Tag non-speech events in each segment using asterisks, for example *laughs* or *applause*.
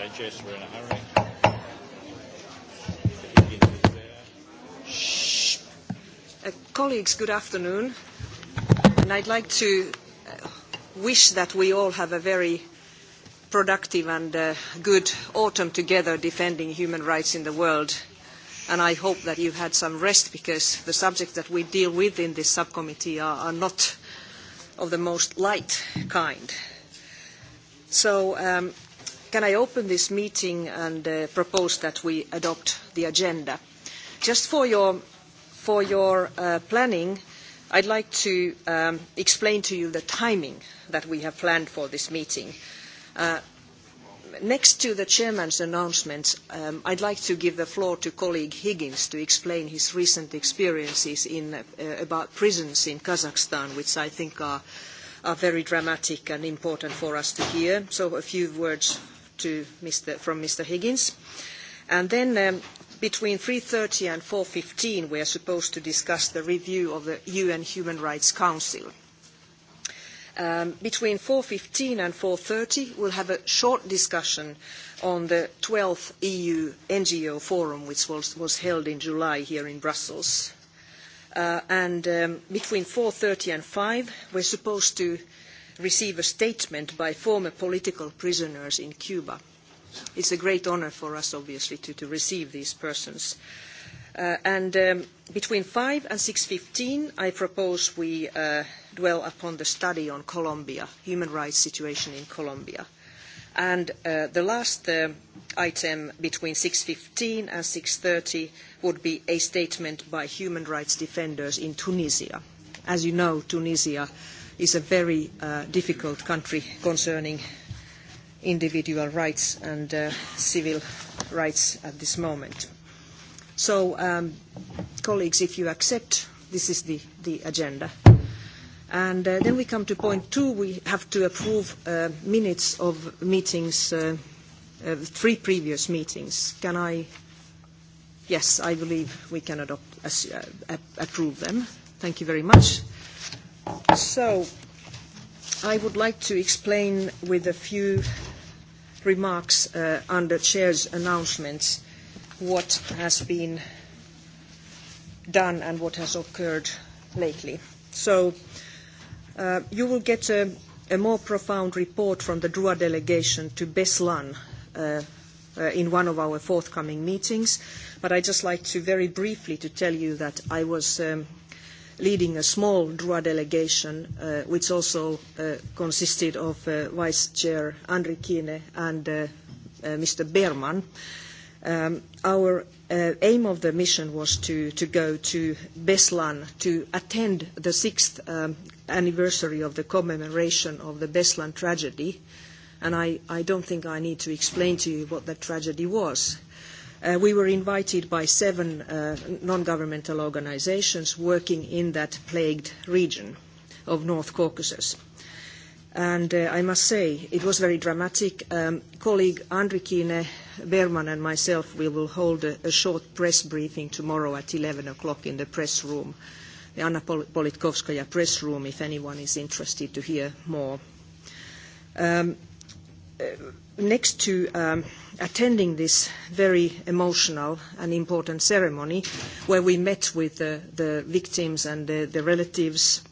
digest. We're in a hurry. Uh, colleagues, good afternoon. And I'd like to uh, wish that we all have a very productive and uh, good autumn together defending human rights in the world. And I hope that you've had some rest because the subjects that we deal with in this subcommittee are, are not of the most light kind. So um, Can I open this meeting and uh, propose that we adopt the agenda? Just for your, for your uh, planning, I'd like to um, explain to you the timing that we have planned for this meeting. Uh, next to the chairman's announcements, um, I'd like to give the floor to colleague Higgins to explain his recent experiences in, uh, about prisons in Kazakhstan, which I think are, are very dramatic and important for us to hear. So a few words to Mr., from Mr. Higgins. And then um, between 3.30 and 4.15, we are supposed to discuss the review of the UN Human Rights Council. Um, between 4.15 and 4.30, we'll have a short discussion on the 12th EU NGO Forum, which was, was held in July here in Brussels. Uh, and um, between 4.30 and 5, we're supposed to receive a statement by former political prisoners in Cuba. It's a great honor for us, obviously, to, to receive these persons. Uh, and um, between 5 and 6.15, I propose we uh, dwell upon the study on Colombia, human rights situation in Colombia. And uh, the last uh, item between 6.15 and 6.30 would be a statement by human rights defenders in Tunisia. As you know, Tunisia uh, is a very uh, difficult country concerning individual rights and uh, civil rights at this moment. So, um, colleagues, if you accept, this is the, the agenda. And uh, then we come to point two. We have to approve uh, minutes of meetings, uh, uh, three previous meetings. Can I? Yes, I believe we can adopt, uh, approve them. Thank you very much. So, I would like to explain with a few remarks uh, under Chair's announcements what has been done and what has occurred lately. So, uh, you will get a, a more profound report from the DRUA delegation to Beslan uh, uh, in one of our forthcoming meetings. But I'd just like to very briefly to tell you that I was um, leading a small DRUA delegation, uh, which also uh, consisted of uh, Vice Chair Andri Kine and uh, uh, Mr. Berman. Um, our uh, aim of the mission was to, to go to Beslan to attend the sixth um, anniversary of the commemoration of the Beslan tragedy. And I, I don't think I need to explain to you what that tragedy was Uh, we were invited by seven uh, non-governmental organizations working in that plagued region of North Caucasus. And uh, I must say, it was very dramatic. Um, colleague Andrikine Berman and myself, we will hold a, a short press briefing tomorrow at 11 o'clock in the press room, the Anna Politkovskaya press room, if anyone is interested to hear more. Um, uh, next to um, attending this very emotional and important ceremony, where we met with the, the victims and the, the relatives,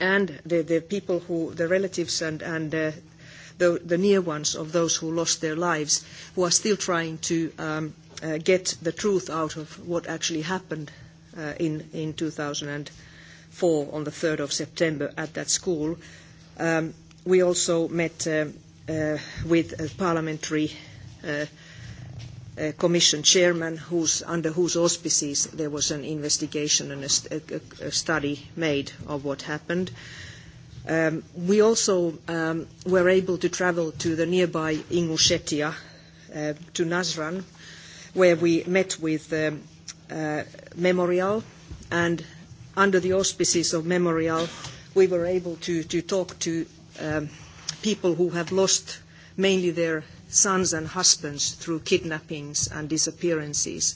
and the, the people who, the relatives and, and uh, the, the near ones of those who lost their lives, who are still trying to um, uh, get the truth out of what actually happened uh, in, in 2004 on the 3rd of September at that school. Um, we also met um, uh, with a parliamentary uh, uh, commission chairman who's, under whose auspices there was an investigation and a, st- a, a study made of what happened. Um, we also um, were able to travel to the nearby Ingushetia, uh, to Nazran, where we met with um, uh, Memorial, and under the auspices of Memorial, we were able to, to talk to um, – people who have lost mainly their sons and husbands through kidnappings and disappearances.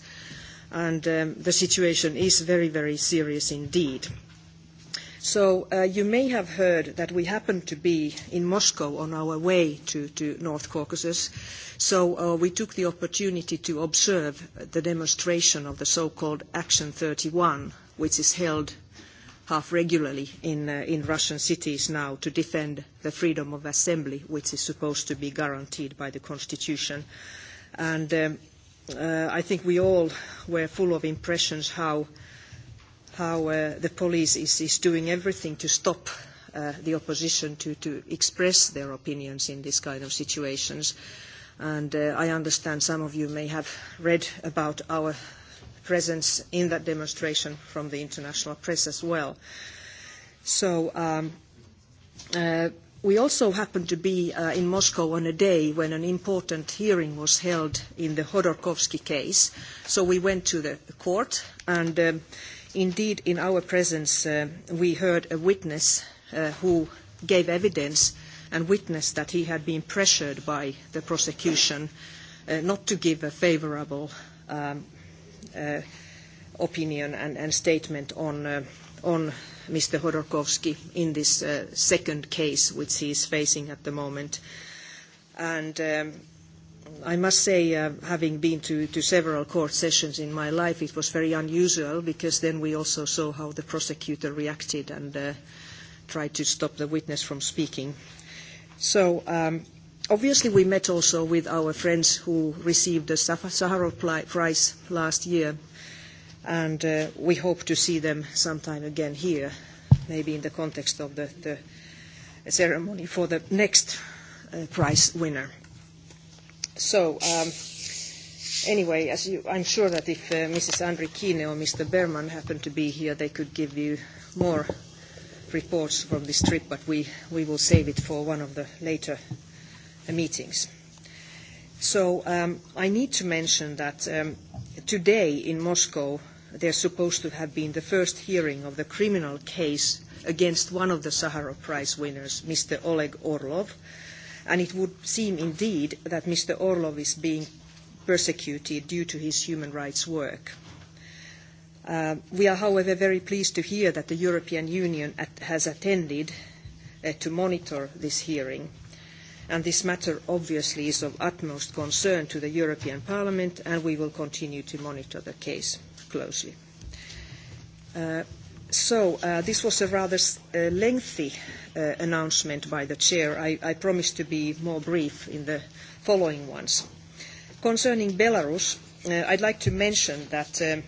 And um, the situation is very, very serious indeed. So uh, you may have heard that we happen to be in Moscow on our way to, to North Caucasus. So uh, we took the opportunity to observe the demonstration of the so-called Action 31, which is held half regularly in, uh, in Russian cities now to defend the freedom of assembly, which is supposed to be guaranteed by the constitution. And um, uh, I think we all were full of impressions how, how uh, the police is, is doing everything to stop uh, the opposition to, to express their opinions in this kind of situations. And uh, I understand some of you may have read about our presence in that demonstration from the international press as well. So um, uh, we also happened to be uh, in Moscow on a day when an important hearing was held in the Hodorkovsky case. So we went to the court, and um, indeed, in our presence, uh, we heard a witness uh, who gave evidence and witnessed that he had been pressured by the prosecution uh, not to give a favorable um, uh, opinion and, and statement on, uh, on Mr. Hodorkovsky in this uh, second case which he is facing at the moment. And um, I must say, uh, having been to, to several court sessions in my life, it was very unusual because then we also saw how the prosecutor reacted and uh, tried to stop the witness from speaking. So um, obviously we met also with our friends who received the Sakharov Prize last year, and uh, we hope to see them sometime again here, maybe in the context of the, the ceremony for the next uh, prize winner. So, um, anyway, as you, I'm sure that if uh, Mrs. Andrikine or Mr. Berman happen to be here, they could give you more reports from this trip, but we, we will save it for one of the later Uh, meetings. So um, I need to mention that um, today in Moscow there's supposed to have been the first hearing of the criminal case against one of the Sakharov Prize winners, Mr. Oleg Orlov. And it would seem indeed that Mr. Orlov is being persecuted due to his human rights work. Uh, we are, however, very pleased to hear that the European Union at, has attended uh, to monitor this hearing. Uh, and this matter obviously is of utmost concern to the European Parliament and we will continue to monitor the case closely. Uh, so uh, this was a rather uh, lengthy uh, announcement by the chair. I, I promise to be more brief in the following ones. Concerning Belarus, uh, I'd like to mention that um,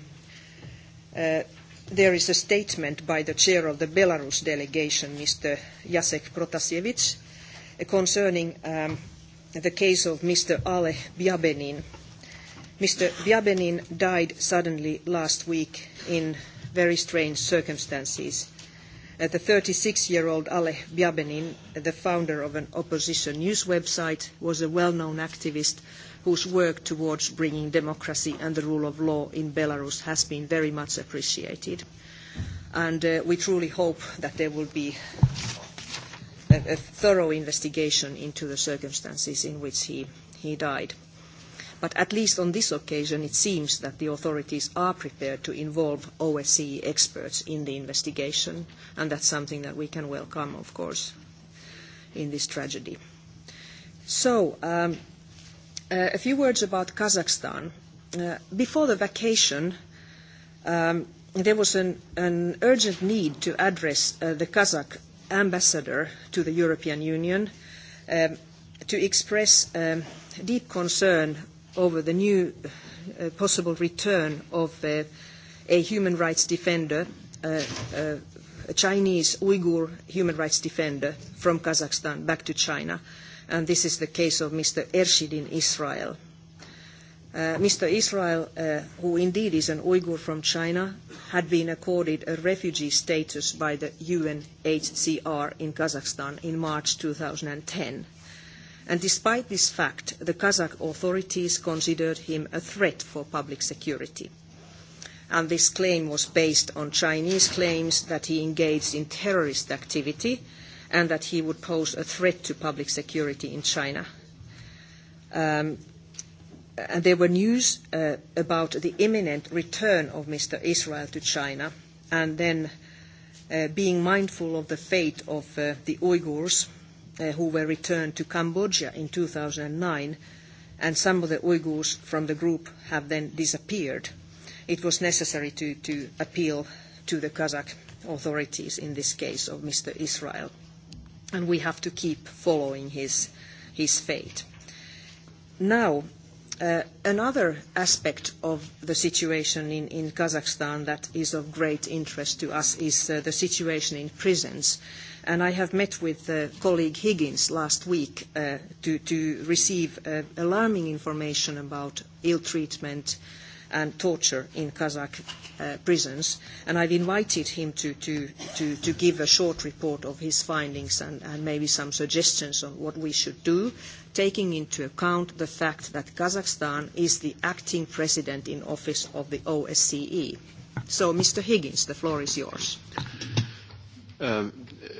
uh, there is a statement by the chair of the Belarus delegation, Mr. Jacek Protasevich, concerning um, the case of Mr. Ale Biabenin. Mr. Biabenin died suddenly last week in very strange circumstances. Uh, the 36-year-old Ale Biabenin, the founder of an opposition news website, was a well-known activist whose work towards bringing democracy and the rule of law in Belarus has been very much appreciated. And uh, we truly hope that there will be a, a thorough investigation into the circumstances in which he, he died. But at least on this occasion, it seems that the authorities are prepared to involve OSCE experts in the investigation, and that's something that we can welcome, of course, in this tragedy. So, um, uh, a few words about Kazakhstan. Uh, before the vacation, um, there was an, an urgent need to address uh, the Kazakh ambassador to the European Union um, to express um, deep concern over the new uh, possible return of uh, a human rights defender, uh, uh, a Chinese Uyghur human rights defender from Kazakhstan back to China. And this is the case of Mr. Ershid in Israel. Uh, Mr. Israel, uh, who indeed is an Uyghur from China, had been accorded a refugee status by the UNHCR in Kazakhstan in March 2010. And despite this fact, the Kazakh authorities considered him a threat for public security. And this claim was based on Chinese claims that he engaged in terrorist activity and that he would pose a threat to public security in China. Um, and uh, there were news uh, about the imminent return of Mr. Israel to China, and then uh, being mindful of the fate of uh, the Uyghurs uh, who were returned to Cambodia in 2009, and some of the Uyghurs from the group have then disappeared. It was necessary to, to appeal to the Kazakh authorities in this case of Mr. Israel, and we have to keep following his, his fate. Now, Uh, another aspect of the situation in, in Kazakhstan that is of great interest to us is uh, the situation in prisons. And I have met with uh, colleague Higgins last week uh, to, to receive uh, alarming information about ill treatment and torture in Kazakh uh, prisons. And I've invited him to, to, to, to give a short report of his findings and, and maybe some suggestions on what we should do taking into account the fact that Kazakhstan is the acting president in office of the OSCE. So, Mr. Higgins, the floor is yours. Uh,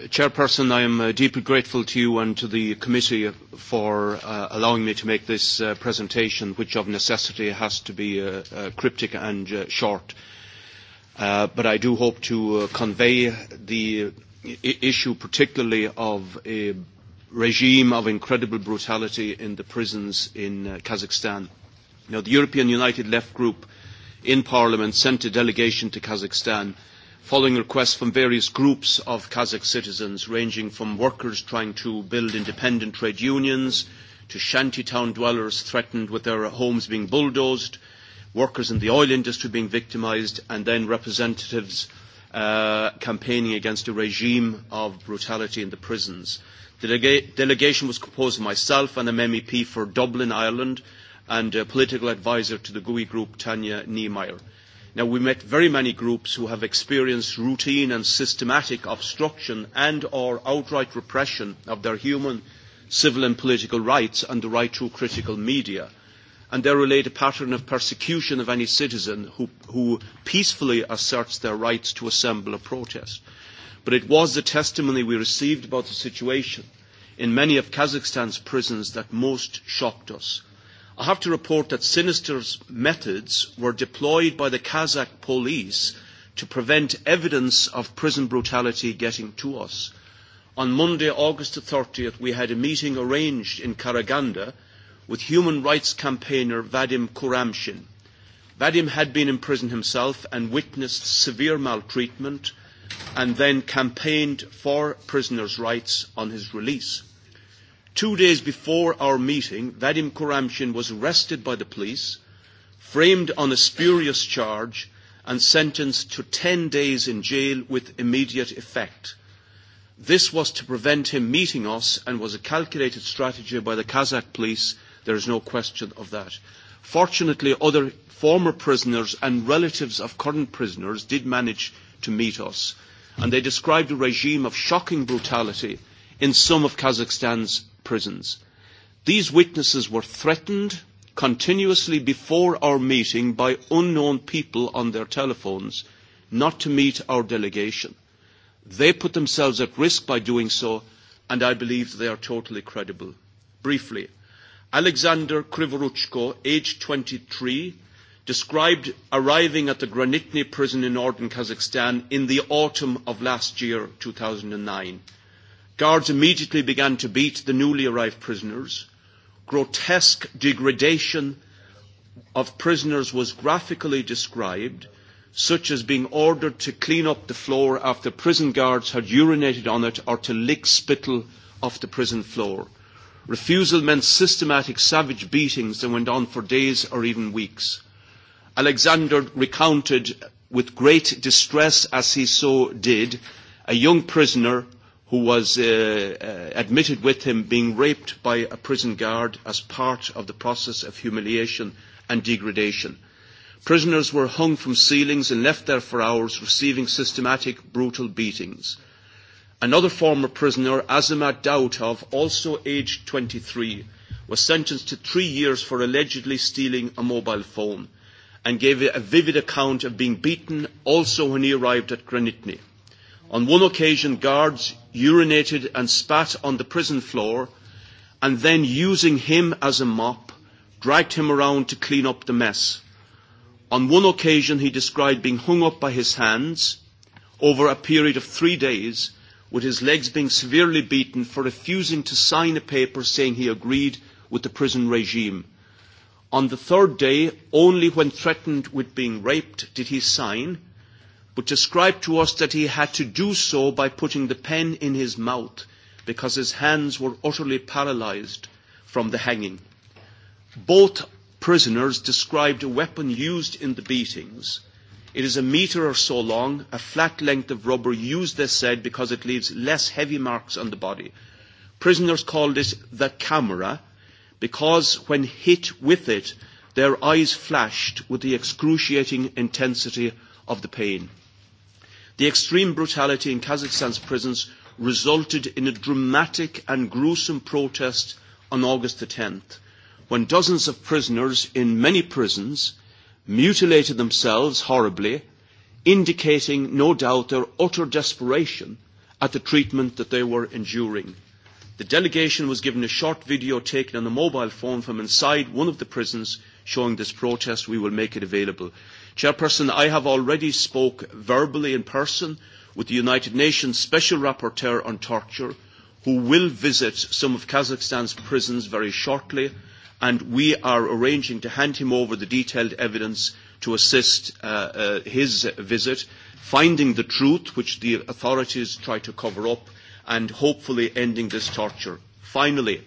Chairperson, I am uh, deeply grateful to you and to the committee for uh, allowing me to make this uh, presentation, which of necessity has to be uh, uh, cryptic and uh, short. Uh, but I do hope to uh, convey the uh, issue particularly of a regime of incredible brutality in the prisons in uh, Kazakhstan. Now, the European United Left Group in Parliament sent a delegation to Kazakhstan following requests from various groups of Kazakh citizens, ranging from workers trying to build independent trade unions to shantytown dwellers threatened with their homes being bulldozed, workers in the oil industry being victimized, and then representatives uh, campaigning against a regime of brutality in the prisons. Uh, The delega- delegation was composed of myself and an MEP for Dublin, Ireland, and a political advisor to the GUI group, Tanya Niemeyer. Now, we met very many groups who have experienced routine and systematic obstruction and or outright repression of their human, civil and political rights and the right to critical media. And they relate a pattern of persecution of any citizen who, who peacefully asserts their rights to assemble a protest but it was the testimony we received about the situation in many of Kazakhstan's prisons that most shocked us. I have to report that sinister methods were deployed by the Kazakh police to prevent evidence of prison brutality getting to us. On Monday, August the 30th, we had a meeting arranged in Karaganda with human rights campaigner Vadim Kuramshin. Vadim had been in prison himself and witnessed severe maltreatment, and then campaigned for prisoners' rights on his release. Two days before our meeting, Vadim Kuramshin was arrested by the police, framed on a spurious charge, and sentenced to 10 days in jail with immediate effect. This was to prevent him meeting us and was a calculated strategy by the Kazakh police. There is no question of that. Fortunately, other former prisoners and relatives of current prisoners did manage to meet us, and they described a regime of shocking brutality in some of Kazakhstan's prisons. These witnesses were threatened continuously before our meeting by unknown people on their telephones not to meet our delegation. They put themselves at risk by doing so, and I believe they are totally credible. Briefly, Alexander Krivoruchko, age 23, described arriving at the Granitny prison in northern Kazakhstan in the autumn of last year, 2009. Guards immediately began to beat the newly arrived prisoners. Grotesque degradation of prisoners was graphically described, such as being ordered to clean up the floor after prison guards had urinated on it or to lick spittle off the prison floor. Refusal meant systematic savage beatings that went on for days or even weeks. Alexander recounted with great distress, as he so did, a young prisoner who was uh, uh, admitted with him being raped by a prison guard as part of the process of humiliation and degradation. Prisoners were hung from ceilings and left there for hours, receiving systematic, brutal beatings. Uh, Another former prisoner, Azamat Dautov, also aged 23, was sentenced to three years for allegedly stealing a mobile phone and gave a vivid account of being beaten also when he arrived at Granitny. On one occasion, guards urinated and spat on the prison floor and then, using him as a mop, dragged him around to clean up the mess. On one occasion, he described being hung up by his hands over a period of three days with his legs being severely beaten for refusing to sign a paper saying he agreed with the prison regime. On the third day, only when threatened with being raped did he sign, but described to us that he had to do so by putting the pen in his mouth because his hands were utterly paralyzed from the hanging. Both prisoners described a weapon used in the beatings It is a metre or so long, a flat length of rubber used, they said, because it leaves less heavy marks on the body. Prisoners called it the camera because when hit with it, their eyes flashed with the excruciating intensity of the pain. The extreme brutality in Kazakhstan's prisons resulted in a dramatic and gruesome protest on August the 10th, when dozens of prisoners in many prisons mutilated themselves horribly, indicating, no doubt, their utter desperation at the treatment that they were enduring. The delegation was given a short video taken on the mobile phone from inside one of the prisons showing this protest. We will make it available. Chairperson, I have already spoke verbally in person with the United Nations Special Rapporteur on Torture, who will visit some of Kazakhstan's prisons very shortly and we are arranging to hand him over the detailed evidence to assist uh, uh, his visit, finding the truth which the authorities try to cover up, and hopefully ending this torture. Finally,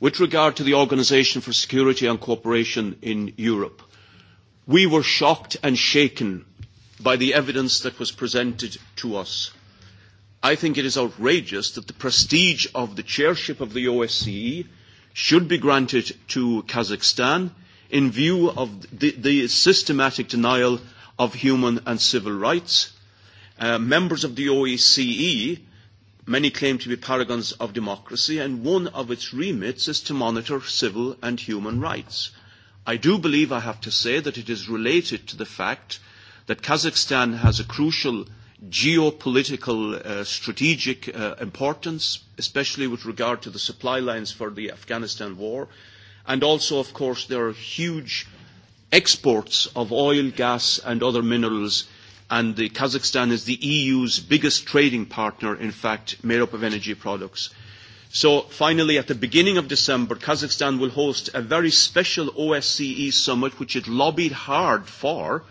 with regard to the Organisation for Security and Cooperation in Europe, we were shocked and shaken by the evidence that was presented to us. I think it is outrageous that the prestige of the chairship of the OSCE should be granted to Kazakhstan in view of the, the systematic denial of human and civil rights. Uh, members of the OECE, e, many claim to be paragons of democracy, and one of its remits is to monitor civil and human rights. I do believe I have to say that it is related to the fact that Kazakhstan has a crucial geopolitical uh, strategic uh, importance, especially with regard to the supply lines for the Afghanistan war. And also, of course, there are huge exports of oil, gas and other minerals and the Kazakhstan is the EU's biggest trading partner, in fact, made up of energy products. So finally, at the beginning of December, Kazakhstan will host a very special OSCE summit, which it lobbied hard for, uh,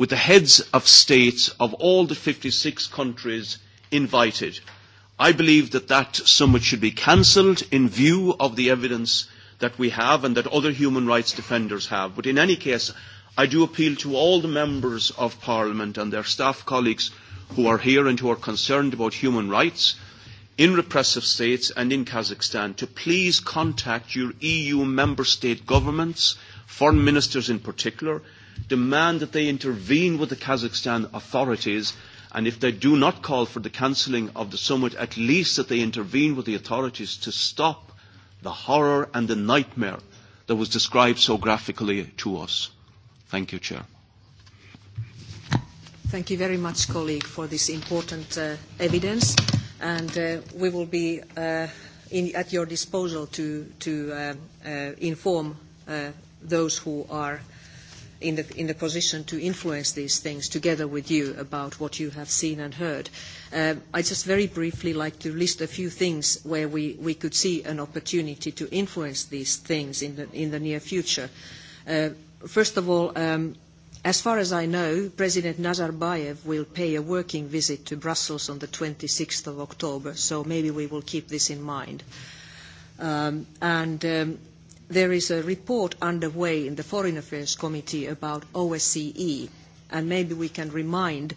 with the heads of state of all the 56 countries invited. I believe that that summit should be cancelled in view of the evidence that we have and that other human rights defenders have. But in any case, I do appeal to all the members of Parliament and their staff colleagues who are here and who are concerned about human rights in repressive states and in Kazakhstan to please contact your EU member state governments, foreign ministers in particular, demand that they intervene with the Kazakhstan authorities, and if they do not call for the cancelling of the summit, at least that they intervene with the authorities to stop the horror and the nightmare that was described so graphically to us. Thank you, Chair. Thank you very much, colleague, for this important uh, evidence. And uh, we will be uh, in, at your disposal to, to uh, uh, inform uh, those who are in the, in the position to influence these things together with you about what you have seen and heard. Um, I just very briefly like to list a few things where we, we could see an opportunity to influence these things in the, in the near future. Uh, first of all, um, as far as I know, President Nazarbayev will pay a working visit to Brussels on the 26th of October, so maybe we will keep this in mind. Um, and um, there is a report underway in the Foreign Affairs Committee about OSCE, and maybe we can remind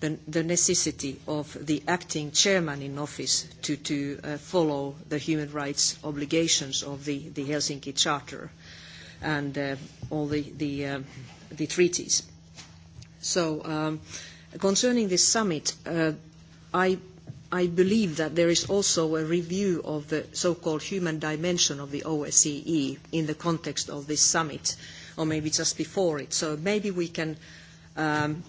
the, the necessity of the acting chairman in office to, to uh, follow the human rights obligations of the, the Helsinki Charter and uh, all the, the, uh, the treaties. So um, concerning this summit, uh, I I believe that there is also a review of the so-called human dimension of the OSCE in the context of this summit, or maybe just before it. So maybe we can um,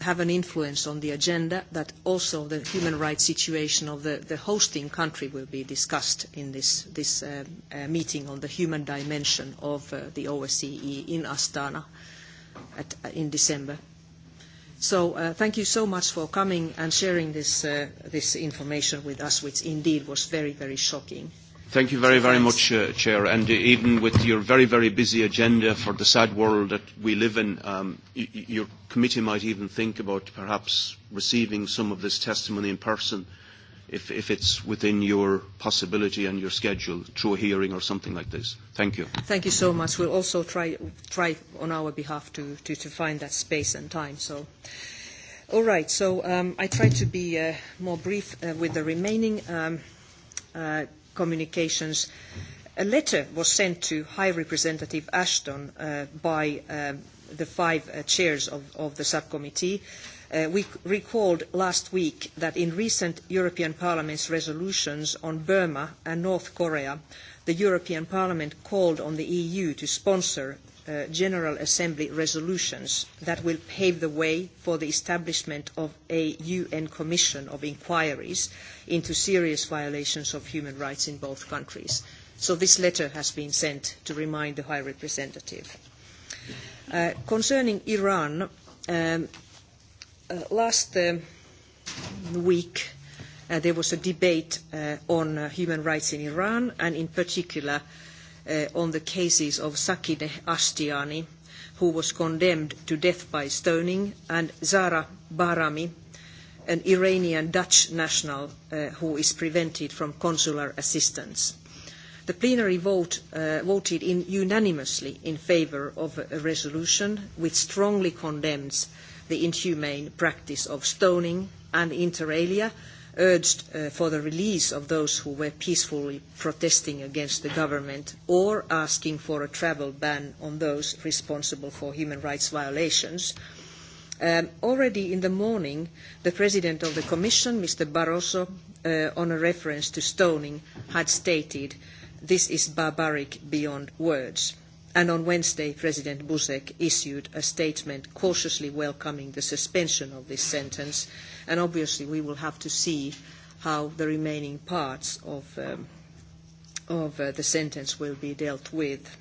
have an influence on the agenda that also the human rights situation of the, the hosting country will be discussed in this, this uh, uh, meeting on the human dimension of uh, the OSCE in Astana at, uh, in December. So uh, thank you so much for coming and sharing this, uh, this information with us, which indeed was very, very shocking. Thank you very, very much, uh, Chair. And uh, even with your very, very busy agenda for the sad world that we live in, um, y- your committee might even think about perhaps receiving some of this testimony in person. Uh, if, if it's within your possibility and your schedule through a hearing or something like this. Thank you. Thank you so much. We'll also try, try on our behalf to, to, to find that space and time. So. All right, so um, I try to be uh, more brief uh, with the remaining um, uh, communications. A letter was sent to High Representative Ashton uh, by um, the five uh, chairs of, of the subcommittee uh, Uh, we recalled last week that in recent European Parliament's resolutions on Burma and North Korea, the European Parliament called on the EU to sponsor uh, General Assembly resolutions that will pave the way for the establishment of a UN Commission of inquiries into serious violations of human rights in both countries. So this letter has been sent to remind the High Representative. Uh, concerning Iran, um, Uh, last um, week, uh, there was a debate uh, on uh, human rights in Iran, and in particular uh, on the cases of Sakineh Ashtiani, who was condemned to death by stoning, and Zara Barami, an Iranian Dutch national uh, who is prevented from consular assistance. The plenary vote, uh, voted in unanimously in favour of a resolution which strongly condemns uh, the inhumane practice of stoning and inter alia urged uh, for the release of those who were peacefully protesting against the government or asking for a travel ban on those responsible for human rights violations. Um, already in the morning, the President of the Commission, Mr. Barroso, uh, on a reference to stoning, had stated, this is barbaric beyond words. And on Wednesday, President Buzek issued a statement cautiously welcoming the suspension of this sentence. And obviously, we will have to see how the remaining parts of, um, of uh, the sentence will be dealt with.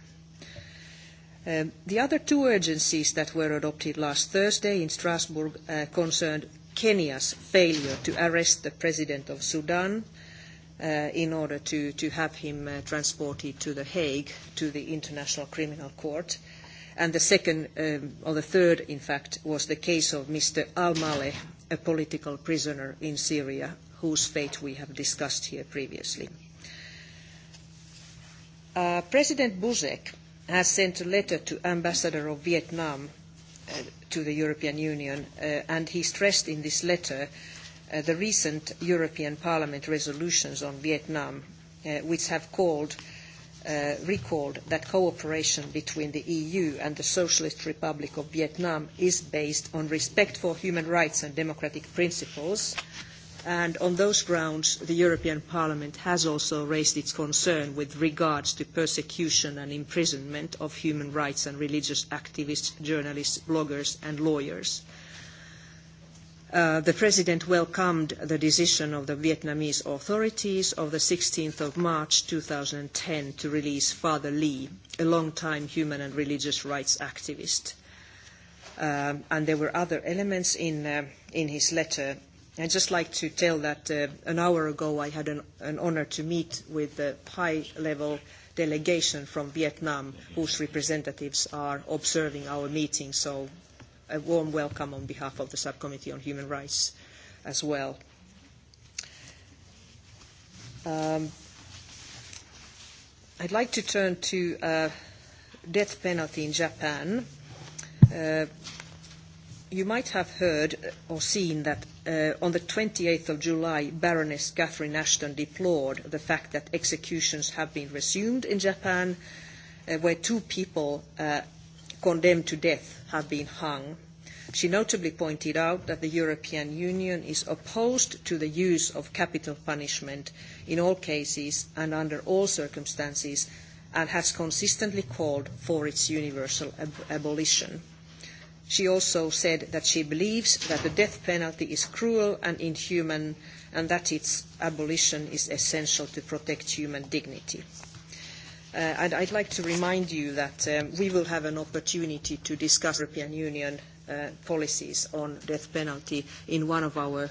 Um, the other two urgencies that were adopted last Thursday in Strasbourg uh, concerned Kenya's failure to arrest the president of Sudan uh, in order to, to have him uh, transported to The Hague, to the International Criminal Court. And the second, um, or the third, in fact, was the case of Mr. Al-Maleh, a political prisoner in Syria, whose fate we have discussed here previously. Uh, President Buzek has sent a letter to Ambassador of Vietnam uh, to the European Union, uh, and he stressed in this letter uh, uh, the recent European Parliament resolutions on Vietnam, uh, which have called, uh, recalled that cooperation between the EU and the Socialist Republic of Vietnam is based on respect for human rights and democratic principles. And on those grounds, the European Parliament has also raised its concern with regards to persecution and imprisonment of human rights and religious activists, journalists, bloggers and lawyers. Uh, Uh, the President welcomed the decision of the Vietnamese authorities of the 16th of March 2010 to release Father Lee, a long-time human and religious rights activist. Um, and there were other elements in, uh, in his letter. I'd just like to tell that uh, an hour ago I had an, an honor to meet with the high-level delegation from Vietnam whose representatives are observing our meeting, so a warm welcome on behalf of the Subcommittee on Human Rights as well. Um, I'd like to turn to uh, death penalty in Japan. Uh, you might have heard or seen that uh, on the 28th of July, Baroness Catherine Ashton deplored the fact that executions have been resumed in Japan, uh, where two people uh, condemned to death have been hung. She notably pointed out that the European Union is opposed to the use of capital punishment in all cases and under all circumstances and has consistently called for its universal ab- abolition. She also said that she believes that the death penalty is cruel and inhuman and that its abolition is essential to protect human dignity. Uh, and I'd like to remind you that um, we will have an opportunity to discuss European Union uh, policies on death penalty in one of our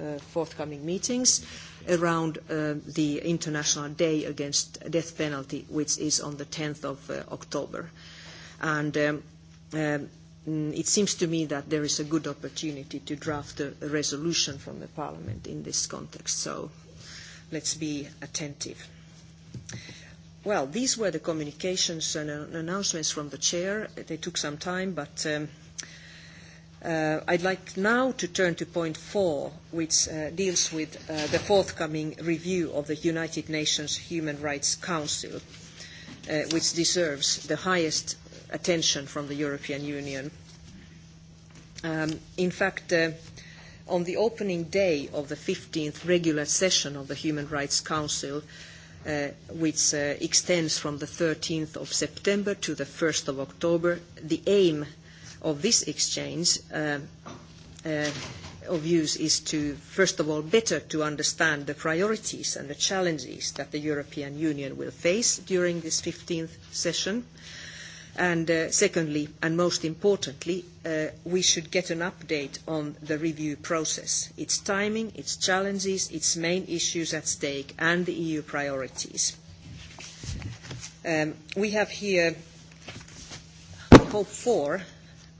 uh, forthcoming meetings around uh, the International Day Against Death Penalty, which is on the 10th of uh, October. And um, um, it seems to me that there is a good opportunity to draft a, a resolution from the Parliament in this context. So let's be attentive. Uh, Well, these were the communications and uh, announcements from the chair. They took some time, but um, uh, I'd like now to turn to point four, which uh, deals with uh, the forthcoming review of the United Nations Human Rights Council, uh, which deserves the highest attention from the European Union. Um, in fact, uh, on the opening day of the 15th regular session of the Human Rights Council, uh, uh, which uh, extends from the 13th of September to the 1st of October. The aim of this exchange uh, uh, of views is to, first of all, better to understand the priorities and the challenges that the European Union will face during this 15th session. Uh, And uh, secondly, and most importantly, uh, we should get an update on the review process, its timing, its challenges, its main issues at stake, and the EU priorities. Um, we have here hope for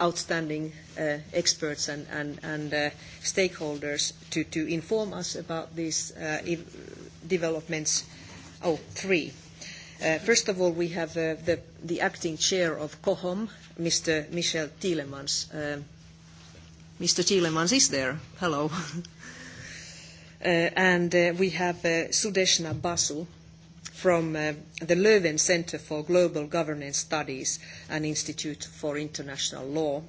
outstanding uh, experts and, and, and uh, stakeholders to, to inform us about these uh, e-, developments. Oh, three. Uh, first of all, we have uh, the, the acting chair of COHOM, Mr. Michel Tielemans. Uh, Mr. Tielemans is there. Hello. *laughs* uh, and uh, we have uh, Sudeshna Basu from uh, the Leuven Center for Global Governance Studies and Institute for International Law. Uh,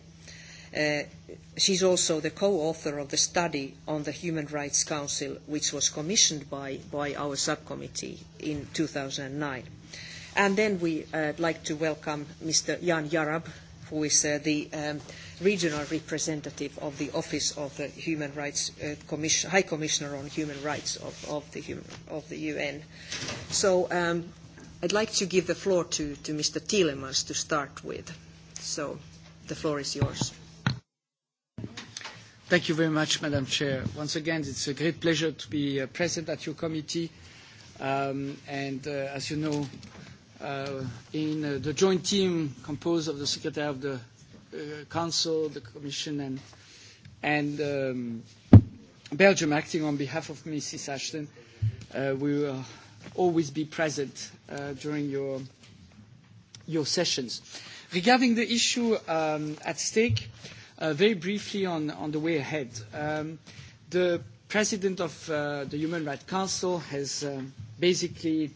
Uh, she's also the co-author of the study on the Human Rights Council, which was commissioned by, by our subcommittee in 2009. And then we'd uh, like to welcome Mr. Jan Jarab, who is uh, the um, regional representative of the Office of the Human Rights uh, Commission, High Commissioner on Human Rights of, of, the, human, of the UN. So um, I'd like to give the floor to, to Mr. Tielemans to start with. So the floor is yours. Thank you very much, Madam Chair. Once again, it's a great pleasure to be uh, present at your committee. Um, and uh, as you know, uh, in uh, the joint team composed of the Secretary of the uh, Council, the Commission, and, and um, Belgium acting on behalf of Mrs. Ashton, uh, we will always be present uh, during your, your sessions. Regarding the issue um, at stake, uh, Uh, very briefly on, on the way ahead. Um, the president of uh, the Human Rights Council has um, basically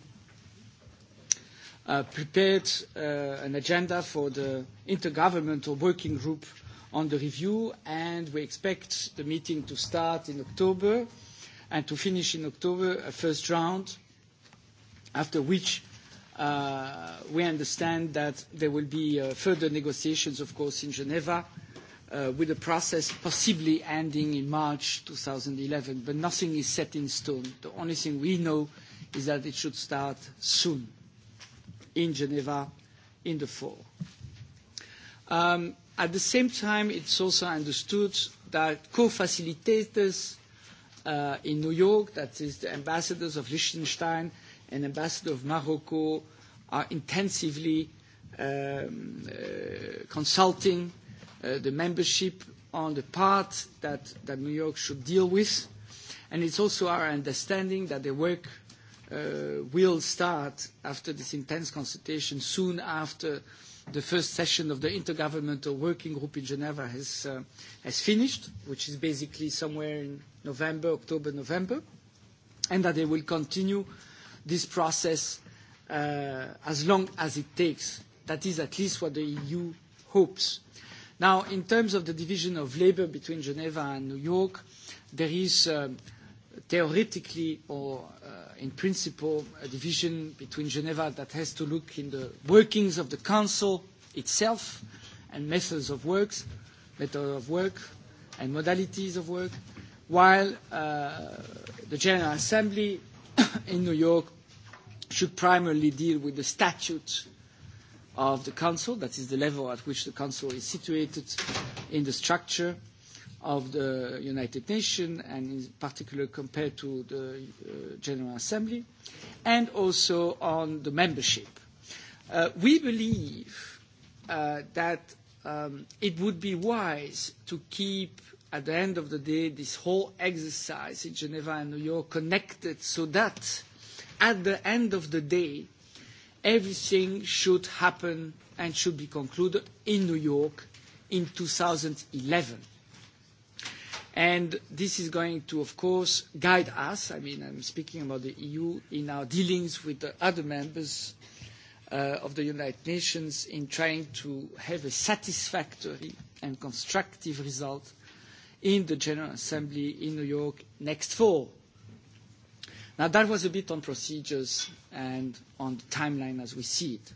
uh, prepared uh, an agenda for the intergovernmental working group on the review, and we expect the meeting to start in October and to finish in October, a first round, after which uh, we understand that there will be uh, further negotiations, of course, in Geneva, uh, uh, with a process possibly ending in March 2011, but nothing is set in stone. The only thing we know is that it should start soon in Geneva in the fall. Um, at the same time, it's also understood that co-facilitators uh, in New York, that is the ambassadors of Liechtenstein and ambassador of Morocco, are intensively um, uh, consulting uh, the membership on the part that, that New York should deal with. And it's also our understanding that the work uh, will start after this intense consultation, soon after the first session of the Intergovernmental Working Group in Geneva has, uh, has finished, which is basically somewhere in November, October, November, and that they will continue this process uh, as long as it takes. That is at least what the EU hopes. Now, in terms of the division of labor between Geneva and New York, there is um, theoretically or uh, in principle a division between Geneva that has to look in the workings of the council itself and methods of works, method of work and modalities of work, while uh, the General Assembly *coughs* in New York should primarily deal with the statutes of the Council, that is the level at which the Council is situated in the structure of the United Nations, and in particular compared to the uh, General Assembly, and also on the membership. Uh, we believe uh, that um, it would be wise to keep, at the end of the day, this whole exercise in Geneva and New York connected so that at the end of the day, everything should happen and should be concluded in New York in 2011. And this is going to, of course, guide us, I mean, I'm speaking about the EU, in our dealings with the other members uh, of the United Nations in trying to have a satisfactory and constructive result in the General Assembly in New York next fall. Now, that was a bit on procedures and on the timeline as we see it.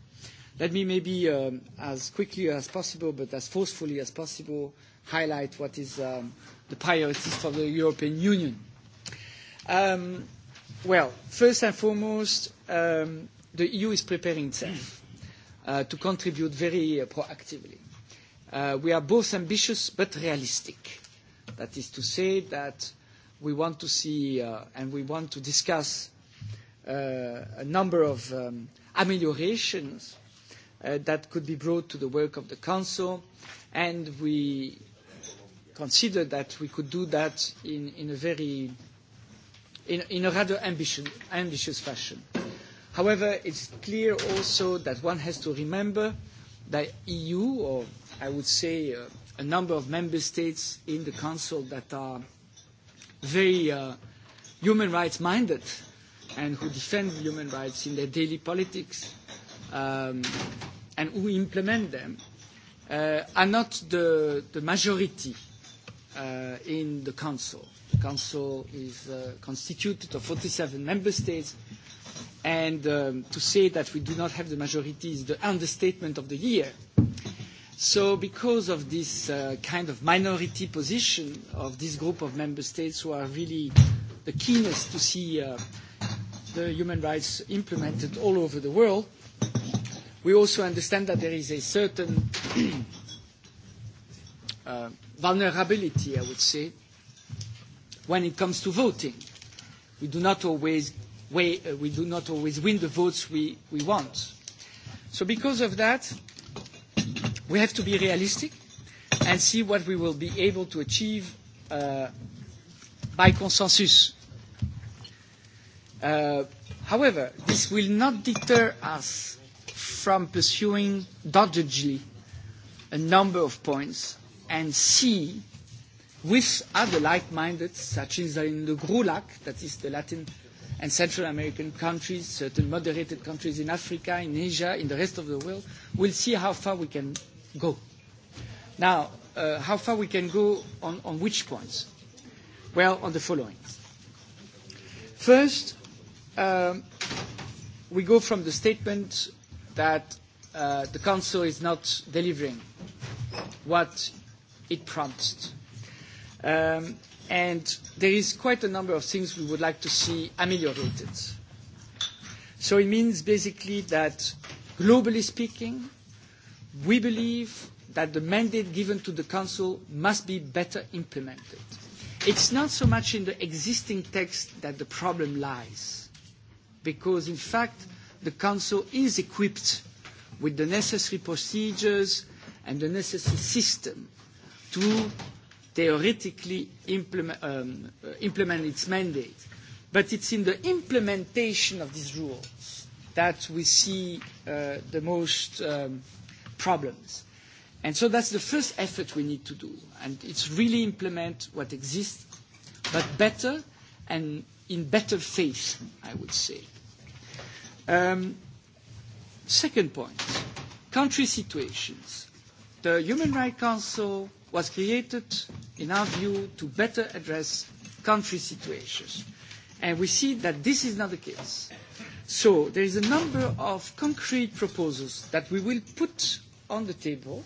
Let me maybe, um, as quickly as possible, but as forcefully as possible, highlight what is um, the priorities for the European Union. Um, well, first and foremost, um, the EU is preparing itself uh, to contribute very uh, proactively. Uh, we are both ambitious but realistic. That is to say that uh, we want to see uh, and we want to discuss uh, a number of um, ameliorations uh, that could be brought to the work of the Council, and we consider that we could do that in, in a very in, in a rather ambition, ambitious fashion. However, it's clear also that one has to remember that EU, or I would say uh, a number of member states in the Council that are very uh, human rights minded and who defend human rights in their daily politics um, and who implement them uh, are not the, the majority uh, in the Council. The Council is uh, constituted of 47 member states, and um, to say that we do not have the majority is the understatement of the year. Uh, So because of this uh, kind of minority position of this group of member states who are really the keenest to see uh, the human rights implemented all over the world, we also understand that there is a certain *clears throat* uh, vulnerability, I would say, when it comes to voting. We do not always, weigh, uh, we do not always win the votes we, we want. So because of that, We have to be realistic and see what we will be able to achieve uh, by consensus. Uh, however, this will not deter us from pursuing doggedly a number of points and see with other like-minded, such as in the GRULAC, that is the Latin and Central American countries, certain moderated countries in Africa, in Asia, in the rest of the world, we'll see how far we can go. Now, uh, how far we can go on, on which points? Well, on the following. First, um, we go from the statement that uh, the Council is not delivering what it promised. Um, and there is quite a number of things we would like to see ameliorated. So it means basically that, globally speaking, We believe that the mandate given to the Council must be better implemented. It's not so much in the existing text that the problem lies, because in fact the Council is equipped with the necessary procedures and the necessary system to theoretically implement, um, uh, implement its mandate. But it's in the implementation of these rules that we see uh, the most um, problems. And so that's the first effort we need to do. And it's really implement what exists, but better and in better faith, I would say. Um, second point, country situations. The Human Rights Council was created, in our view, to better address country situations. And we see that this is not the case. So there is a number of concrete proposals that we will put on the table.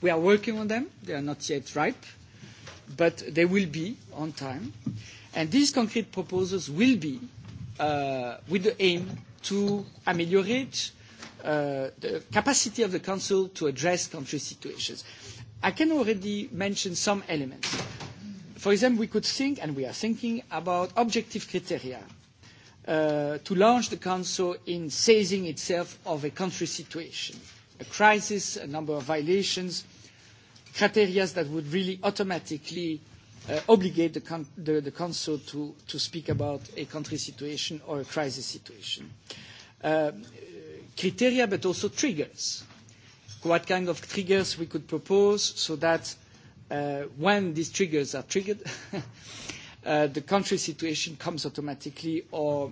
We are working on them. They are not yet ripe, but they will be on time. And these concrete proposals will be uh, with the aim to ameliorate uh, the capacity of the Council to address country situations. I can already mention some elements. For example, we could think, and we are thinking, about objective criteria uh, to launch the Council in seizing itself of a country situation. Uh, a crisis, a number of violations, criteria that would really automatically uh, obligate the, con- the, the Council to, to speak about a country situation or a crisis situation. Uh, criteria, but also triggers. What kind of triggers we could propose so that uh, when these triggers are triggered, *laughs* uh, the country situation comes automatically or uh,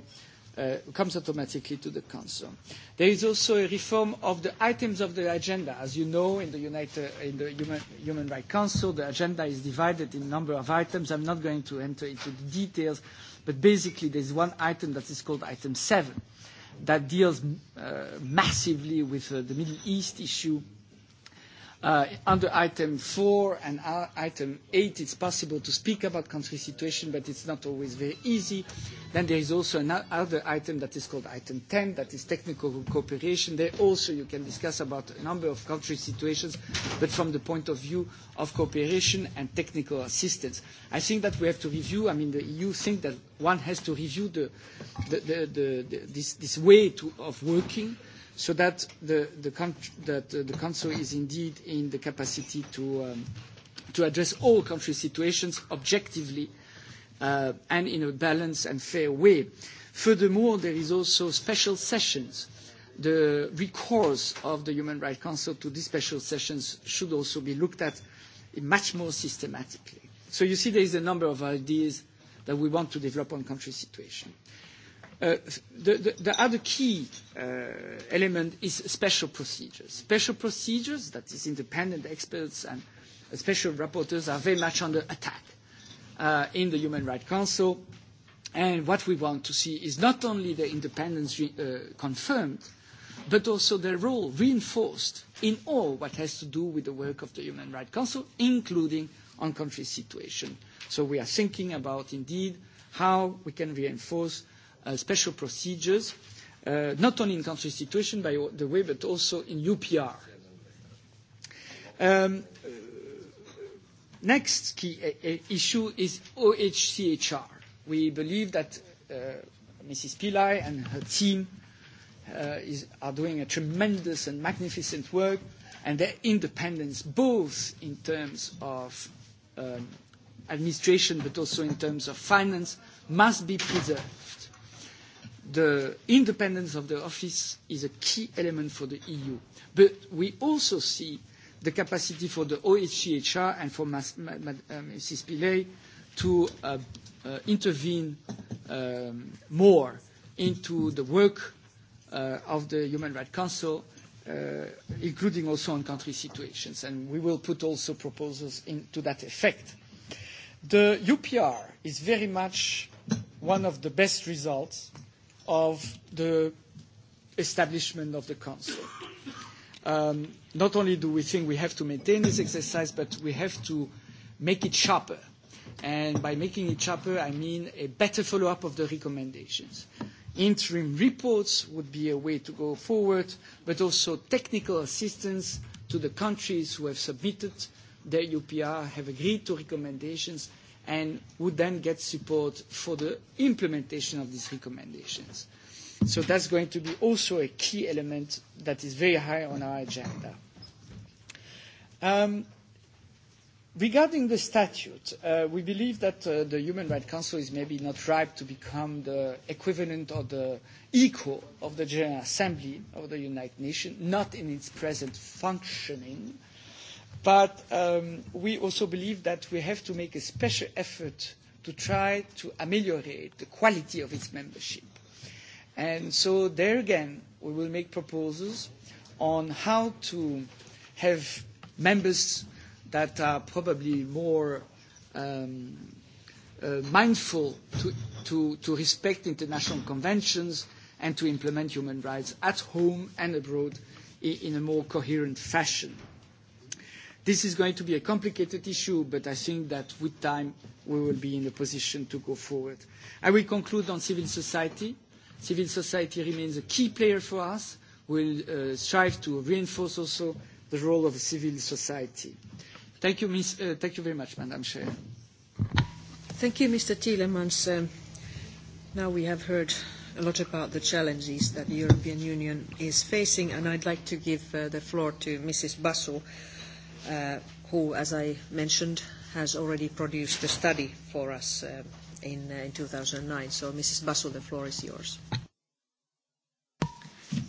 uh, comes automatically to the Council. There is also a reform of the items of the agenda. As you know, in the, United, in the Human, Human Rights Council, the agenda is divided in a number of items. I'm not going to enter into the details, but basically there's one item that is called item 7 that deals uh, massively with uh, the Middle East issue uh, Uh, under item 4 and uh, item 8, it's possible to speak about country situation, but it's not always very easy. Then there is also another item that is called item 10, that is technical cooperation. There also you can discuss about a number of country situations, but from the point of view of cooperation and technical assistance. I think that we have to review, I mean, the EU think that one has to review the, the, the, the, the, this, this way to, of working, uh, so that the, the, that uh, the Council is indeed in the capacity to, um, to address all country situations objectively uh, and in a balanced and fair way. Furthermore, there is also special sessions. The recourse of the Human Rights Council to these special sessions should also be looked at much more systematically. So you see there is a number of ideas that we want to develop on country situation. Uh, Uh, the, the, the other key uh, element is special procedures. Special procedures, that is independent experts and special rapporteurs are very much under attack uh, in the Human Rights Council. And what we want to see is not only the independence re- uh, confirmed, but also their role reinforced in all what has to do with the work of the Human Rights Council, including on country situation. So we are thinking about, indeed, how we can reinforce uh, special procedures, uh, not only in country situation, by the way, but also in UPR. Um, next key a, uh, a uh, issue is OHCHR. We believe that uh, Mrs. Pillai and her team uh, is, are doing a tremendous and magnificent work, and their independence, both in terms of um, administration but also in terms of finance, must be preserved the independence of the office is a key element for the EU. But we also see the capacity for the OHCHR and for Mas, Ma, Ma, um, uh, Mrs. Pillay to uh, uh, intervene um, more into the work uh, of the Human Rights Council, uh, including also on country situations. And we will put also proposals in, to that effect. The UPR is very much one of the best results uh, of the establishment of the Council. Um, not only do we think we have to maintain this exercise, but we have to make it sharper. And by making it sharper, I mean a better follow-up of the recommendations. Interim reports would be a way to go forward, but also technical assistance to the countries who have submitted their UPR, have agreed to recommendations, and would then get support for the implementation of these recommendations. So that's going to be also a key element that is very high on our agenda. Um, regarding the statute, uh, we believe that uh, the Human Rights Council is maybe not ripe to become the equivalent or the equal of the General Assembly of the United Nations, not in its present functioning. Uh, But um, we also believe that we have to make a special effort to try to ameliorate the quality of its membership. And so there again, we will make proposals on how to have members that are probably more um, uh, mindful to, to, to respect international conventions and to implement human rights at home and abroad in, in a more coherent fashion. Uh, This is going to be a complicated issue, but I think that with time, we will be in a position to go forward. I will conclude on civil society. Civil society remains a key player for us. We'll uh, strive to reinforce also the role of civil society. Thank you, Ms., uh, thank you very much, Madam Chair. Thank you, Mr. Tielemans. Um, now we have heard a lot about the challenges that the European Union is facing, and I'd like to give uh, the floor to Mrs. Basu, uh, who, as I mentioned, has already produced a study for us uh, in, uh, in 2009. So, Mrs. Basu, the floor is yours.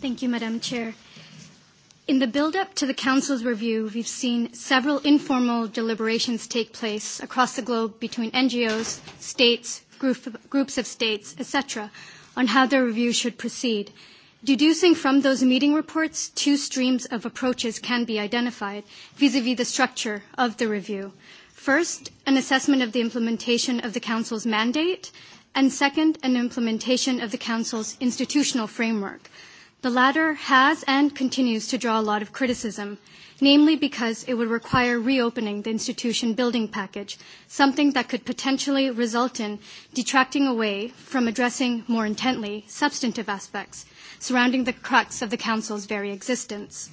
Thank you, Madam Chair. In the build-up to the Council's review, we've seen several informal deliberations take place across the globe between NGOs, states, group, groups of states, etc., on how the review should proceed. Deducing from those meeting reports, two streams of approaches can be identified vis-à-vis -vis the structure of the review. First, an assessment of the implementation of the Council's mandate, and second, an implementation of the Council's institutional framework. The latter has and continues to draw a lot of criticism, namely because it would require reopening the institution building package, something that could potentially result in detracting away from addressing more intently substantive aspects surrounding the crux of the Council's very existence.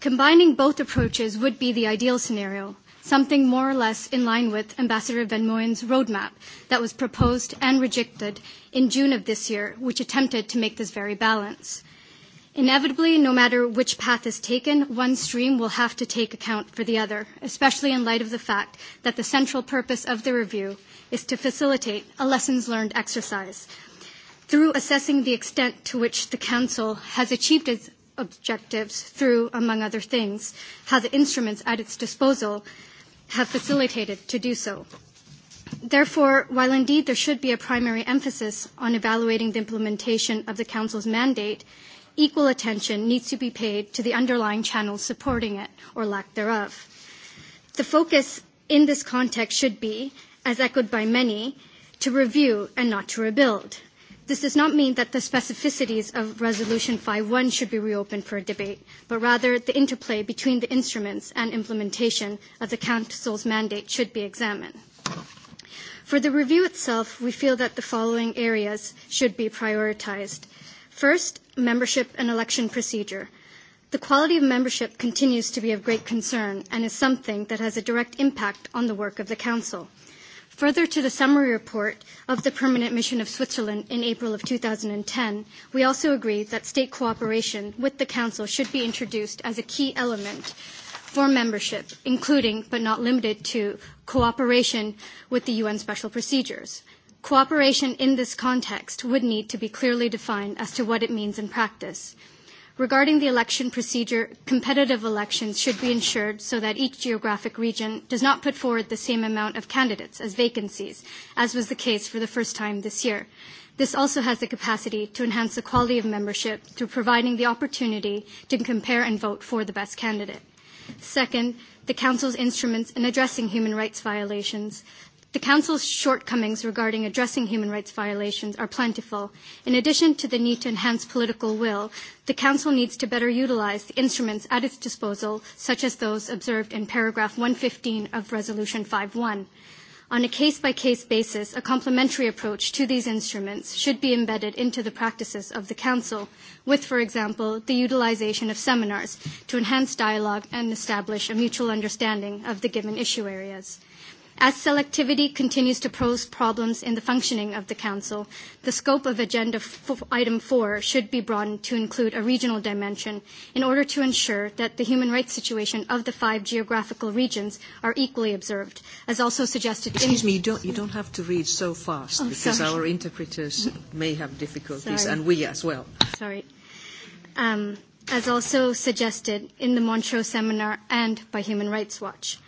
Combining both approaches would be the ideal scenario, something more or less in line with Ambassador Van Mooijen's roadmap that was proposed and rejected in June of this year, which attempted to make this very balance. Inevitably, no matter which path is taken, one stream will have to take account for the other, especially in light of the fact that the central purpose of the review is to facilitate a lessons learned exercise through assessing the extent to which the Council has achieved its objectives through, among other things, how the instruments at its disposal have facilitated to do so. Therefore, while indeed there should be a primary emphasis on evaluating the implementation of the Council's mandate, equal attention needs to be paid to the underlying channels supporting it or lack thereof. The focus in this context should be, as echoed by many, to review and not to rebuild. This does not mean that the specificities of Resolution 5.1 should be reopened for debate, but rather the interplay between the instruments and implementation of the Council's mandate should be examined. For the review itself, we feel that the following areas should be prioritized. First, membership and election procedure. The quality of membership continues to be of great concern and is something that has a direct impact on the work of the Council. Further to the summary report of the Permanent Mission of Switzerland in April of 2010, we also agree that state cooperation with the Council should be introduced as a key element for membership, including but not limited to cooperation with the UN special procedures. Cooperation in this context would need to be clearly defined as to what it means in practice regarding the election procedure, competitive elections should be ensured so that each geographic region does not put forward the same amount of candidates as vacancies, as was the case for the first time this year. This also has the capacity to enhance the quality of membership through providing the opportunity to compare and vote for the best candidate. Second, the Council's instruments in addressing human rights violations. The Council's shortcomings regarding addressing human rights violations are plentiful. In addition to the need to enhance political will, the Council needs to better utilize the instruments at its disposal, such as those observed in paragraph 115 of Resolution 5.1. On a case-by-case -case basis, a complementary approach to these instruments should be embedded into the practices of the Council, with, for example, the utilization of seminars to enhance dialogue and establish a mutual understanding of the given issue areas. As selectivity continues to pose problems in the functioning of the Council, the scope of Agenda f- Item 4 should be broadened to include a regional dimension in order to ensure that the human rights situation of the five geographical regions are equally observed, as also suggested Excuse in... me, you don't, you don't have to read so fast, oh, because sorry. our interpreters may have difficulties, sorry. and we as well. Sorry. Um, as also suggested in the Montreux seminar and by Human Rights Watch.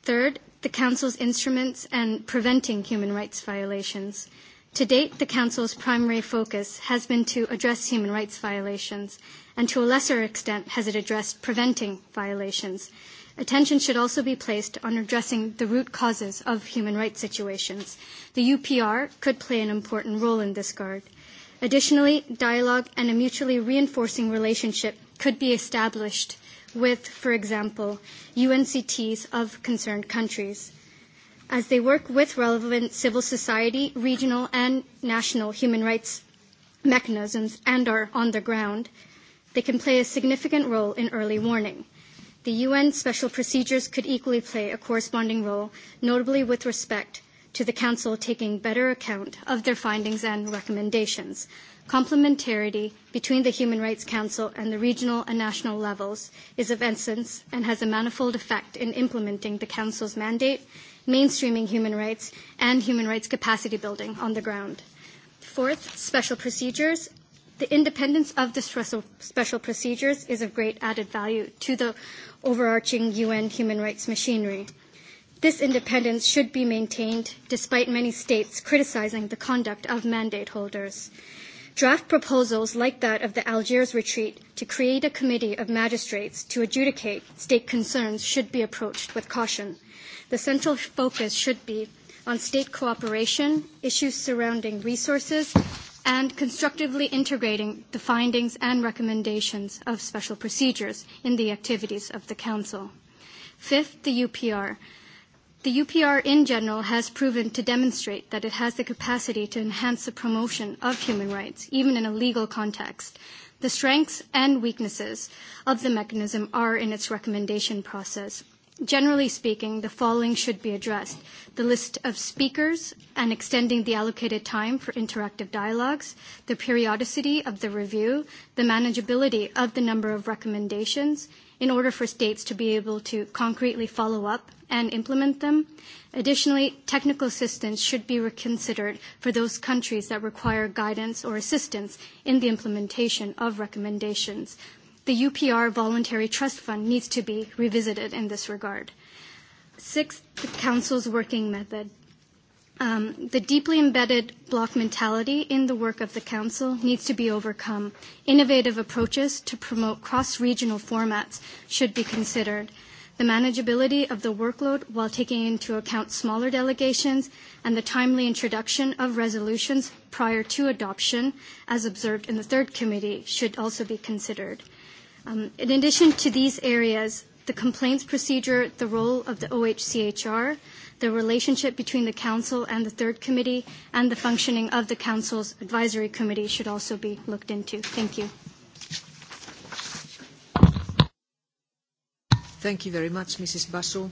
Third, the Council's instruments and preventing human rights violations. To date, the Council's primary focus has been to address human rights violations, and to a lesser extent has it addressed preventing violations. Attention should also be placed on addressing the root causes of human rights situations. The UPR could play an important role in this regard. Additionally, dialogue and a mutually reinforcing relationship could be established with, for example, UNCTs of concerned countries, as they work with relevant civil society, regional, and national human rights mechanisms and are on the ground, they can play a significant role in early warning. The UN special procedures could equally play a corresponding role, notably with respect to the Council taking better account of their findings and recommendations complementarity between the Human Rights Council and the regional and national levels is of essence and has a manifold effect in implementing the Council's mandate, mainstreaming human rights, and human rights capacity building on the ground. Fourth, special procedures. The independence of the special procedures is of great added value to the overarching UN human rights machinery. This independence should be maintained despite many states criticizing the conduct of mandate holders. Draft proposals like that of the Algiers retreat to create a committee of magistrates to adjudicate state concerns should be approached with caution. The central focus should be on state cooperation, issues surrounding resources, and constructively integrating the findings and recommendations of special procedures in the activities of the Council. Fifth, the UPR. The UPR in general has proven to demonstrate that it has the capacity to enhance the promotion of human rights, even in a legal context. The strengths and weaknesses of the mechanism are in its recommendation process. Generally speaking, the following should be addressed the list of speakers and extending the allocated time for interactive dialogues, the periodicity of the review, the manageability of the number of recommendations in order for states to be able to concretely follow up and implement them. Additionally, technical assistance should be reconsidered for those countries that require guidance or assistance in the implementation of recommendations. The UPR Voluntary Trust Fund needs to be revisited in this regard. Sixth, the Council's working method. Um, the deeply embedded block mentality in the work of the Council needs to be overcome. Innovative approaches to promote cross-regional formats should be considered the manageability of the workload while taking into account smaller delegations, and the timely introduction of resolutions prior to adoption, as observed in the third committee, should also be considered. Um, in addition to these areas, the complaints procedure, the role of the OHCHR, the relationship between the Council and the Third Committee, and the functioning of the Council's Advisory Committee should also be looked into. Thank you. Thank you very much, Mrs. Basu.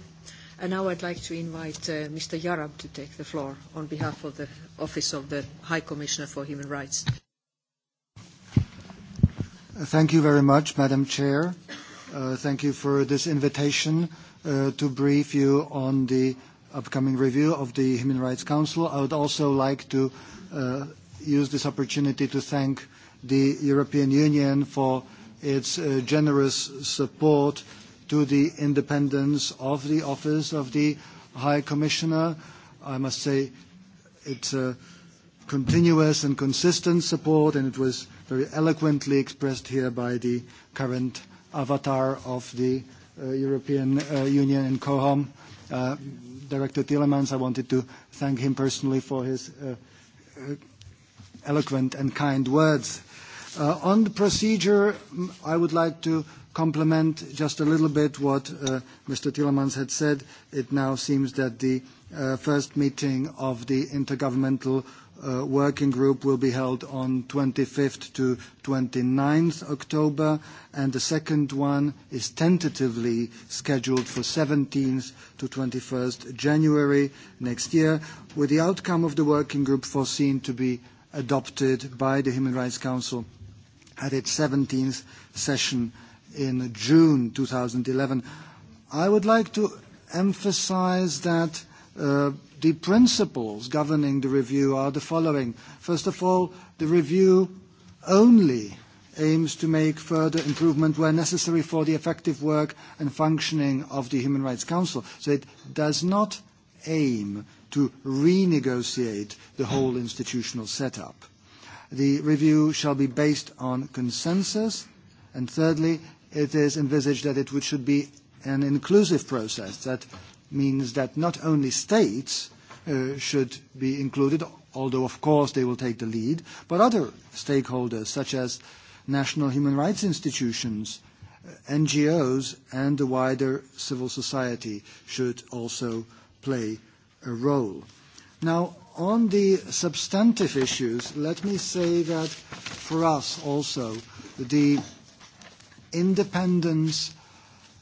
And now I'd like to invite uh, Mr. Yarab to take the floor on behalf of the Office of the High Commissioner for Human Rights. Thank you very much, Madam Chair. Uh, thank you for this invitation uh, to brief you on the upcoming review of the Human Rights Council. I would also like to uh, use this opportunity to thank the European Union for its uh, generous support to the independence of the office of the High Commissioner. I must say it's a continuous and consistent support, and it was very eloquently expressed here by the current avatar of the uh, European uh, Union in COHOM, uh, Director Tillemans. I wanted to thank him personally for his uh, uh, eloquent and kind words. Uh, on the procedure, I would like to complement just a little bit what uh, Mr. Timmermans had said. It now seems that the uh, first meeting of the Intergovernmental uh, Working Group will be held on 25th to 29th October, and the second one is tentatively scheduled for 17th to 21st January next year, with the outcome of the working group foreseen to be adopted by the Human Rights Council at its 17th session in June 2011. I would like to emphasize that uh, the principles governing the review are the following. First of all, the review only aims to make further improvement where necessary for the effective work and functioning of the Human Rights Council. So it does not aim to renegotiate the whole institutional setup. The review shall be based on consensus. And thirdly, it is envisaged that it would, should be an inclusive process. That means that not only states uh, should be included, although of course they will take the lead, but other stakeholders such as national human rights institutions, uh, NGOs, and the wider civil society should also play a role. Now, on the substantive issues, let me say that for us also, the independence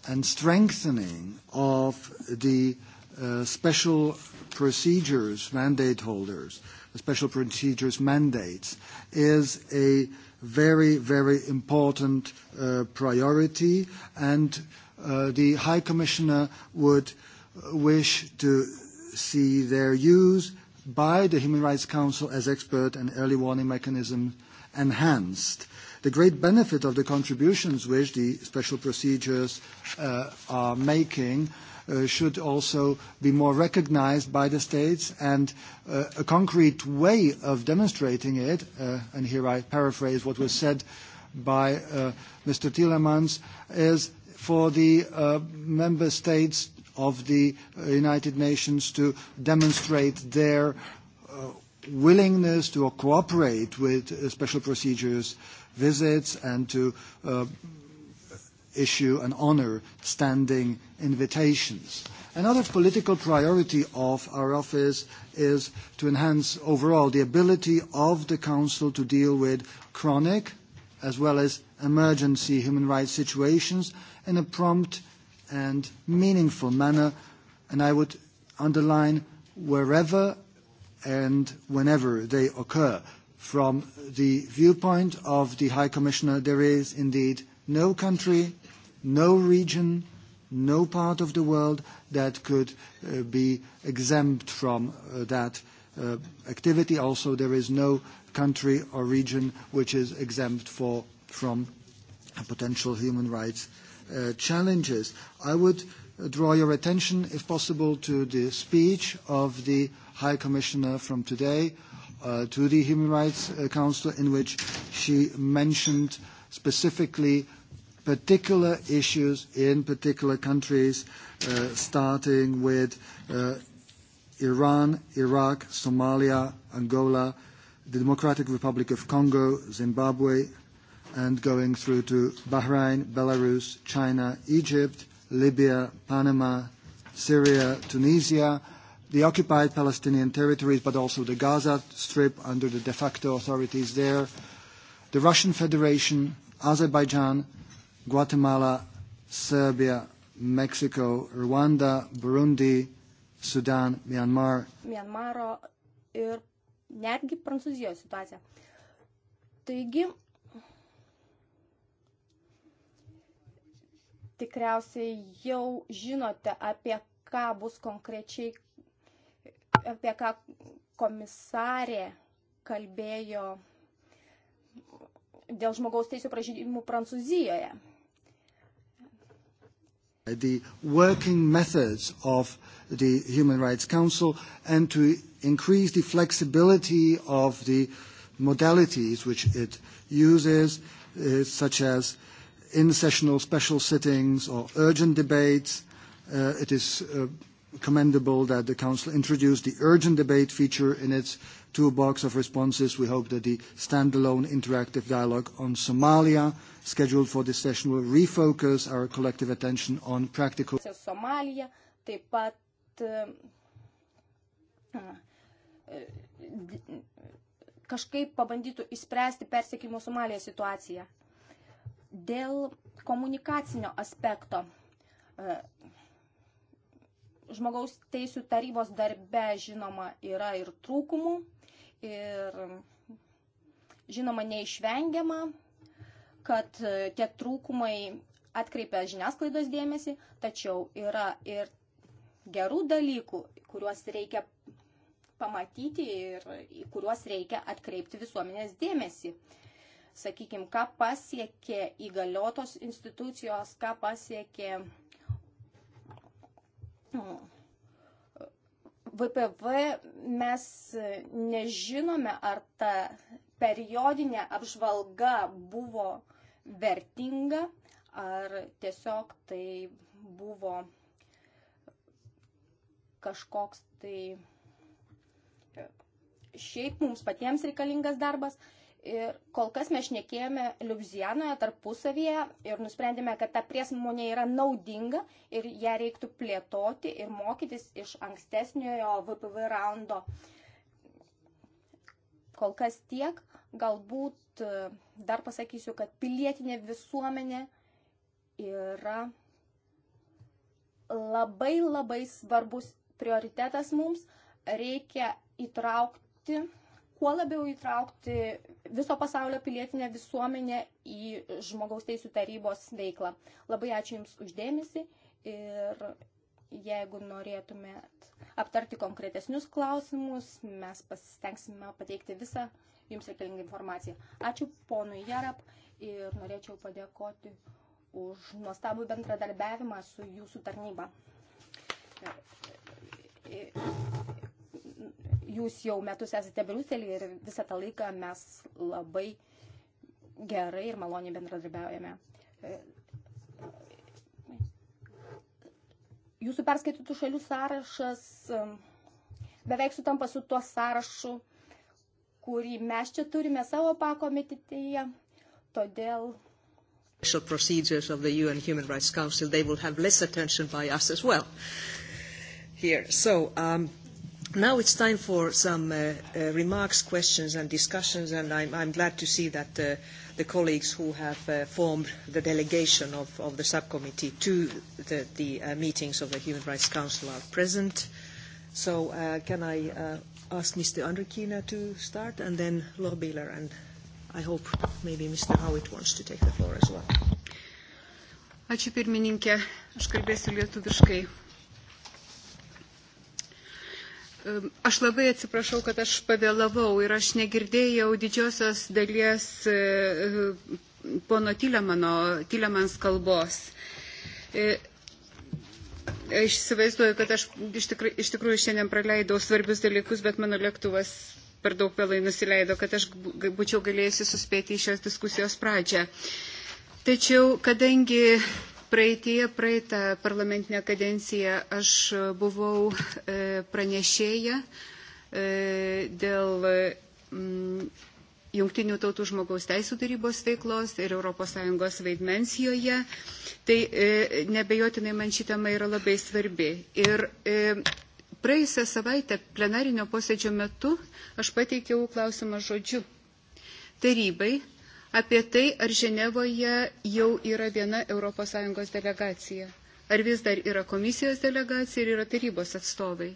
and strengthening of the uh, special procedures mandate holders, the special procedures mandates, is a very, very important uh, priority, and uh, the High Commissioner would uh, wish to see their use by the Human Rights Council as expert and early warning mechanism enhanced the great benefit of the contributions which the special procedures uh, are making uh, should also be more recognized by the states and uh, a concrete way of demonstrating it, uh, and here I paraphrase what was said by uh, Mr. Tillemans, is for the uh, member states of the uh, United Nations to demonstrate their uh, willingness to cooperate with uh, special procedures uh, visits and to uh, issue and honor standing invitations. Another political priority of our office is to enhance overall the ability of the Council to deal with chronic as well as emergency human rights situations in a prompt and meaningful manner, and I would underline wherever and whenever they occur. From the viewpoint of the High Commissioner, there is indeed no country, no region, no part of the world that could uh, be exempt from uh, that uh, activity. Also, there is no country or region which is exempt for, from potential human rights uh, challenges. I would uh, draw your attention, if possible, to the speech of the High Commissioner from today, uh, to the Human Rights uh, Council in which she mentioned specifically particular issues in particular countries, uh, starting with uh, Iran, Iraq, Somalia, Angola, the Democratic Republic of Congo, Zimbabwe, and going through to Bahrain, Belarus, China, Egypt, Libya, Panama, Syria, Tunisia, the occupied Palestinian territories, but also the Gaza Strip under the de facto authorities there, the Russian Federation, Azerbaijan, Guatemala, Serbia, Mexico, Rwanda, Burundi, Sudan, Myanmar. Myanmaro ir netgi Prancūzijos situacija. Taigi, tikriausiai jau žinote, apie ką bus konkrečiai apie ką komisarė kalbėjo dėl žmogaus teisų pražydimų Prancūzijoje. The working methods of the Human Rights Council and to increase the flexibility of the modalities which it uses, uh, such as in sessional special sittings or urgent debates. Uh, it is uh, commendable that the Council introduced the urgent debate feature in its toolbox of responses. We hope that the standalone interactive dialogue on Somalia, scheduled for this session, will refocus our collective attention on practical. Somalia, taip pat um, uh, uh, kažkaip pabandytų įspręsti persiekimo Somalija situaciją. Dėl komunikacinio aspekto uh, žmogaus teisų tarybos darbe žinoma yra ir trūkumų ir žinoma neišvengiama, kad e, tie trūkumai atkreipia žiniasklaidos dėmesį, tačiau yra ir gerų dalykų, kuriuos reikia pamatyti ir į kuriuos reikia atkreipti visuomenės dėmesį. Sakykime, ką pasiekė įgaliotos institucijos, ką pasiekė uh, VPV mes nežinome, ar ta periodinė apžvalga buvo vertinga, ar tiesiog tai buvo kažkoks tai šiaip mums patiems reikalingas darbas. Ir kol kas mes šnekėjome Liubzijanoje tarpusavyje ir nusprendėme, kad ta priesmonė yra naudinga ir ją reiktų plėtoti ir mokytis iš ankstesniojo VPV raundo. Kol kas tiek, galbūt e, dar pasakysiu, kad pilietinė visuomenė yra labai labai svarbus prioritetas mums. Reikia įtraukti kuo labiau įtraukti viso pasaulio pilietinę visuomenę į žmogaus teisų tarybos veiklą. Labai ačiū Jums uždėmesi ir jeigu norėtumėt aptarti konkretesnius klausimus, mes pasistengsime pateikti visą Jums reikalingą informaciją. Ačiū ponui Jarap ir norėčiau padėkoti už nuostabų bendradarbiavimą su Jūsų tarnyba jūs jau metus esate Briuselėje ir visą tą laiką mes labai gerai ir maloniai bendradarbiaujame. Jūsų perskaitytų šalių sąrašas um, beveik sutampa su tuo sąrašu, kurį mes čia turime savo pakomitetėje. Todėl special procedures of the UN Human Rights Council, they will have less attention by us as well here. So, um, Now it's time for some uh, uh, remarks, questions and discussions, and I'm, I'm glad to see that uh, the colleagues who have uh, formed the delegation of, of the subcommittee to the, the uh, meetings of the Human Rights Council are present. So uh, can I uh, ask Mr. Andrikina to start, and then Lohbiller, and I hope maybe Mr. Howitt wants to take the floor as well. Ačiū pirmininkė, aš kalbėsiu lietuviškai. Aš labai atsiprašau, kad aš pavėlavau ir aš negirdėjau didžiosios dalies e, e, pono Tilemano, Tilemans kalbos. E, aš įsivaizduoju, kad aš iš tikrųjų, iš tikrųjų šiandien praleidau svarbius dalykus, bet mano lėktuvas per daug vėlai nusileido, kad aš būčiau galėjusi suspėti į šios diskusijos pradžią. Tačiau, kadangi Praeitie, praeitą parlamentinę kadenciją aš buvau e, pranešėję e, dėl mm, Jungtinių tautų žmogaus teisų tarybos veiklos ir ES vaidmens joje. Tai e, nebejotinai man ši tema yra labai svarbi. Ir praėjusią savaitę plenarinio posėdžio metu aš pateikiau klausimą žodžiu tarybai apie tai, ar Ženevoje jau yra viena ES delegacija, ar vis dar yra komisijos delegacija ir yra tarybos atstovai.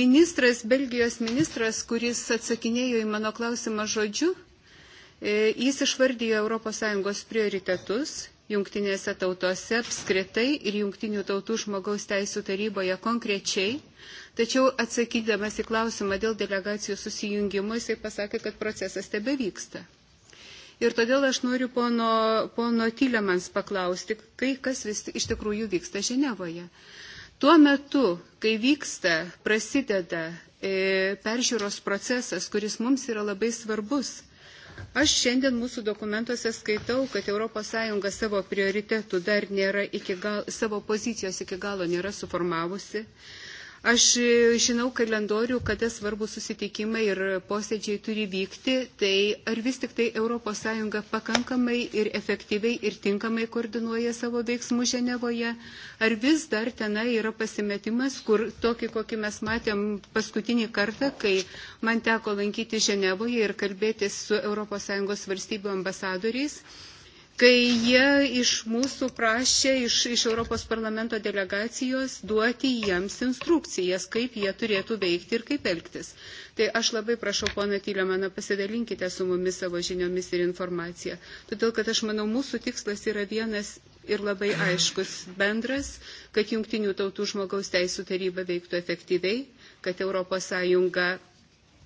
Ministras, Belgijos ministras, kuris atsakinėjo į mano klausimą žodžiu, e, jis išvardijo ES prioritetus jungtinėse tautose apskritai ir jungtinių tautų žmogaus teisų taryboje konkrečiai, tačiau atsakydamas į klausimą dėl delegacijų susijungimo, jisai pasakė, kad procesas tebe vyksta. Ir todėl aš noriu pono, pono Tylemans paklausti, kai kas vis, iš tikrųjų vyksta Ženevoje. Tuo metu, kai vyksta, prasideda e, peržiūros procesas, kuris mums yra labai svarbus, Aš šiandien mūsų dokumentuose skaitau, kad ES savo prioritetų dar nėra iki galo, savo pozicijos iki galo nėra suformavusi. Aš e, žinau kalendorių, kada svarbus susitikimai ir posėdžiai turi vykti, tai ar vis tik tai ES pakankamai ir efektyviai ir tinkamai koordinuoja savo veiksmus Ženevoje, ar vis dar tenai yra pasimetimas, kur tokį, kokį mes matėm paskutinį kartą, kai man teko lankyti Ženevoje ir kalbėtis su ES valstybių ambasadoriais kai jie iš mūsų prašė, iš, iš Europos parlamento delegacijos duoti jiems instrukcijas, kaip jie turėtų veikti ir kaip elgtis. Tai aš labai prašau, pana Tylemaną, pasidalinkite su mumis savo žiniomis ir informacija. Todėl, kad aš manau, mūsų tikslas yra vienas ir labai aiškus bendras, kad jungtinių tautų žmogaus teisų taryba veiktų efektyviai, kad ES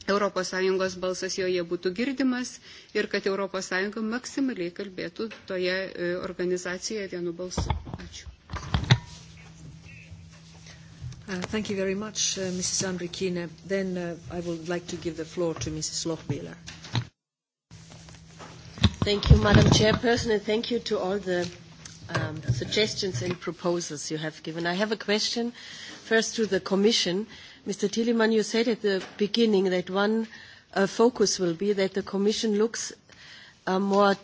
ES balsas joje būtų girdimas ir kad ES maksimaliai kalbėtų toje e, organizacijoje vienu balsu. Ačiū. Uh, thank you very much, uh, Mrs. Andrikine. Then uh, I would like to give the floor to Mrs. Lochbieler. Thank you, Madam Chairperson, and thank you to all the um, suggestions and proposals you have given. I have a question first to the Commission. Uh, Mr. Tilleman, you said at the beginning that one uh, focus will be that the Commission looks uh, more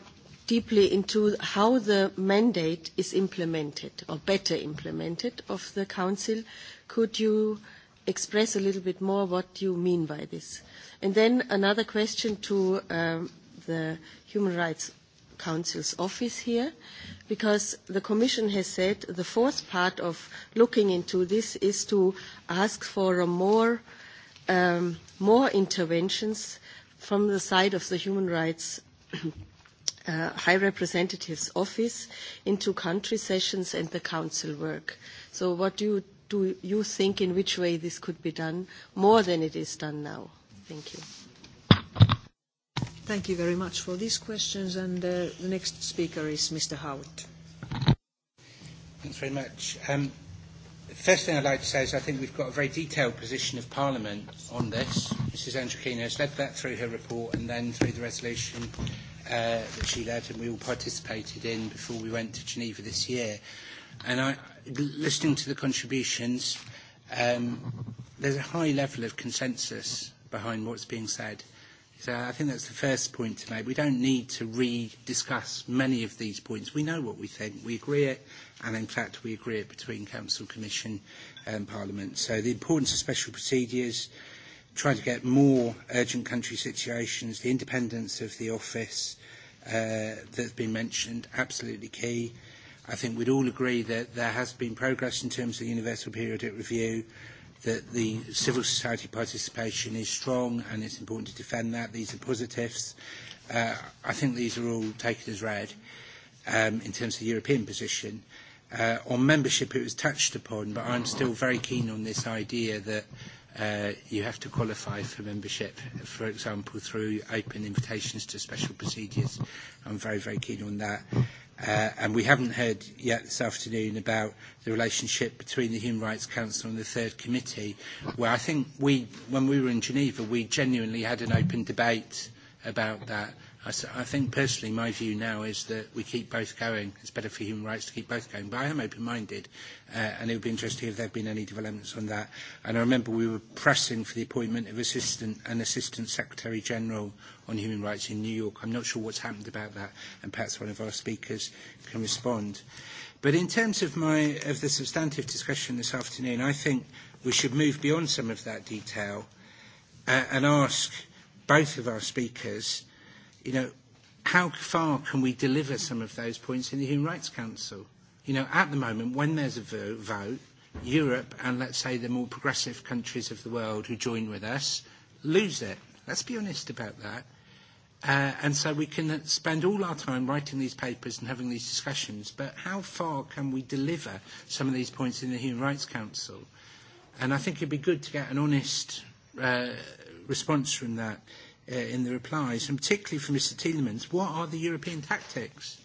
deeply into how the mandate is implemented or better implemented of the Council. Could you express a little bit more what you mean by this? And then another question to um, the human rights Council's office here, because the Commission has said the fourth part of looking into this is to ask for a more, um, more interventions from the side of the Human Rights *clears throat* uh, High Representative's office into country sessions and the Council work. So what do you, do you think in which way this could be done more than it is done now? Thank you. Thank you very much for these questions. And uh, the next speaker is Mr. Howard. Thanks very much. Um, the first thing I'd like to say is I think we've got a very detailed position of Parliament on this. Mrs. Andrikina has led that through her report and then through the resolution uh, that she led and we all participated in before we went to Geneva this year. And I, listening to the contributions, um, there's a high level of consensus behind what's being said. So I think that's the first point to make. We don't need to re-discuss many of these points. We know what we think. We agree it, and in fact we agree it between Council, Commission and Parliament. So the importance of special procedures, trying to get more urgent country situations, the independence of the office uh, that's been mentioned, absolutely key. I think we'd all agree that there has been progress in terms of the universal periodic review. Uh, that the civil society participation is strong and it's important to defend that. These are positives. Uh, I think these are all taken as read um, in terms of the European position. Uh, on membership, it was touched upon, but I'm still very keen on this idea that uh, you have to qualify for membership, for example, through open invitations to special procedures. I'm very, very keen on that. Uh, and we haven't heard yet this afternoon about the relationship between the Human Rights Council and the Third Committee, where I think we, when we were in Geneva, we genuinely had an open debate about that I, I think personally my view now is that we keep both going. It's better for human rights to keep both going. But I am open-minded, uh, and it would be interesting if there have been any developments on that. And I remember we were pressing for the appointment of assistant an assistant secretary general on human rights in New York. I'm not sure what's happened about that, and perhaps one of our speakers can respond. But in terms of my of the substantive discussion this afternoon, I think we should move beyond some of that detail uh, and ask both of our speakers you know, how far can we deliver some of those points in the Human Rights Council? You know, at the moment, when there's a vo- vote, Europe and let's say the more progressive countries of the world who join with us lose it. Let's be honest about that. Uh, and so we can spend all our time writing these papers and having these discussions, but how far can we deliver some of these points in the Human Rights Council? And I think it'd be good to get an honest uh, response from that. Uh, uh, in the replies, and particularly from Mr. Tielemans, what are the European tactics?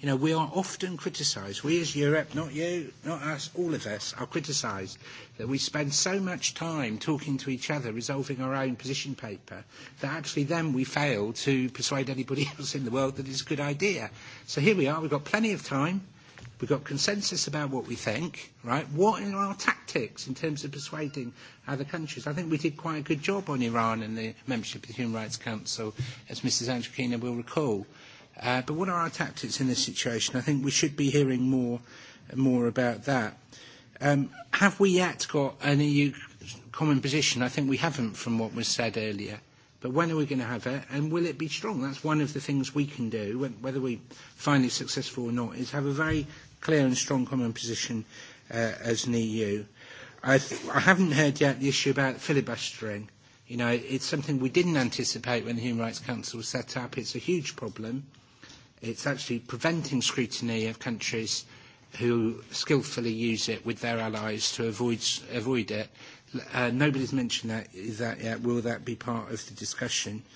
You know, we are often criticised. We as Europe, not you, not us, all of us, are criticised that we spend so much time talking to each other, resolving our own position paper, that actually then we fail to persuade anybody *laughs* else in the world that it's a good idea. So here we are, we've got plenty of time. We've got consensus about what we think, right? What are our tactics in terms of persuading other countries? I think we did quite a good job on Iran and the membership of the Human Rights Council, as Mrs. Andrikina will recall. Uh, but what are our tactics in this situation? I think we should be hearing more, more about that. Um, have we yet got an EU common position? I think we haven't from what was said earlier. But when are we going to have it, and will it be strong? That's one of the things we can do, whether we're finally successful or not, is have a very clear and strong common position uh, as an EU. I, th- I haven't heard yet the issue about filibustering. You know, it's something we didn't anticipate when the Human Rights Council was set up. It's a huge problem. It's actually preventing scrutiny of countries who skillfully use it with their allies to avoid, avoid it. Uh, nobody's mentioned that, that yet. Will that be part of the discussion? Uh,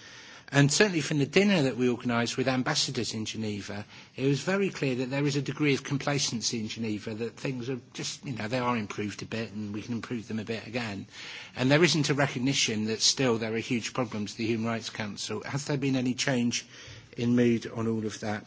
And certainly from the dinner that we organised with ambassadors in Geneva, it was very clear that there is a degree of complacency in Geneva, that things are just, you know, they are improved a bit and we can improve them a bit again. And there isn't a recognition that still there are huge problems, the Human Rights Council. Has there been any change in mood on all of that?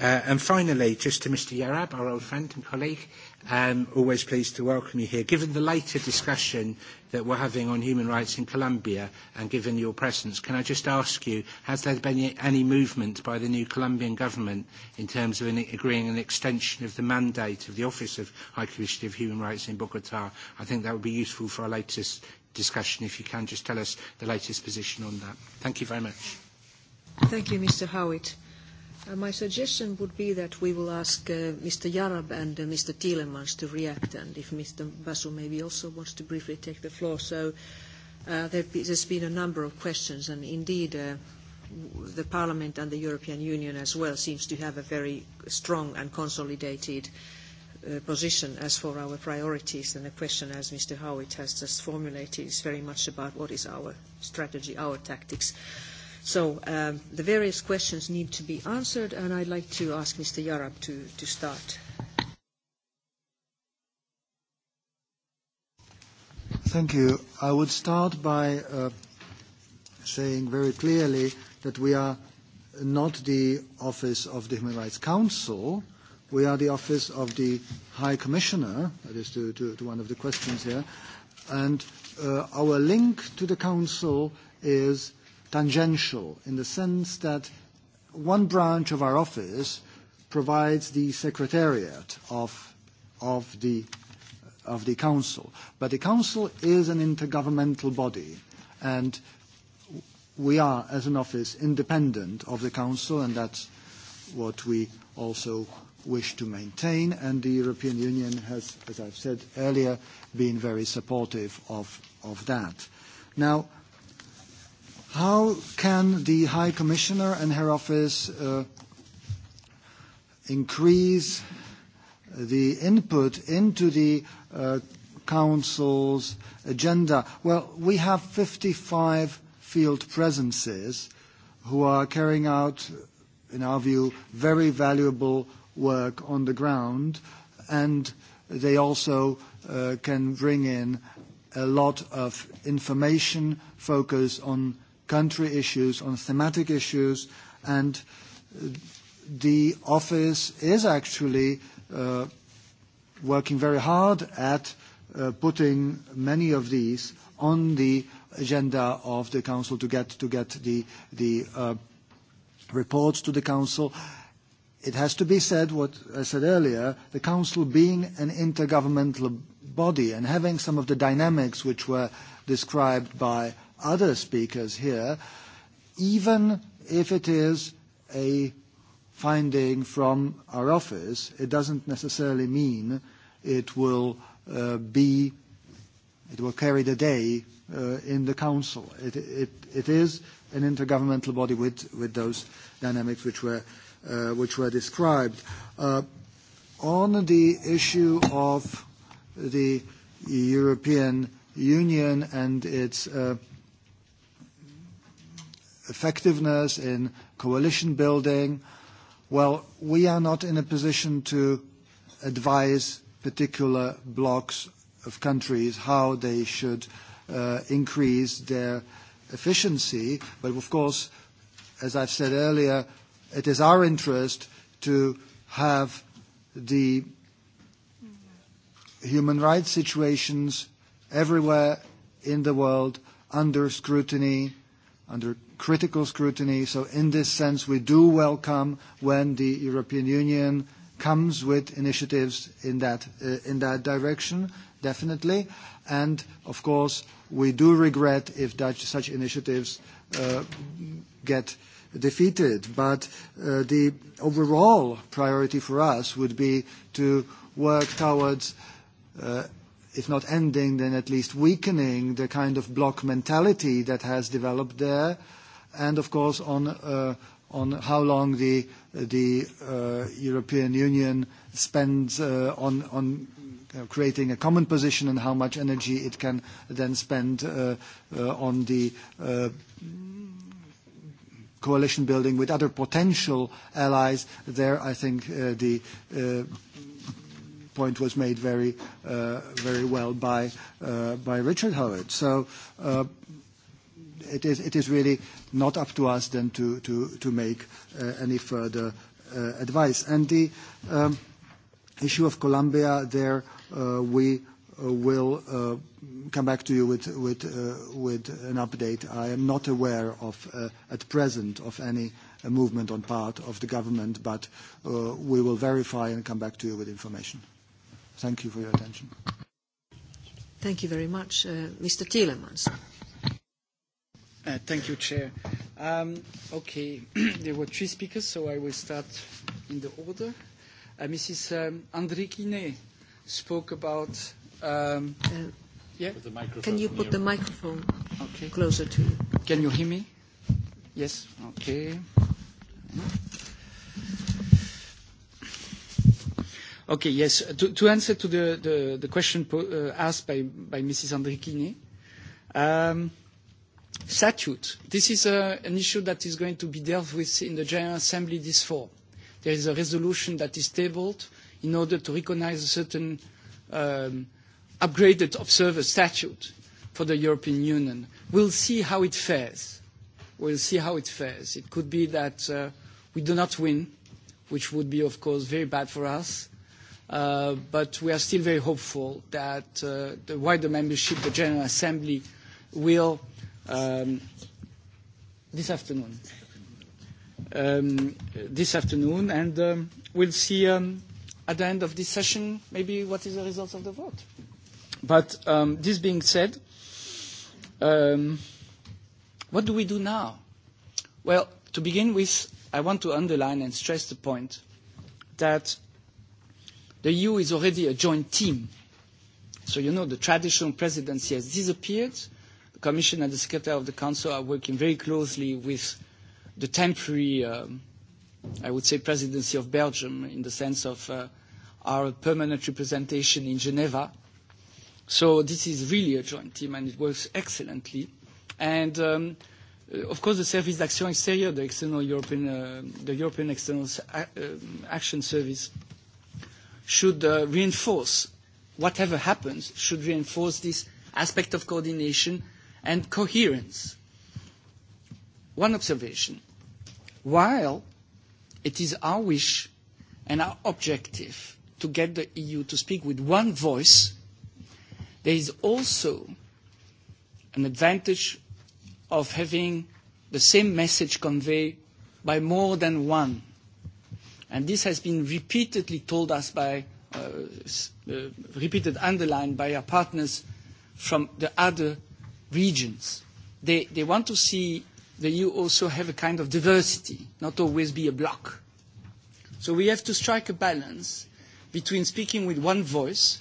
Uh, and finally, just to Mr Yarab, our old friend and colleague, Um, always pleased to welcome you here. Given the later discussion that we're having on human rights in Colombia and given your presence, can I just ask you, has there been any movement by the new Colombian government in terms of an, agreeing an extension of the mandate of the Office of High Commissioner of Human Rights in Bogota? I think that would be useful for our latest discussion. If you can just tell us the latest position on that. Thank you very much. Thank you, Mr. Howitt. Uh, my suggestion would be that we will ask uh, Mr. Yarab and uh, Mr. Tielemans to react, and if Mr. Basu maybe also wants to briefly take the floor. So uh, there be, there's been a number of questions, and indeed uh, the Parliament and the European Union as well seems to have a very strong and consolidated uh, position as for our priorities, and the question, as Mr. Howitt has just formulated, is very much about what is our strategy, our tactics. Uh, So um, the various questions need to be answered, and I'd like to ask Mr. Yarab to, to start. Thank you. I would start by uh, saying very clearly that we are not the office of the Human Rights Council. We are the office of the High Commissioner, that is to, to, to one of the questions here. And uh, our link to the Council is tangential in the sense that one branch of our office provides the secretariat of, of, the, of the council. But the council is an intergovernmental body, and we are, as an office, independent of the council, and that's what we also wish to maintain. And the European Union has, as I've said earlier, been very supportive of, of that. Now, How can the High Commissioner and her office uh, increase the input into the uh, Council's agenda? Well, we have 55 field presences who are carrying out, in our view, very valuable work on the ground, and they also uh, can bring in a lot of information, focus on country issues, on thematic issues, and uh, the office is actually uh, working very hard at uh, putting many of these on the agenda of the council to get to get the the uh, reports to the council. It has to be said what I said earlier, the council being an intergovernmental body and having some of the dynamics which were described by other speakers here, even if it is a finding from our office, it doesn't necessarily mean it will uh, be, it will carry the day uh, in the council. It, it, it is an intergovernmental body with, with those dynamics which were, uh, which were described. Uh, on the issue of the European Union and its uh, effectiveness, in coalition building. Well, we are not in a position to advise particular blocks of countries how they should uh, increase their efficiency. But of course, as I've said earlier, it is our interest to have the human rights situations everywhere in the world under scrutiny, under critical scrutiny. So in this sense, we do welcome when the European Union comes with initiatives in that, uh, in that direction, definitely. And of course, we do regret if that, such initiatives uh, get defeated. But uh, the overall priority for us would be to work towards, uh, if not ending, then at least weakening the kind of block mentality that has developed there, and of course on, uh, on how long the, the uh, European Union spends uh, on, on creating a common position and how much energy it can then spend uh, uh, on the uh, coalition building with other potential allies. There, I think uh, the uh, point was made very, uh, very well by, uh, by Richard Howard. So uh, it is, it is really not up to us then to, to, to make uh, any further uh, advice. And the um, issue of Colombia, there uh, we will uh, come back to you with, with, uh, with an update. I am not aware of, uh, at present, of any movement on part of the government, but we will verify and come back to you with information. Thank you for your attention. Thank you very much. Mr. Tielemans. Uh, thank you, Chair. Um, okay, *clears throat* there were three speakers, so I will start in the order. Uh, Mrs. Um, Andrikine spoke about. Um, uh, yeah? Put the microphone Can you put near. the microphone okay. closer to you? Can you hear me? Yes? Okay. Okay, yes. Uh, to, to answer to the, the, the question po- uh, asked by, by Mrs. Andrikine, um, statute. This is a, uh, an issue that is going to be dealt with in the General Assembly this fall. There is a resolution that is tabled in order to recognize a certain um, upgraded observer statute for the European Union. We'll see how it fares. We'll see how it fares. It could be that uh, we do not win, which would be, of course, very bad for us. Uh, but we are still very hopeful that uh, the wider membership, the General Assembly, will um, this afternoon. Um, this afternoon, and um, we'll see um, at the end of this session maybe what is the result of the vote. But um, this being said, um, what do we do now? Well, to begin with, I want to underline and stress the point that the EU is already a joint team. So, you know, the traditional presidency has disappeared. Uh, Commission and the Secretary of the Council are working very closely with the temporary, um, I would say, presidency of Belgium in the sense of uh, our permanent representation in Geneva. So this is really a joint team and it works excellently. And um, uh, of course, the Service d'Action Extérieure, the external European, uh, the European External uh, Action Service, should uh, reinforce whatever happens, should reinforce this aspect of coordination and coherence. One observation. While it is our wish and our objective to get the EU to speak with one voice, there is also an advantage of having the same message conveyed by more than one. And this has been repeatedly told us by, uh, uh, repeated underlined by our partners from the other regions. They, they want to see the EU also have a kind of diversity, not always be a block. So we have to strike a balance between speaking with one voice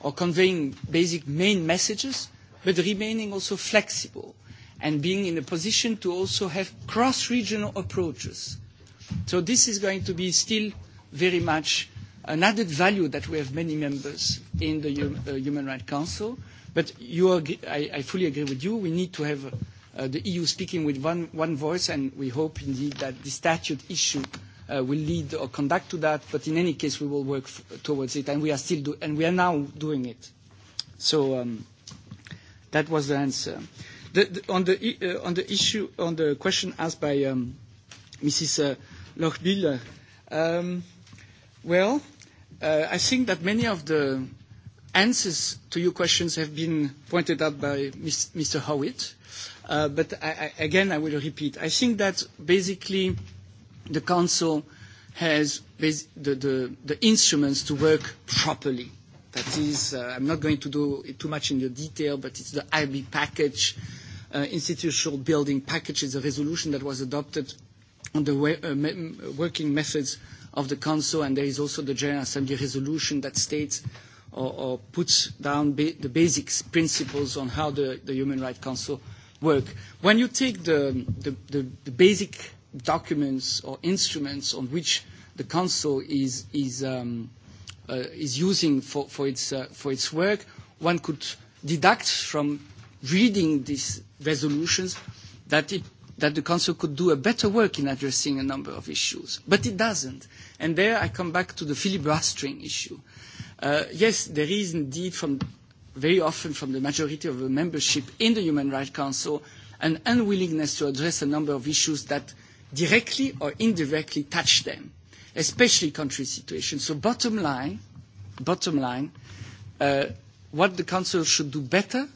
or conveying basic main messages, but remaining also flexible and being in a position to also have cross-regional approaches. So this is going to be still very much an added value that we have many members in the uh, Human Rights Council, But you agree, I, I fully agree with you. We need to have uh, the EU speaking with one, one voice, and we hope indeed that the statute issue uh, will lead or conduct to that. But in any case, we will work f- towards it, and we are still do- and we are now doing it. So um, that was the answer. The, the, on, the, uh, on the issue, on the question asked by um, Mrs. Uh, Lochbühler, um, well, uh, I think that many of the answers to your questions have been pointed out by Ms, Mr. Howitt. Uh, but I, I, again, I will repeat. I think that basically the Council has bas- the, the, the instruments to work properly. That is, uh, I'm not going to do it too much in the detail, but it's the IB package, uh, institutional building package. It's a resolution that was adopted on the way, uh, me- working methods of the Council, and there is also the General Assembly resolution that states or, or puts down ba- the basics principles on how the, the Human Rights Council work. When you take the, the, the, the basic documents or instruments on which the Council is, is, um, uh, is using for, for, its, uh, for its work, one could deduct from reading these resolutions that, it, that the Council could do a better work in addressing a number of issues. But it doesn't. And there I come back to the filibustering issue. Uh, Uh, yes, there is indeed from very often from the majority of the membership in the Human Rights Council an unwillingness to address a number of issues that directly or indirectly touch them, especially country situations. So bottom line, bottom line, uh, what the Council should do better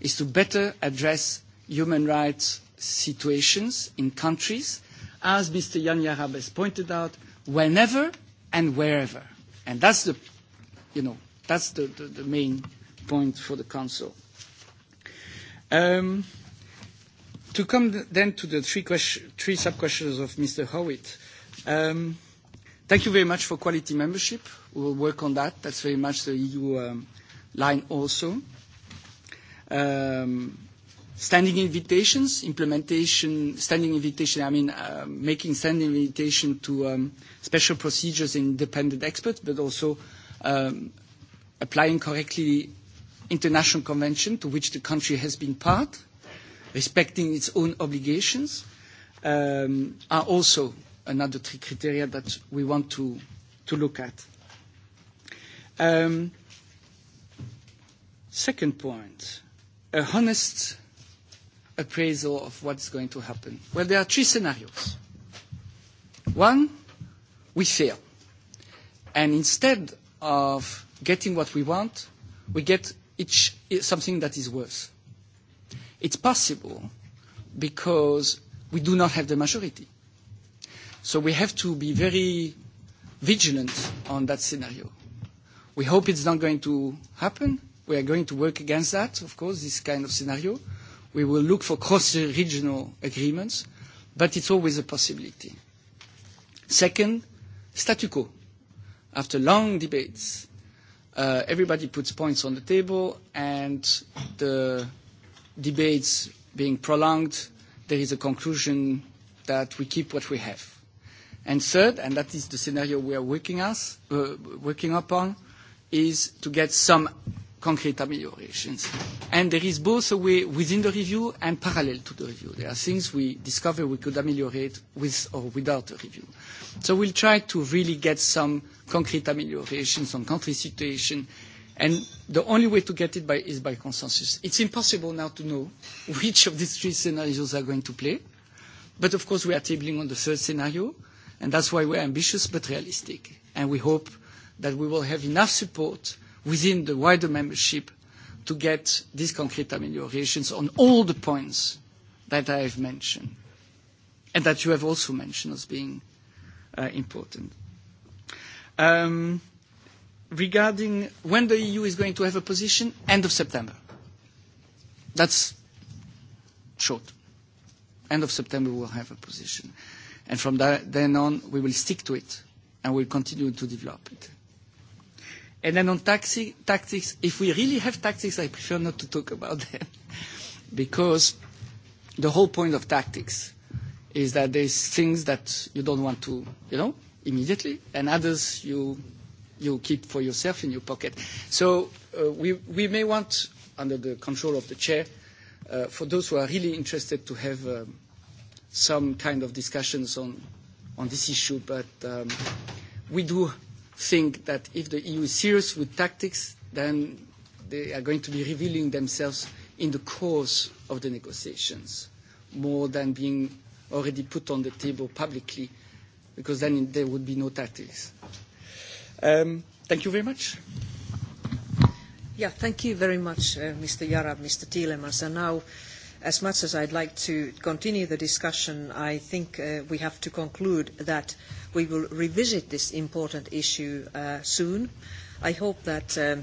is to better address human rights situations in countries, as Mr. Jan Yarab has pointed out, whenever and wherever. And that's the you know, that's the, the, the main point for the council. Um, to come then to the three, question, three sub-questions of Mr. Howitt. Um, thank you very much for quality membership. We will work on that. That's very much the EU um, line also. Um, standing invitations, implementation, standing invitation, I mean, uh, making standing invitation to um, special procedures and independent experts, but also um, applying correctly international convention to which the country has been part, respecting its own obligations, um, are also another three criteria that we want to, to look at. Um, second point, a honest appraisal of what's going to happen. Well, there are three scenarios. One, we fail. And instead of getting what we want, we get each something that is worse. It's possible because we do not have the majority. So we have to be very vigilant on that scenario. We hope it's not going to happen. We are going to work against that, of course, this kind of scenario. We will look for cross-regional agreements, but it's always a possibility. Second, statu quo after long debates, uh, everybody puts points on the table, and the debates being prolonged, there is a conclusion that we keep what we have. And third, and that is the scenario we are working, us, uh, working upon, is to get some concrete ameliorations. And there is both a way within the review and parallel to the review. There are things we discover we could ameliorate with or without the review. So we'll try to really get some concrete ameliorations on country situation, and the only way to get it by, is by consensus. It's impossible now to know *laughs* which of these three scenarios are going to play, but of course we are tabling on the third scenario, and that's why we're ambitious but realistic. And we hope that we will have enough support within the wider membership to get these concrete ameliorations on all the points that I have mentioned and that you have also mentioned as being uh, important. Um, regarding when the EU is going to have a position, end of September. That's short. End of September, we'll have a position. And from that, then on, we will stick to it, and we'll continue to develop it. And then on taxi, tactics, if we really have tactics, I prefer not to talk about them. *laughs* because the whole point of tactics is that there's things that you don't want to, you know, immediately, and others you, you keep for yourself in your pocket. So uh, we, we may want, under the control of the chair, uh, for those who are really interested to have um, some kind of discussions on, on this issue, but um, we do think that if the EU is serious with tactics, then they are going to be revealing themselves in the course of the negotiations, more than being already put on the table publicly, because then there would be no tactics. Um, thank you very much. Yeah, thank you very much, uh, Mr. Jarab, Mr. Tielemans. And now, as much as I'd like to continue the discussion, I think uh, we have to conclude that uh, we will revisit this important issue uh, soon. I hope that um,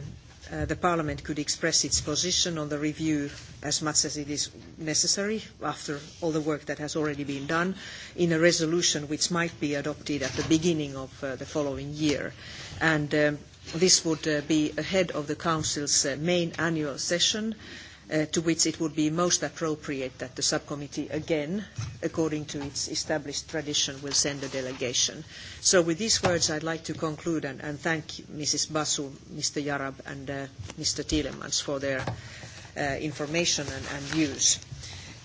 uh, the Parliament could express its position on the review as much as it is necessary after all the work that has already been done in a resolution which might be adopted at the beginning of uh, the following year. And um, this would uh, be ahead of the Council's uh, main annual session uh, uh, to which it would be most appropriate that the subcommittee again, according to its established tradition, will send a delegation. So with these words, I'd like to conclude and, and thank Mrs. Basu, Mr. Yarab, and uh, Mr. Tielemans for their uh, information and, and views.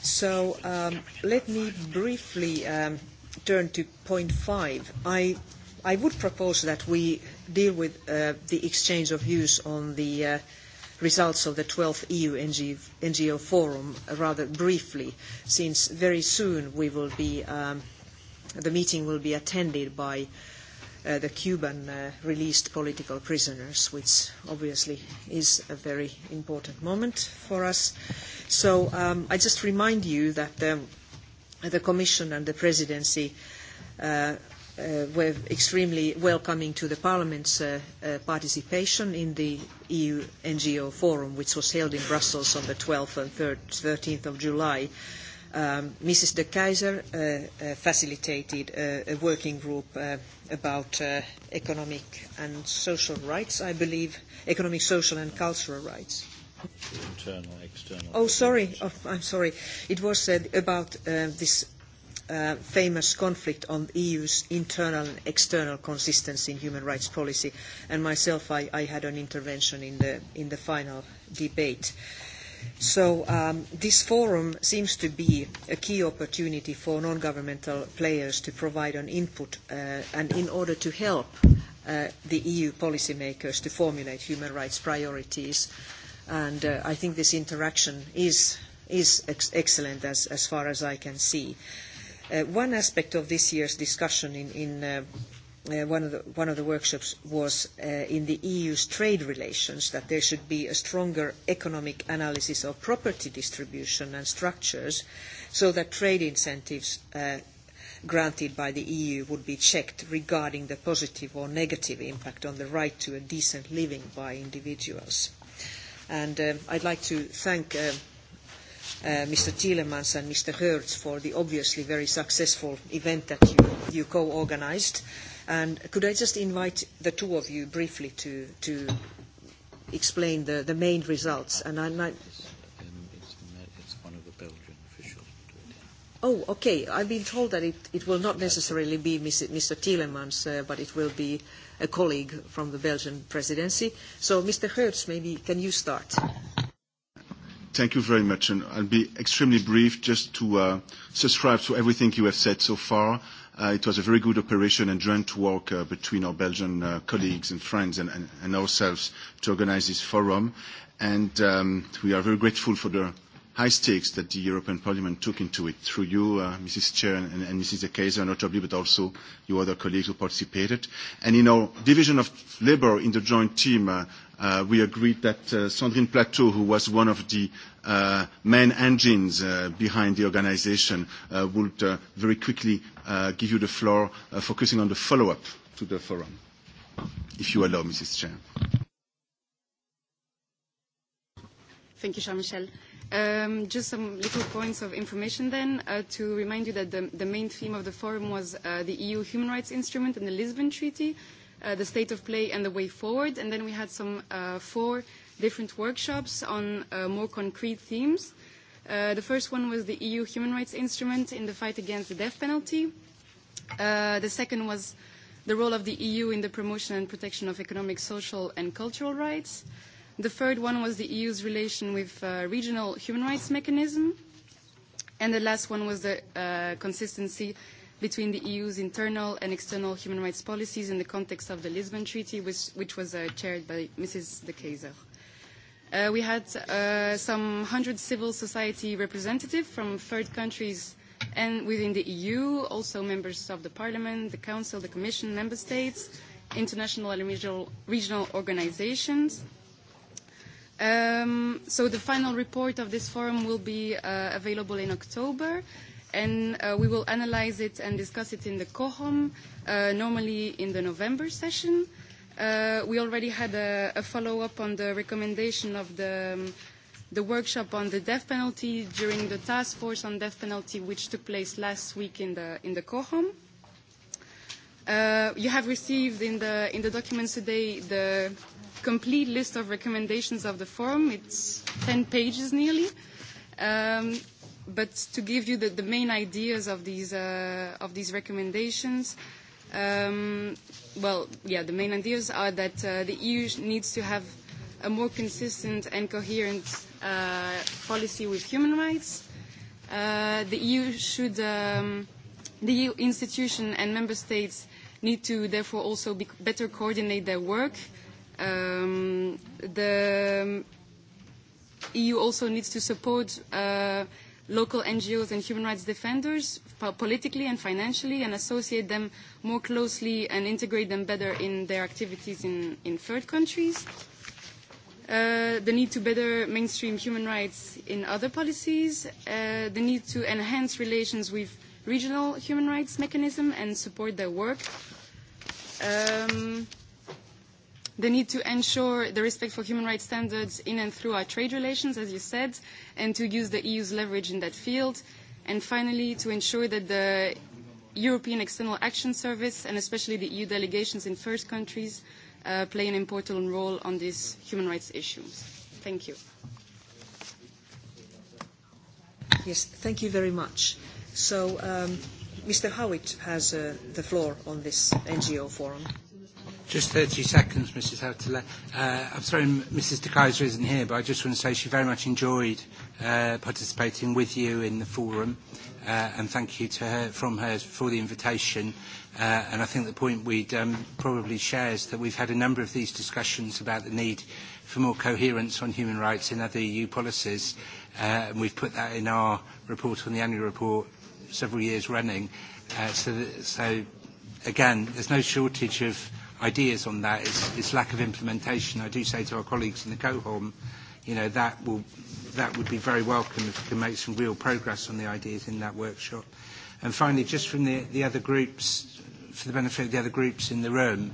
So um, let me briefly um, turn to point five. I, I would propose that we deal with uh, the exchange of views on the uh, results of the 12th EU NGO, NGO forum uh, rather briefly, since very soon we will be, um, the meeting will be attended by uh, the Cuban uh, released political prisoners, which obviously is a very important moment for us. So um, I just remind you that um, the Commission and the Presidency uh, uh, were extremely welcoming to the Parliament's uh, uh, participation in the EU NGO Forum, which was held in Brussels on the 12th and 13th of July. Um, Mrs. de Keyser uh, uh, facilitated uh, a working group uh, about uh, economic and social rights, I believe, economic, social and cultural rights. Internal, external. Oh, sorry. Oh, I'm sorry. It was uh, about uh, this uh, famous conflict on the EU's internal and external consistency in human rights policy. And myself, I, I had an intervention in the, in the final debate. So um, this forum seems to be a key opportunity for non-governmental players to provide an input uh, and in order to help uh, the EU policymakers to formulate human rights priorities. And uh, I think this interaction is, is ex excellent as, as far as I can see. Uh, Uh, one aspect of this year's discussion in, in uh, uh, one, of the, one of the workshops was uh, in the EU's trade relations that there should be a stronger economic analysis of property distribution and structures so that trade incentives uh, granted by the EU would be checked regarding the positive or negative impact on the right to a decent living by individuals. And uh, I'd like to thank uh, uh, Mr. Tielemans and Mr. Hertz for the obviously very successful event that you, you co-organized. And could I just invite the two of you briefly to, to explain the, the main results? And I might... Um, oh, okay. I've been told that it, it will not necessarily be Mr. Tielemans, uh, but it will be a colleague from the Belgian presidency. So, Mr. Hertz, maybe can you start? Thank you very much, and I'll be extremely brief just to uh, subscribe to everything you have said so far. Uh, it was a very good operation and joint work uh, between our Belgian uh, colleagues and friends and, and, and ourselves to organize this forum. And um, we are very grateful for the high stakes that the European Parliament took into it through you, uh, Mrs. Chair and, and Mrs. De Keyser, notably, but also your other colleagues who participated. And in our division of labor in the joint team, uh, Uh, we agreed that uh, Sandrine Plateau, who was one of the uh, main engines uh, behind the organization, uh, would uh, very quickly uh, give you the floor, uh, focusing on the follow-up to the forum, if you allow, Mrs. Chair. Thank you, Jean-Michel. Um, just some little points of information then uh, to remind you that the, the main theme of the forum was uh, the EU human rights instrument and the Lisbon Treaty, uh, the state of play and the way forward. And then we had some uh, four different workshops on uh, more concrete themes. Uh, the first one was the EU human rights instrument in the fight against the death penalty. Uh, the second was the role of the EU in the promotion and protection of economic, social, and cultural rights. The third one was the EU's relation with uh, regional human rights mechanism. And the last one was the uh, consistency between the EU's internal and external human rights policies in the context of the Lisbon Treaty, which, which was uh, chaired by Mrs. De Keyser. Uh, we had uh, some 100 civil society representatives from third countries and within the EU, also members of the Parliament, the Council, the Commission, member states, international and regional, regional organizations. Um, so the final report of this forum will be uh, available in October. Uh, and uh, we will analyze it and discuss it in the COHOM, uh, normally in the November session. Uh, we already had a, a follow-up on the recommendation of the, um, the workshop on the death penalty during the task force on death penalty, which took place last week in the, in the COHOM. Uh, you have received in the, in the documents today the complete list of recommendations of the forum. It's 10 pages nearly. Um, but to give you the, the main ideas of these, uh, of these recommendations, um, well, yeah, the main ideas are that uh, the EU needs to have a more consistent and coherent uh, policy with human rights. Uh, the EU should, um, the EU institution and member states need to therefore also be better coordinate their work. Um, the EU also needs to support uh, local NGOs and human rights defenders po politically and financially and associate them more closely and integrate them better in their activities in, in third countries. Uh, the need to better mainstream human rights in other policies, uh, the need to enhance relations with regional human rights mechanism and support their work. Um, the need to ensure the respect for human rights standards in and through our trade relations, as you said, and to use the EU's leverage in that field. And finally, to ensure that the European External Action Service, and especially the EU delegations in first countries, uh, play an important role on these human rights issues. Thank you. Yes, thank you very much. So, um, Mr. Howitt has uh, the floor on this NGO forum. Just 30 seconds, Mrs. Hautala. Uh, I'm sorry Mrs. De Kaiser isn't here, but I just want to say she very much enjoyed uh, participating with you in the forum, uh, and thank you to her, from her for the invitation. Uh, and I think the point we'd um, probably share is that we've had a number of these discussions about the need for more coherence on human rights in other EU policies, uh, and we've put that in our report on the annual report several years running. Uh, so, that, so again, there's no shortage of ideas on that. It's, it's lack of implementation. I do say to our colleagues in the cohom, you know, that, will, that would be very welcome if we can make some real progress on the ideas in that workshop. And finally, just from the, the other groups, for the benefit of the other groups in the room,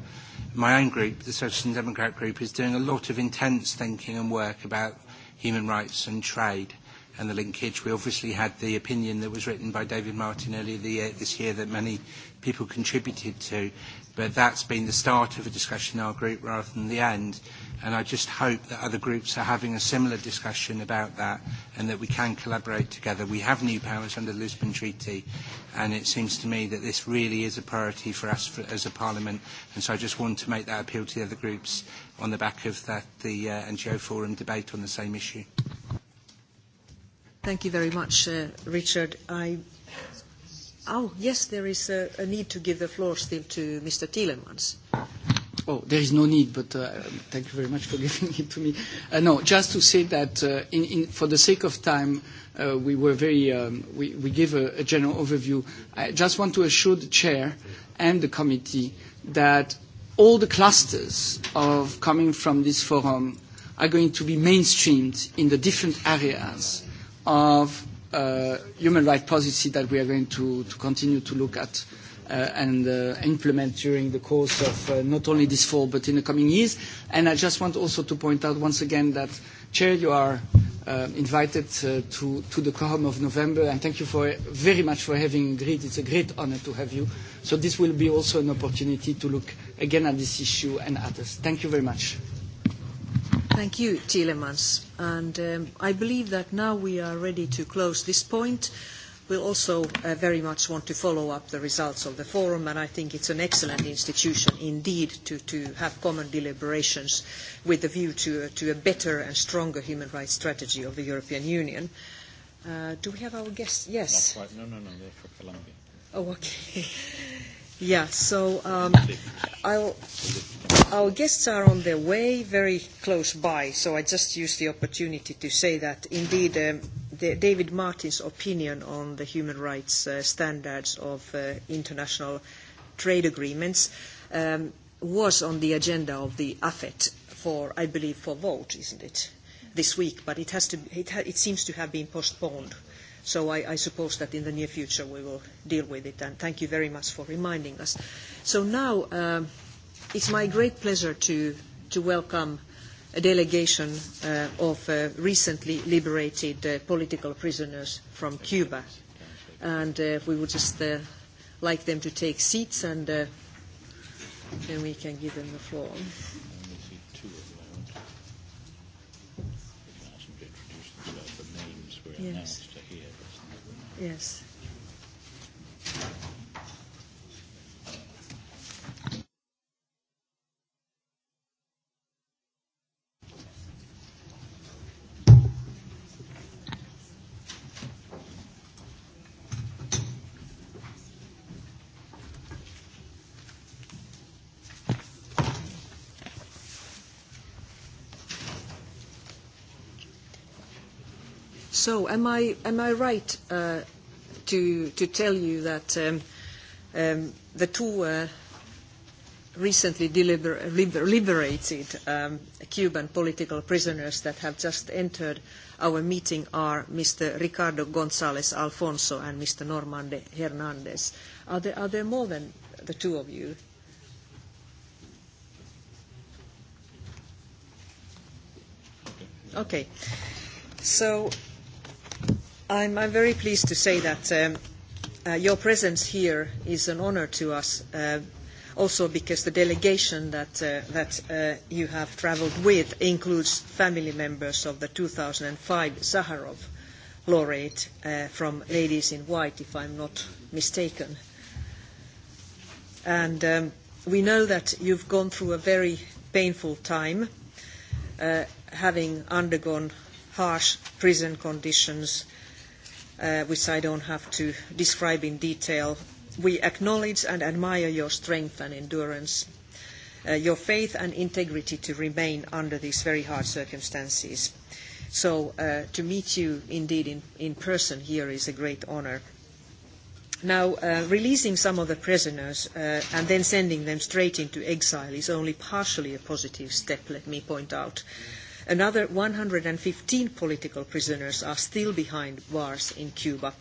my own group, the Social and Democrat group, is doing a lot of intense thinking and work about human rights and trade and the linkage. We obviously had the opinion that was written by David Martin earlier the year, this year that many people contributed to but that's been the start of a discussion in our group rather than the end. And I just hope that other groups are having a similar discussion about that and that we can collaborate together. We have new powers under the Lisbon Treaty, and it seems to me that this really is a priority for us for, as a Parliament. And so I just want to make that appeal to the other groups on the back of that, the uh, NGO Forum debate on the same issue. Thank you very much, uh, Richard. I Oh, yes, there is a, a need to give the floor still to Mr. Tielemans. Oh, there is no need, but uh, thank you very much for *laughs* giving it to me. Uh, no, just to say that uh, in, in, for the sake of time, uh, we were very, um, we, we gave a, a general overview. I just want to assure the chair and the committee that all the clusters of coming from this forum are going to be mainstreamed in the different areas of uh, human rights policy that we are going to, to continue to look at uh, and uh, implement during the course of uh, not only this fall but in the coming years. And I just want also to point out once again that, Chair, you are uh, invited uh, to, to the COHOM of November, and thank you for, very much for having agreed. It's a great honor to have you. So this will be also an opportunity to look again at this issue and others. Thank you very much. Thank you, Tielemans. And um, I believe that now we are ready to close this point. We'll also uh, very much want to follow up the results of the forum, and I think it's an excellent institution indeed to, to have common deliberations with a view to, uh, to a better and stronger human rights strategy of the European Union. Uh, do we have our guests? Yes. Not quite. No, no, no. They're for Colombia. Oh, okay. *laughs* Yeah, so um, I'll, our guests are on their way, very close by, so I just use the opportunity to say that indeed um, the, David Martin's opinion on the human rights uh, standards of uh, international trade agreements um, was on the agenda of the AFET for, I believe, for vote, isn't it, this week, but it, has to, it, ha- it seems to have been postponed So I, I suppose that in the near future we will deal with it, and thank you very much for reminding us. So now um, it's my great pleasure to, to welcome a delegation uh, of uh, recently liberated uh, political prisoners from Cuba. And uh, we would just uh, like them to take seats, and uh, then we can give them the floor. Yes. Yes. So am I, am I right uh, to, to tell you that um, um, the two uh, recently deliber- liber- liberated um, Cuban political prisoners that have just entered our meeting are Mr. Ricardo Gonzalez Alfonso and Mr. Normande Hernandez. Are there, are there more than the two of you? Okay. So I'm, I'm very pleased to say that um, uh, your presence here is an honor to us, uh, also because the delegation that, uh, that uh, you have traveled with includes family members of the 2005 Zaharov laureate uh, from Ladies in White, if I'm not mistaken. And um, we know that you've gone through a very painful time, uh, having undergone harsh prison conditions – uh, which I don't have to describe in detail. We acknowledge and admire your strength and endurance, uh, your faith and integrity to remain under these very hard circumstances. So uh, to meet you indeed in, in person here is a great honor. Now, uh, releasing some of the prisoners uh, and then sending them straight into exile is only partially a positive step, let me point out. Mm Another 115 political prisoners are still behind bars in Cuba,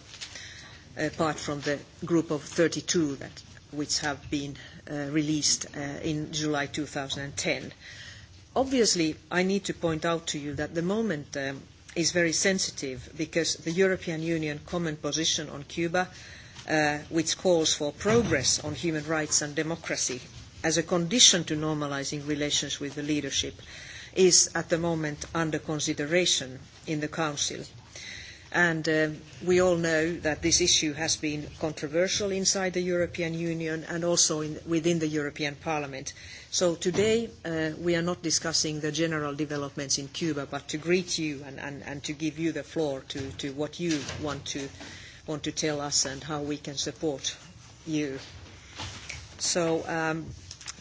apart from the group of 32 that, which have been uh, released uh, in July 2010. Obviously, I need to point out to you that the moment um, is very sensitive because the European Union common position on Cuba, uh, which calls for progress on human rights and democracy as a condition to normalizing relations with the leadership, uh, is at the moment under consideration in the Council. And uh, we all know that this issue has been controversial inside the European Union and also in, within the European Parliament. So today uh, we are not discussing the general developments in Cuba, but to greet you and, and, and to give you the floor to, to what you want to, want to tell us and how we can support you. So um,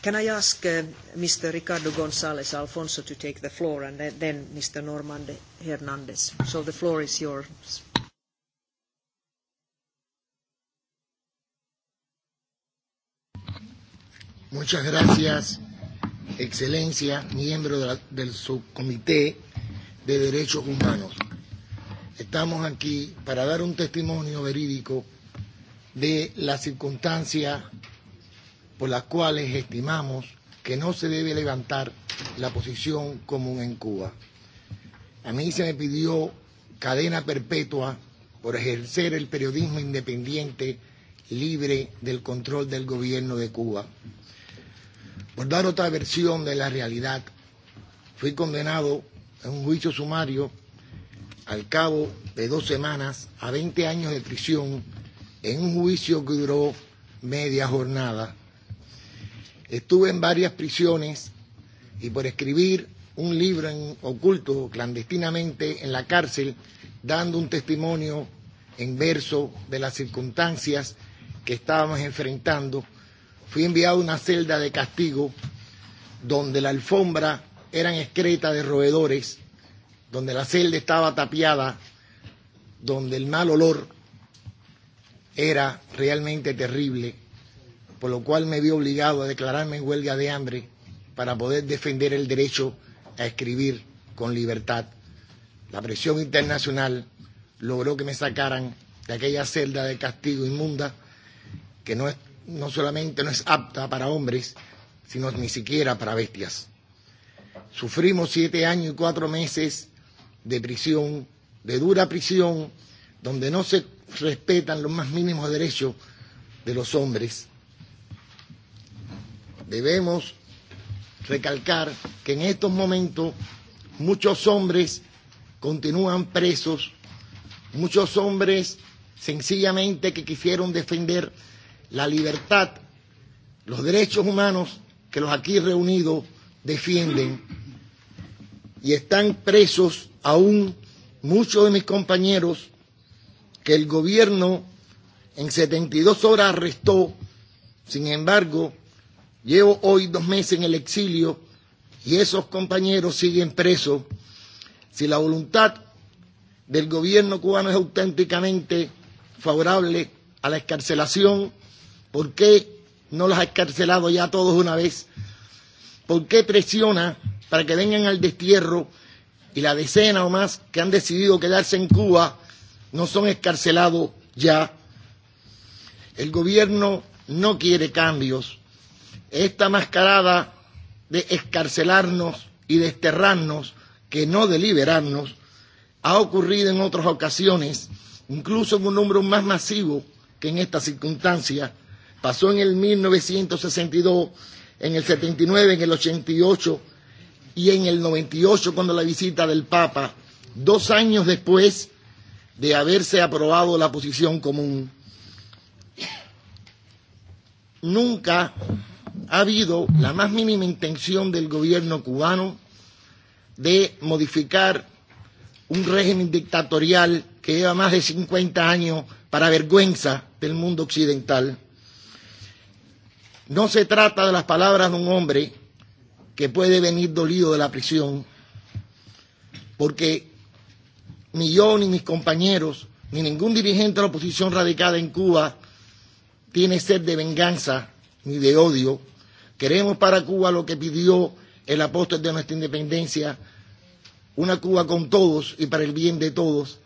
Can I ask uh, Mr. Ricardo González Alfonso to take the floor and then, then Mr. Norman Hernandez? So the floor is yours. Muchas gracias, Excelencia, miembro de la, del Subcomité de Derechos Humanos. Estamos aquí para dar un testimonio verídico de las circunstancias por las cuales estimamos que no se debe levantar la posición común en Cuba. A mí se me pidió cadena perpetua por ejercer el periodismo independiente libre del control del gobierno de Cuba. Por dar otra versión de la realidad, fui condenado en un juicio sumario al cabo de dos semanas a 20 años de prisión en un juicio que duró media jornada Estuve en varias prisiones y por escribir un libro en, oculto clandestinamente en la cárcel, dando un testimonio en verso de las circunstancias que estábamos enfrentando, fui enviado a una celda de castigo donde la alfombra eran excreta de roedores, donde la celda estaba tapiada, donde el mal olor era realmente terrible por lo cual me vi obligado a declararme en huelga de hambre para poder defender el derecho a escribir con libertad. La presión internacional logró que me sacaran de aquella celda de castigo inmunda que no, es, no solamente no es apta para hombres, sino ni siquiera para bestias. Sufrimos siete años y cuatro meses de prisión, de dura prisión, donde no se respetan los más mínimos derechos de los hombres debemos recalcar que en estos momentos muchos hombres continúan presos, muchos hombres sencillamente que quisieron defender la libertad, los derechos humanos que los aquí reunidos defienden y están presos aún muchos de mis compañeros que el gobierno en 72 horas arrestó, sin embargo, Llevo hoy dos meses en el exilio y esos compañeros siguen presos. Si la voluntad del gobierno cubano es auténticamente favorable a la escarcelación, ¿por qué no los ha escarcelado ya todos una vez? ¿Por qué presiona para que vengan al destierro y la decena o más que han decidido quedarse en Cuba no son escarcelados ya? El gobierno no quiere cambios esta mascarada de escarcelarnos y desterrarnos, que no de liberarnos, ha ocurrido en otras ocasiones, incluso en un número más masivo que en estas circunstancias. Pasó en el 1962, en el 79, en el 88 y en el 98 cuando la visita del Papa, dos años después de haberse aprobado la posición común. Nunca ha habido la más mínima intención del gobierno cubano de modificar un régimen dictatorial que lleva más de 50 años para vergüenza del mundo occidental. No se trata de las palabras de un hombre que puede venir dolido de la prisión, porque ni yo, ni mis compañeros, ni ningún dirigente de la oposición radicada en Cuba tiene sed de venganza ni de odio. Queremos para Cuba lo que pidió el apóstol de nuestra independencia, una Cuba con todos y para el bien de todos.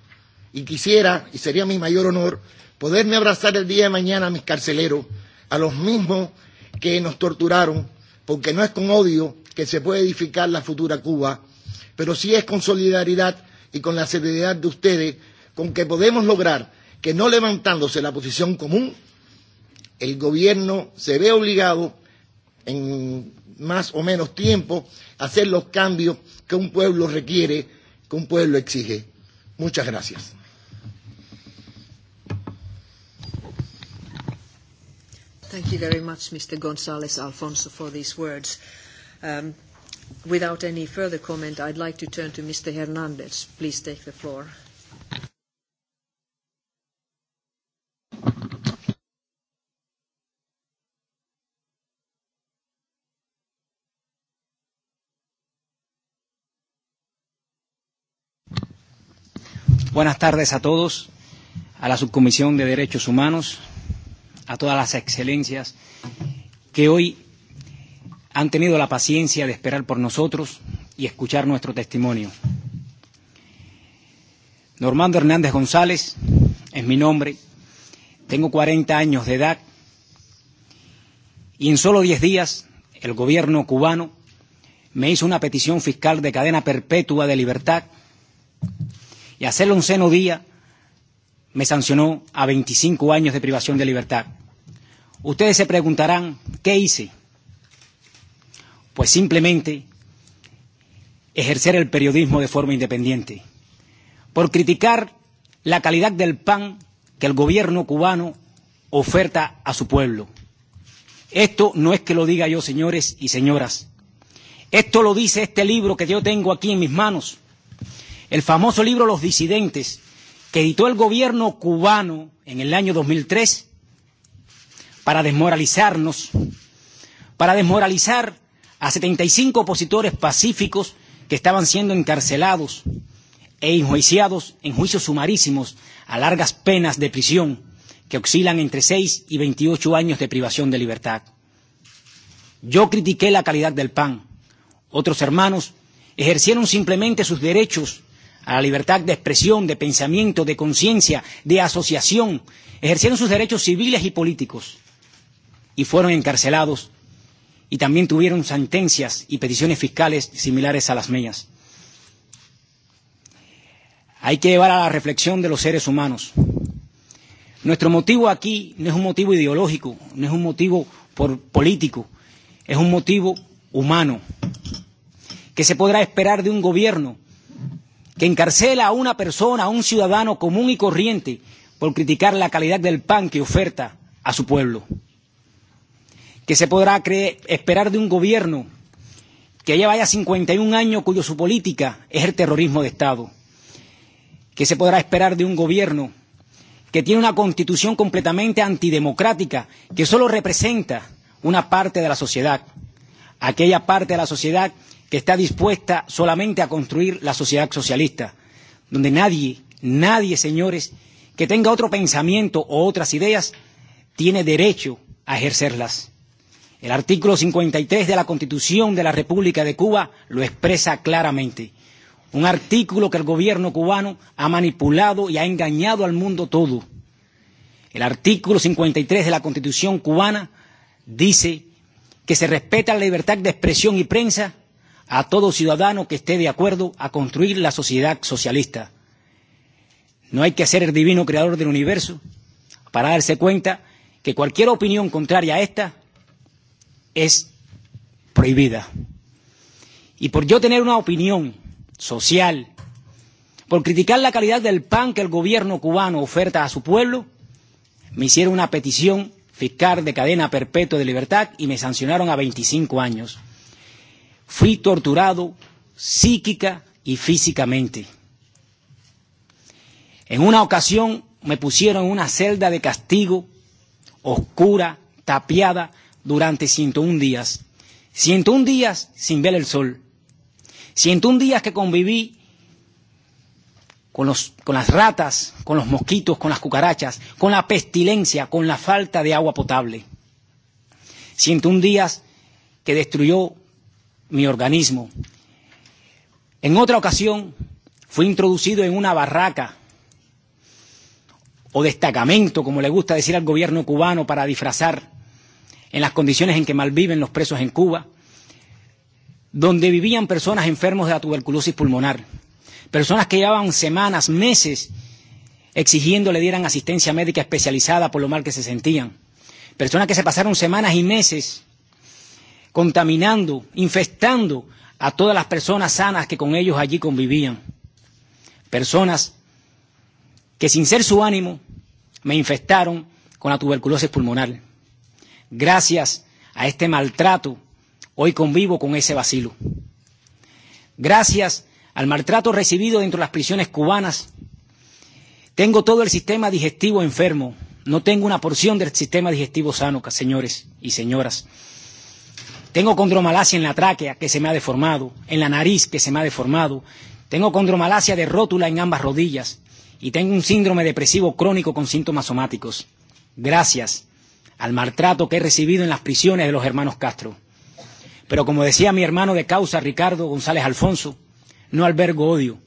Y quisiera, y sería mi mayor honor, poderme abrazar el día de mañana a mis carceleros, a los mismos que nos torturaron, porque no es con odio que se puede edificar la futura Cuba, pero sí es con solidaridad y con la seriedad de ustedes con que podemos lograr que no levantándose la posición común, el gobierno se ve obligado en más o menos tiempo a hacer los cambios que un pueblo requiere, que un pueblo exige. Muchas gracias. Thank you very much, Mr. González Alfonso, for these words. Um, without any further comment, I'd like to turn to Mr. Hernández. Please take the floor. Buenas tardes a todos, a la Subcomisión de Derechos Humanos, a todas las excelencias que hoy han tenido la paciencia de esperar por nosotros y escuchar nuestro testimonio. Normando Hernández González es mi nombre, tengo 40 años de edad y en solo 10 días el gobierno cubano me hizo una petición fiscal de cadena perpetua de libertad y hacerlo un seno día me sancionó a 25 años de privación de libertad. Ustedes se preguntarán, ¿qué hice? Pues simplemente ejercer el periodismo de forma independiente. Por criticar la calidad del pan que el gobierno cubano oferta a su pueblo. Esto no es que lo diga yo, señores y señoras. Esto lo dice este libro que yo tengo aquí en mis manos el famoso libro Los disidentes, que editó el gobierno cubano en el año 2003 para desmoralizarnos, para desmoralizar a 75 opositores pacíficos que estaban siendo encarcelados e enjuiciados en juicios sumarísimos a largas penas de prisión que oscilan entre 6 y 28 años de privación de libertad. Yo critiqué la calidad del pan. Otros hermanos ejercieron simplemente sus derechos a la libertad de expresión, de pensamiento, de conciencia, de asociación, ejercieron sus derechos civiles y políticos y fueron encarcelados y también tuvieron sentencias y peticiones fiscales similares a las mías. Hay que llevar a la reflexión de los seres humanos. Nuestro motivo aquí no es un motivo ideológico, no es un motivo por político, es un motivo humano. ¿Qué se podrá esperar de un gobierno que encarcela a una persona, a un ciudadano común y corriente, por criticar la calidad del pan que oferta a su pueblo. ¿Qué se podrá esperar de un gobierno que lleva ya 51 años cuyo su política es el terrorismo de Estado? ¿Qué se podrá esperar de un gobierno que tiene una constitución completamente antidemocrática, que solo representa una parte de la sociedad, aquella parte de la sociedad que está dispuesta solamente a construir la sociedad socialista, donde nadie, nadie, señores, que tenga otro pensamiento o otras ideas, tiene derecho a ejercerlas. El artículo 53 de la Constitución de la República de Cuba lo expresa claramente. Un artículo que el gobierno cubano ha manipulado y ha engañado al mundo todo. El artículo 53 de la Constitución cubana dice que se respeta la libertad de expresión y prensa a todo ciudadano que esté de acuerdo a construir la sociedad socialista. No hay que ser el divino creador del universo para darse cuenta que cualquier opinión contraria a esta es prohibida. Y por yo tener una opinión social, por criticar la calidad del pan que el gobierno cubano oferta a su pueblo, me hicieron una petición fiscal de cadena perpetua de libertad y me sancionaron a 25 años. Fui torturado psíquica y físicamente. En una ocasión me pusieron en una celda de castigo oscura, tapiada, durante 101 días. 101 días sin ver el sol. 101 días que conviví con, los, con las ratas, con los mosquitos, con las cucarachas, con la pestilencia, con la falta de agua potable. 101 días que destruyó mi organismo. En otra ocasión fui introducido en una barraca o destacamento, como le gusta decir al gobierno cubano, para disfrazar en las condiciones en que malviven los presos en Cuba, donde vivían personas enfermos de la tuberculosis pulmonar, personas que llevaban semanas, meses exigiendo le dieran asistencia médica especializada por lo mal que se sentían, personas que se pasaron semanas y meses contaminando, infestando a todas las personas sanas que con ellos allí convivían. Personas que sin ser su ánimo me infestaron con la tuberculosis pulmonar. Gracias a este maltrato, hoy convivo con ese vacilo. Gracias al maltrato recibido dentro de las prisiones cubanas, tengo todo el sistema digestivo enfermo. No tengo una porción del sistema digestivo sano, señores y señoras. Tengo condromalacia en la tráquea que se me ha deformado, en la nariz que se me ha deformado. Tengo condromalacia de rótula en ambas rodillas y tengo un síndrome depresivo crónico con síntomas somáticos. Gracias al maltrato que he recibido en las prisiones de los hermanos Castro. Pero como decía mi hermano de causa, Ricardo González Alfonso, no albergo odio.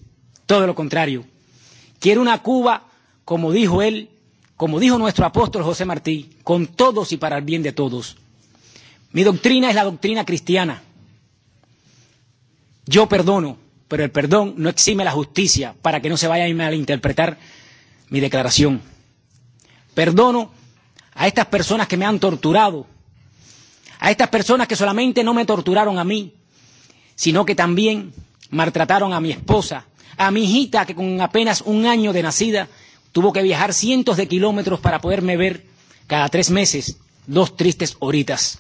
Todo lo contrario. Quiero una Cuba, como dijo él, como dijo nuestro apóstol José Martí, con todos y para el bien de todos Mi doctrina es la doctrina cristiana. Yo perdono, pero el perdón no exime la justicia para que no se vaya a malinterpretar mi declaración. Perdono a estas personas que me han torturado, a estas personas que solamente no me torturaron a mí, sino que también maltrataron a mi esposa, a mi hijita que con apenas un año de nacida tuvo que viajar cientos de kilómetros para poderme ver cada tres meses dos tristes horitas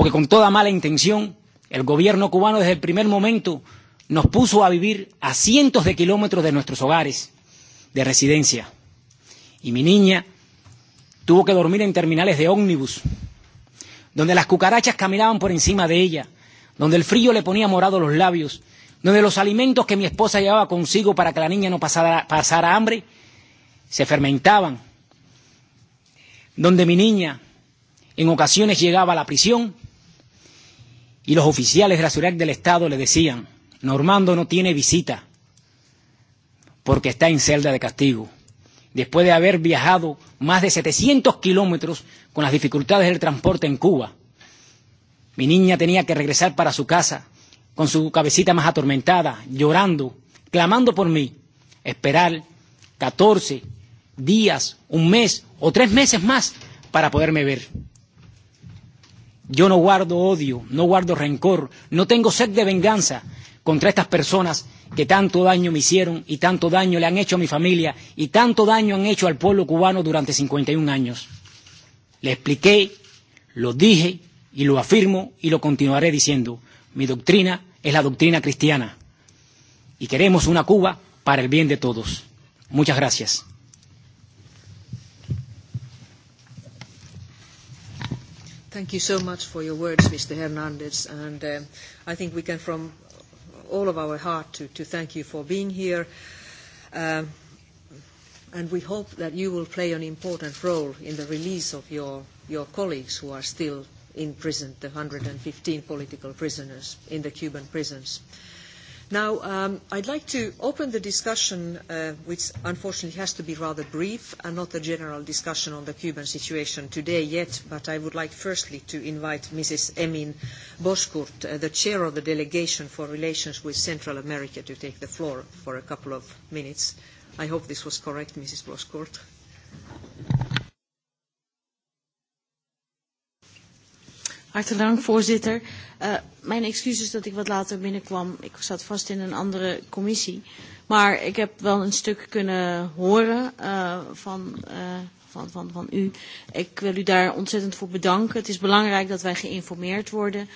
porque con toda mala intención, el gobierno cubano desde el primer momento nos puso a vivir a cientos de kilómetros de nuestros hogares de residencia. Y mi niña tuvo que dormir en terminales de ómnibus, donde las cucarachas caminaban por encima de ella, donde el frío le ponía morado los labios, donde los alimentos que mi esposa llevaba consigo para que la niña no pasara, pasara hambre se fermentaban, donde mi niña en ocasiones llegaba a la prisión y los oficiales de la seguridad del Estado le decían, Normando no tiene visita porque está en celda de castigo. Después de haber viajado más de 700 kilómetros con las dificultades del transporte en Cuba, mi niña tenía que regresar para su casa con su cabecita más atormentada, llorando, clamando por mí, esperar 14 días, un mes o tres meses más para poderme ver. Yo no guardo odio, no guardo rencor, no tengo sed de venganza contra estas personas que tanto daño me hicieron y tanto daño le han hecho a mi familia y tanto daño han hecho al pueblo cubano durante 51 años. Le expliqué, lo dije y lo afirmo y lo continuaré diciendo. Mi doctrina es la doctrina cristiana y queremos una Cuba para el bien de todos. Muchas gracias. Thank you so much for your words, Mr. Hernandez. And uh, I think we can, from all of our heart, to, to thank you for being here. Um, and we hope that you will play an important role in the release of your, your colleagues who are still in prison, the 115 political prisoners in the Cuban prisons. Uh, Now, um, I'd like to open the discussion, uh, which unfortunately has to be rather brief and not a general discussion on the Cuban situation today yet, but I would like firstly to invite Mrs. Emin Boskurt, uh, the chair of the delegation for relations with Central America, to take the floor for a couple of minutes. I hope this was correct, Mrs. Boskurt. Thank you. Hartelijk dank, voorzitter. Uh, mijn excuses dat ik wat later binnenkwam. Ik zat vast in een andere commissie. Maar ik heb wel een stuk kunnen horen uh, van, uh, van, van, van u. Ik wil u daar ontzettend voor bedanken. Het is belangrijk dat wij geïnformeerd worden.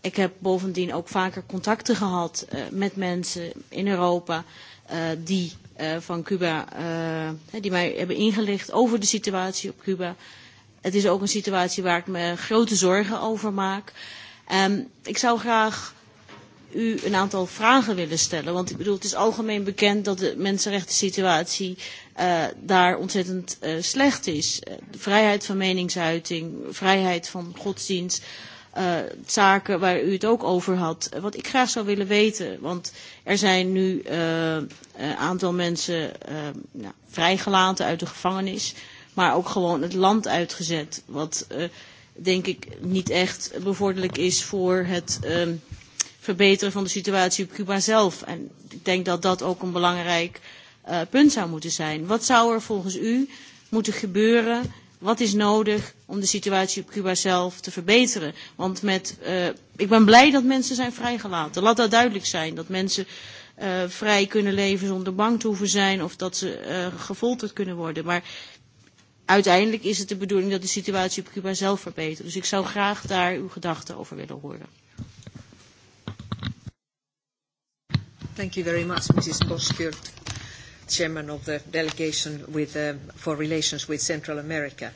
Ik heb bovendien ook vaker contacten gehad uh, met mensen in Europa uh, die uh, van Cuba, uh, die mij hebben ingelicht over de situatie op Cuba. Uh, Het is ook een situatie waar ik me grote zorgen over maak. Um, ik zou graag u een aantal vragen willen stellen. Want ik bedoel, het is algemeen bekend dat de mensenrechtensituatie uh, daar ontzettend uh, slecht is. Uh, de vrijheid van meningsuiting, vrijheid van godsdienst, uh, zaken waar u het ook over had. Uh, wat ik graag zou willen weten, want er zijn nu een uh, uh, aantal mensen uh, nou, vrijgelaten uit de gevangenis. Uh, maar ook gewoon het land uitgezet. Wat uh, denk ik niet echt bevorderlijk is voor het um, uh, verbeteren van de situatie op Cuba zelf. En ik denk dat dat ook een belangrijk uh, punt zou moeten zijn. Wat zou er volgens u moeten gebeuren? Wat is nodig om de situatie op Cuba zelf te verbeteren? Want met, uh, ik ben blij dat mensen zijn vrijgelaten. Laat dat duidelijk zijn. Dat mensen uh, vrij kunnen leven zonder bang te hoeven zijn of dat ze uh, gefolterd kunnen worden. Maar uh, uiteindelijk is het de bedoeling dat de situatie op Cuba zelf verbetert. Dus ik zou graag daar uw gedachten over willen horen. Thank you very much, Mrs. Boskurt, Chairman of the Delegation with, uh, for Relations with Central America.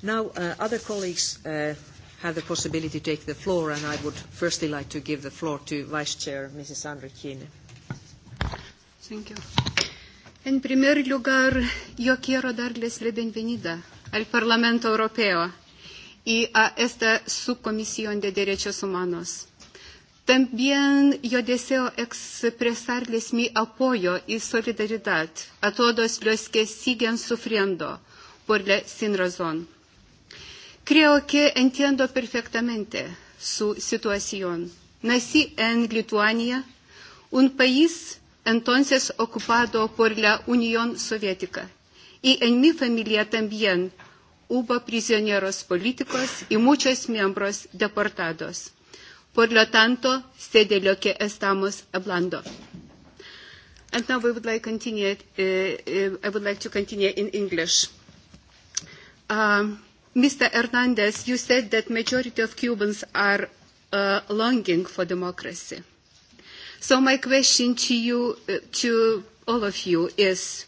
Now, uh, other colleagues uh, have the possibility to take the floor, and I would firstly like to give the floor to Vice Chair, Mrs. Andrikine. Thank you. En primer lugar, yo quiero darles la bienvenida al Parlamento Europeo y a esta subcomisión de derechos humanos. También yo deseo expresarles mi apoyo y solidaridad a todos los que siguen sufriendo por la sin razón. Creo que entiendo perfectamente su situación. Nací en Lituania, un país entonces ocupado por la Unión Soviética. Y en mi familia también hubo prisioneros políticos y muchos miembros deportados. Por lo tanto, sé de lo que estamos hablando. And now we would like, continue, uh, uh, I would like to continue in English. Um, Mr. Hernandez, you said that majority of Cubans are uh, longing for democracy. So my question to you, uh, to all of you is,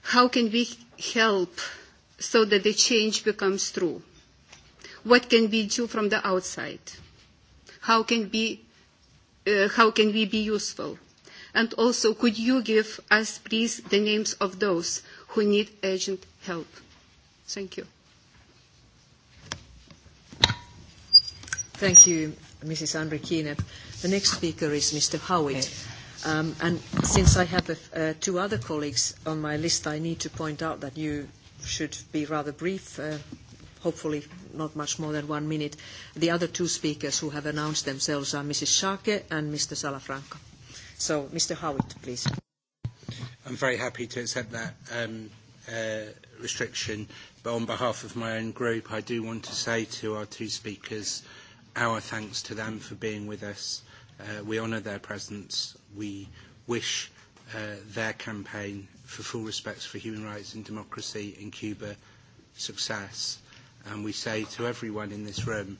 how can we help so that the change becomes true? What can we do from the outside? How can we, uh, how can we be useful? And also, could you give us, please, the names of those who need urgent help? Thank you. Thank you, Mrs. Andrikine. The next speaker is Mr. Howitt. Um, and since I have a, uh, two other colleagues on my list, I need to point out that you should be rather brief, uh, hopefully not much more than one minute. The other two speakers who have announced themselves are Mrs. Schake and Mr. Salafranca. So, Mr. Howitt, please. I'm very happy to accept that um, uh, restriction, but on behalf of my own group, I do want to say to our two speakers, our thanks to them for being with us. Uh, Uh, we honour their presence. We wish uh, their campaign for full respect for human rights and democracy in Cuba success. And we say to everyone in this room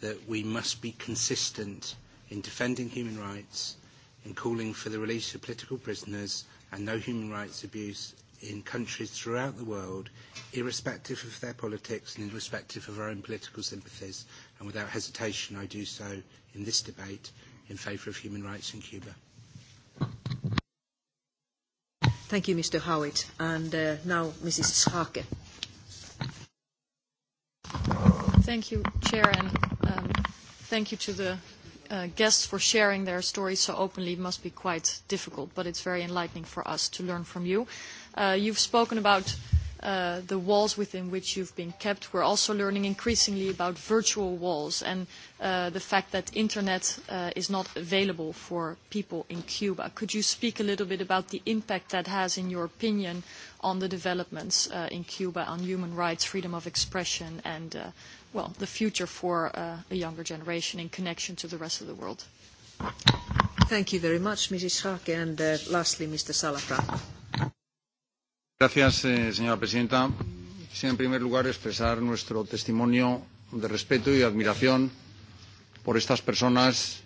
that we must be consistent in defending human rights, in calling for the release of political prisoners and no human rights abuse in countries throughout the world, irrespective of their politics and irrespective of our own political sympathies. And without hesitation, I do so in this debate in favour of human rights in Cuba. Thank you, Mr. Howitt. And uh, now, Mrs. Schake. Thank you, Chair, and um, thank you to the uh, guests for sharing their stories so openly. It must be quite difficult, but it's very enlightening for us to learn from you. Uh, you've spoken about uh, uh, the walls within which you've been kept. We're also learning increasingly about virtual walls and uh, the fact that internet uh, is not available for people in Cuba. Could you speak a little bit about the impact that has, in your opinion, on the developments uh, in Cuba on human rights, freedom of expression, and, uh, well, the future for uh, a younger generation in connection to the rest of the world? Thank you very much, Mrs. Schake, and uh, lastly, Mr. Salafranco. Gracias, eh, señora presidenta. Quisiera, en primer lugar, expresar nuestro testimonio de respeto y de admiración por estas personas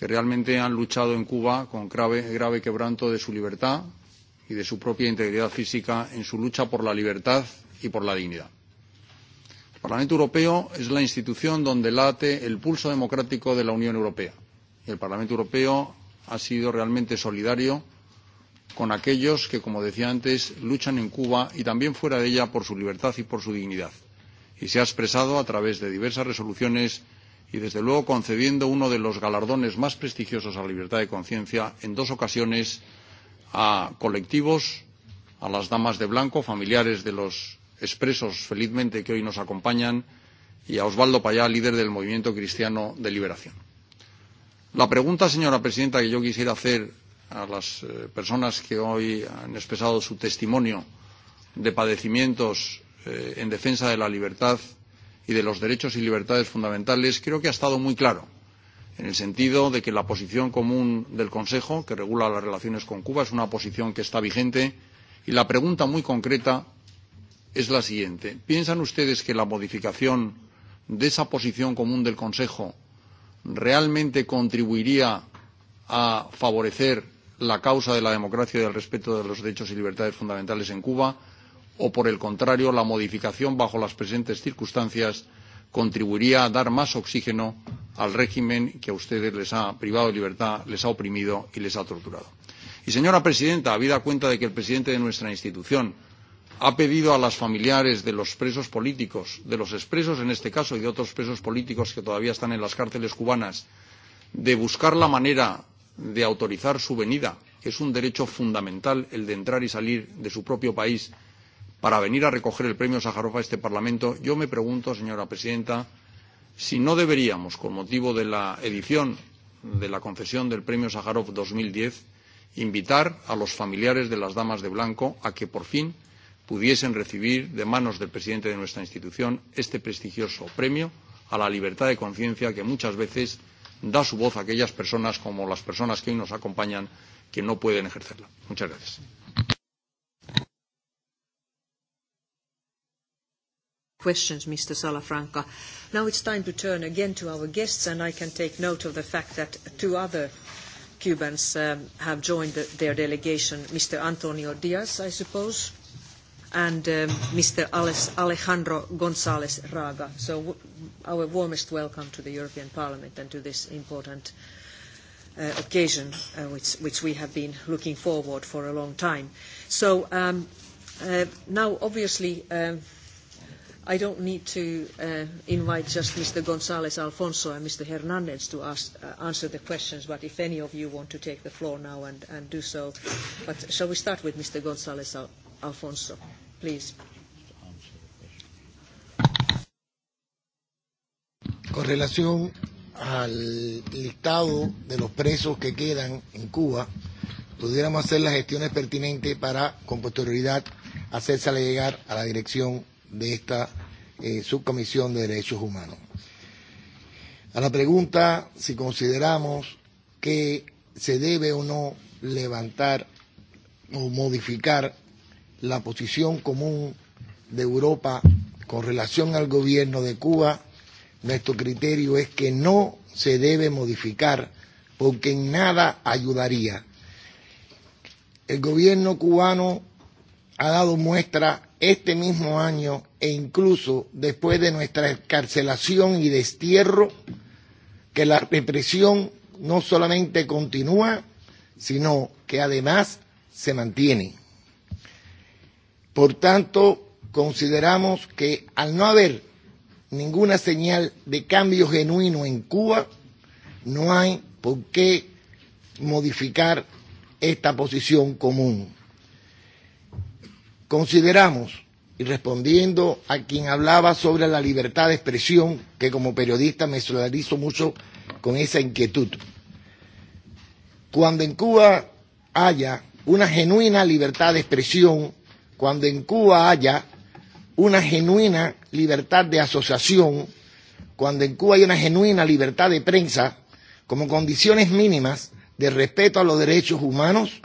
que realmente han luchado en Cuba con grave, grave quebranto de su libertad y de su propia integridad física en su lucha por la libertad y por la dignidad. El Parlamento Europeo es la institución donde late el pulso democrático de la Unión Europea. Y el Parlamento Europeo ha sido realmente solidario con aquellos que, como decía antes, luchan en Cuba y también fuera de ella por su libertad y por su dignidad. Y se ha expresado a través de diversas resoluciones y, desde luego, concediendo uno de los galardones más prestigiosos a la libertad de conciencia en dos ocasiones a colectivos, a las damas de blanco, familiares de los expresos, felizmente, que hoy nos acompañan, y a Osvaldo Payá, líder del Movimiento Cristiano de Liberación. La pregunta, señora presidenta, que yo quisiera hacer a las eh, personas que hoy han expresado su testimonio de padecimientos eh, en defensa de la libertad y de los derechos y libertades fundamentales, creo que ha estado muy claro, en el sentido de que la posición común del Consejo, que regula las relaciones con Cuba, es una posición que está vigente. Y la pregunta muy concreta es la siguiente. ¿Piensan ustedes que la modificación de esa posición común del Consejo realmente contribuiría a favorecer la causa de la democracia y del respeto de los derechos y libertades fundamentales en Cuba, o, por el contrario, la modificación bajo las presentes circunstancias contribuiría a dar más oxígeno al régimen que a ustedes les ha privado de libertad, les ha oprimido y les ha torturado. Y, señora presidenta, habida cuenta de que el presidente de nuestra institución ha pedido a las familiares de los presos políticos, de los expresos en este caso y de otros presos políticos que todavía están en las cárceles cubanas, de buscar la manera de autorizar su venida. Es un derecho fundamental el de entrar y salir de su propio país para venir a recoger el premio Sájarov a este Parlamento. Yo me pregunto, señora presidenta, si no deberíamos, con motivo de la edición de la concesión del premio Sájarov 2010, invitar a los familiares de las damas de blanco a que por fin pudiesen recibir de manos del presidente de nuestra institución este prestigioso premio a la libertad de conciencia que muchas veces da su voz a aquellas personas como las personas que hoy nos acompañan que no pueden ejercerla. Muchas gracias. questions, Mr. Salafranca. Now it's time to turn again to our guests, and I can take note of the fact that two other Cubans um, have joined the, their delegation, Mr. Antonio Diaz, I suppose, and um, Mr. Alejandro González Raga. So w- our warmest welcome to the European Parliament and to this important uh, occasion, uh, which, which we have been looking forward for a long time. So um, uh, now, obviously, um, I don't need to uh, invite just Mr. González Alfonso and Mr. Hernández to ask, uh, answer the questions, but if any of you want to take the floor now and, and do so. But shall we start with Mr. González Al- Alfonso? Uh, please. Con relación al listado de los presos que quedan en Cuba, pudiéramos hacer las gestiones pertinentes para, con posterioridad, hacérsela llegar a la dirección de esta eh, subcomisión de derechos humanos. A la pregunta si consideramos que se debe o no levantar o modificar la posición común de Europa con relación al gobierno de Cuba, nuestro criterio es que no se debe modificar porque en nada ayudaría. El gobierno cubano ha dado muestra este mismo año e incluso después de nuestra encarcelación y destierro que la represión no solamente continúa, sino que además se mantiene. Por tanto, consideramos que al no haber ninguna señal de cambio genuino en Cuba, no hay por qué modificar esta posición común. Consideramos, y respondiendo a quien hablaba sobre la libertad de expresión, que como periodista me solidarizo mucho con esa inquietud, cuando en Cuba haya una genuina libertad de expresión cuando en Cuba haya una genuina libertad de asociación, cuando en Cuba hay una genuina libertad de prensa, como condiciones mínimas de respeto a los derechos humanos,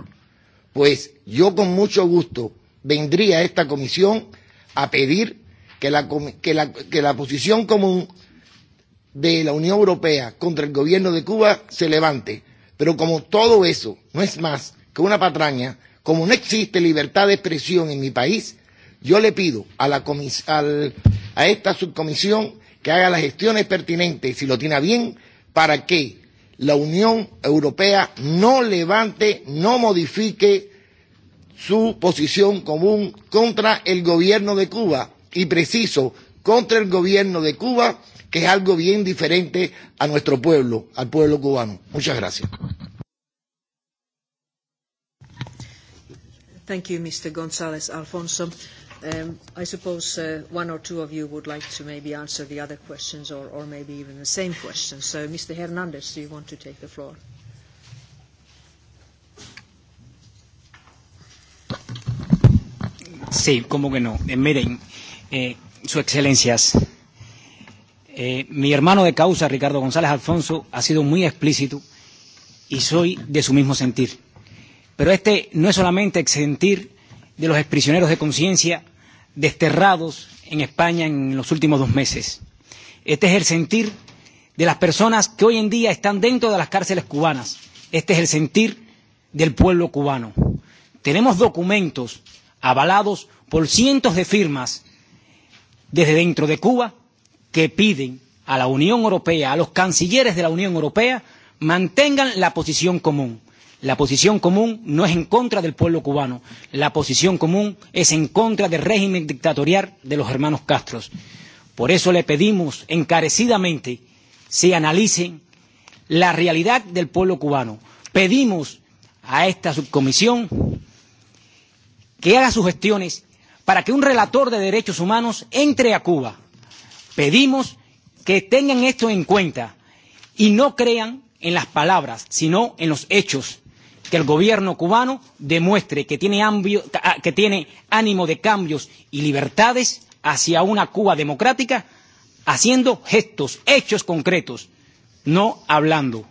pues yo con mucho gusto vendría a esta comisión a pedir que la, que la, que la posición común de la Unión Europea contra el gobierno de Cuba se levante. Pero como todo eso no es más que una patraña, Como no existe libertad de expresión en mi país, yo le pido a, la comis al, a esta subcomisión que haga las gestiones pertinentes, si lo tiene bien, para que la Unión Europea no levante, no modifique su posición común contra el gobierno de Cuba y preciso contra el gobierno de Cuba, que es algo bien diferente a nuestro pueblo, al pueblo cubano. Muchas gracias. Thank you, Mr. González Alfonso. Um, I suppose uh, one or two of you would like to maybe answer the other questions or, or maybe even the same question. So, Mr. Hernandez, do you want to take the floor? Sí, cómo que no. Eh, miren, eh, Su Excelencias, eh, mi hermano de causa, Ricardo González Alfonso, ha sido muy explícito y soy de su mismo sentir. Pero este no es solamente exentir de los exprisioneros de conciencia desterrados en España en los últimos dos meses. Este es el sentir de las personas que hoy en día están dentro de las cárceles cubanas. Este es el sentir del pueblo cubano. Tenemos documentos avalados por cientos de firmas desde dentro de Cuba que piden a la Unión Europea, a los cancilleres de la Unión Europea, mantengan la posición común. La posición común no es en contra del pueblo cubano, la posición común es en contra del régimen dictatorial de los hermanos Castro. Por eso le pedimos encarecidamente se analicen la realidad del pueblo cubano. Pedimos a esta subcomisión que haga sugestiones para que un relator de derechos humanos entre a Cuba. Pedimos que tengan esto en cuenta y no crean en las palabras, sino en los hechos que el gobierno cubano demuestre que tiene, ambio, ah, que tiene ánimo de cambios y libertades hacia una Cuba democrática, haciendo gestos, hechos concretos, no hablando.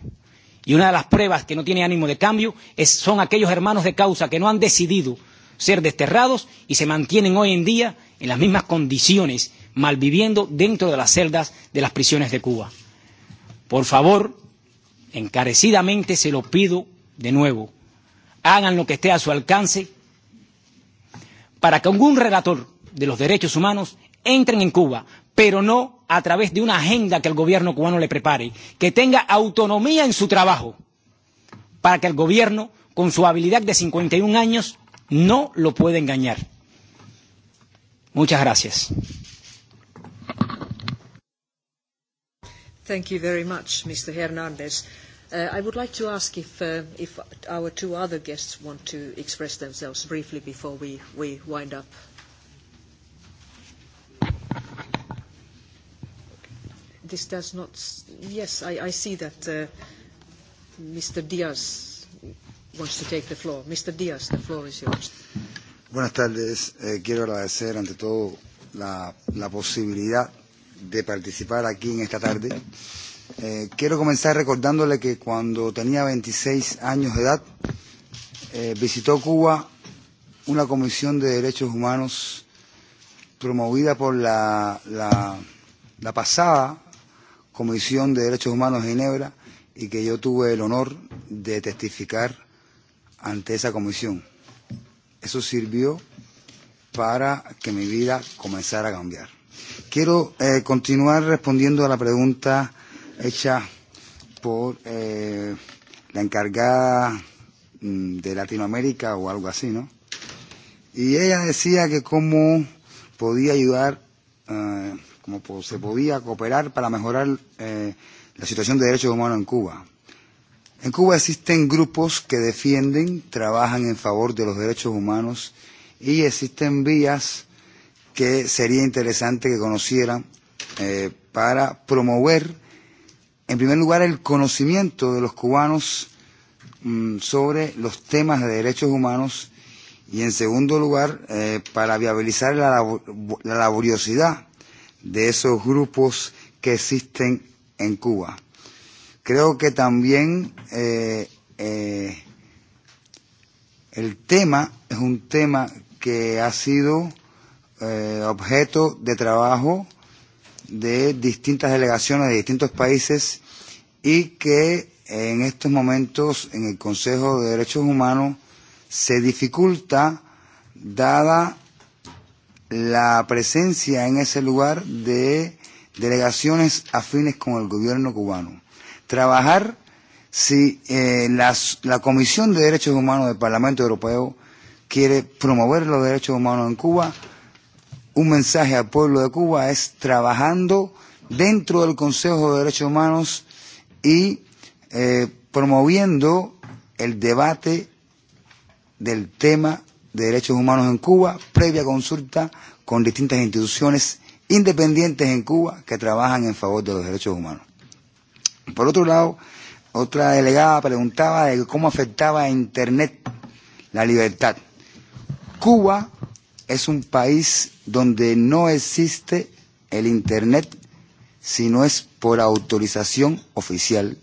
Y una de las pruebas que no tiene ánimo de cambio es, son aquellos hermanos de causa que no han decidido ser desterrados y se mantienen hoy en día en las mismas condiciones, malviviendo dentro de las celdas de las prisiones de Cuba. Por favor, encarecidamente se lo pido de nuevo, hagan lo que esté a su alcance para que algún relator de los derechos humanos entren en Cuba, pero no a través de una agenda que el gobierno cubano le prepare, que tenga autonomía en su trabajo, para que el gobierno, con su habilidad de 51 años, no lo pueda engañar. Muchas gracias. Thank you very much, Mr. Hernandez. Uh, I would like to ask if, uh, if our two other guests want to express themselves briefly before we, we wind up. This does not. Yes, I, I see that uh, Mr. Diaz wants to take the floor. Mr. Diaz, the floor is yours. Buenas tardes. Eh, quiero agradecer ante todo la, la posibilidad de participar aquí en esta tarde. Eh, Eh, quiero comenzar recordándole que cuando tenía 26 años de edad, eh, visitó Cuba una comisión de derechos humanos promovida por la, la, la pasada Comisión de Derechos Humanos de Ginebra y que yo tuve el honor de testificar ante esa comisión. Eso sirvió para que mi vida comenzara a cambiar. Quiero eh, continuar respondiendo a la pregunta hecha por eh, la encargada mm, de Latinoamérica o algo así, ¿no? Y ella decía que cómo podía ayudar, eh, cómo se podía cooperar para mejorar eh, la situación de derechos humanos en Cuba. En Cuba existen grupos que defienden, trabajan en favor de los derechos humanos y existen vías que sería interesante que conocieran eh, para promover En primer lugar, el conocimiento de los cubanos mm, sobre los temas de derechos humanos y, en segundo lugar, eh, para viabilizar la, labo la laboriosidad de esos grupos que existen en Cuba. Creo que también eh, eh, el tema es un tema que ha sido eh, objeto de trabajo de distintas delegaciones de distintos países y que en estos momentos en el Consejo de Derechos Humanos se dificulta dada la presencia en ese lugar de delegaciones afines con el gobierno cubano. Trabajar si eh, las, la Comisión de Derechos Humanos del Parlamento Europeo quiere promover los derechos humanos en Cuba un mensaje al pueblo de Cuba es trabajando dentro del Consejo de Derechos Humanos y eh, promoviendo el debate del tema de derechos humanos en Cuba, previa consulta con distintas instituciones independientes en Cuba que trabajan en favor de los derechos humanos. Por otro lado, otra delegada preguntaba de cómo afectaba a Internet la libertad. Cuba es un país donde no existe el Internet si no es por autorización oficial.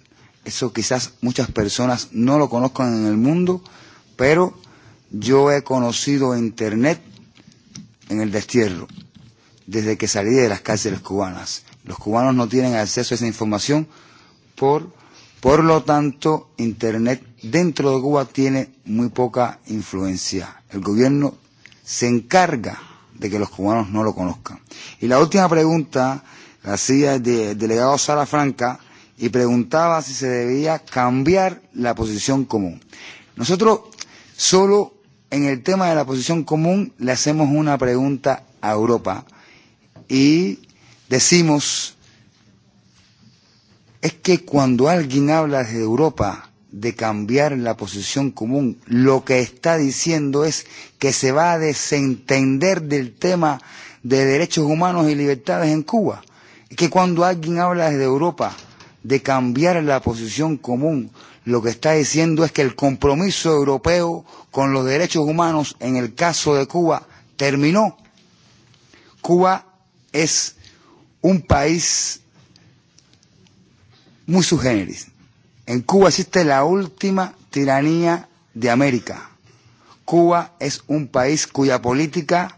Eso quizás muchas personas no lo conozcan en el mundo, pero yo he conocido Internet en el destierro, desde que salí de las cárceles cubanas. Los cubanos no tienen acceso a esa información, por, por lo tanto, Internet dentro de Cuba tiene muy poca influencia. El gobierno se encarga de que los cubanos no lo conozcan. Y la última pregunta la hacía el de, delegado Sara Franca y preguntaba si se debía cambiar la posición común. Nosotros solo en el tema de la posición común le hacemos una pregunta a Europa y decimos es que cuando alguien habla de Europa de cambiar la posición común. Lo que está diciendo es que se va a desentender del tema de derechos humanos y libertades en Cuba. Que cuando alguien habla desde Europa de cambiar la posición común, lo que está diciendo es que el compromiso europeo con los derechos humanos en el caso de Cuba terminó. Cuba es un país muy sugéneris En Cuba existe la última tiranía de América. Cuba es un país cuya política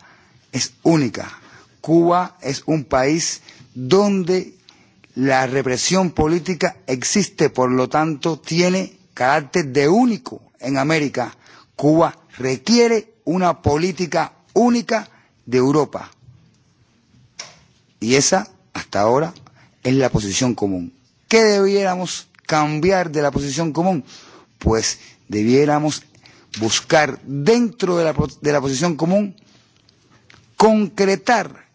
es única. Cuba es un país donde la represión política existe, por lo tanto, tiene carácter de único en América. Cuba requiere una política única de Europa. Y esa, hasta ahora, es la posición común. ¿Qué debiéramos cambiar de la posición común? Pues debiéramos buscar dentro de la, de la posición común concretar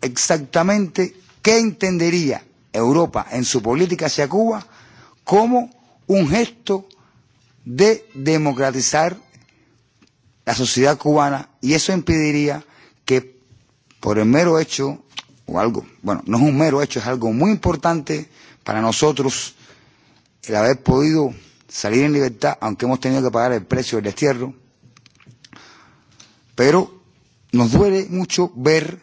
exactamente qué entendería Europa en su política hacia Cuba como un gesto de democratizar la sociedad cubana y eso impediría que por el mero hecho o algo, bueno, no es un mero hecho, es algo muy importante para nosotros el haber podido salir en libertad, aunque hemos tenido que pagar el precio del destierro, pero nos duele mucho ver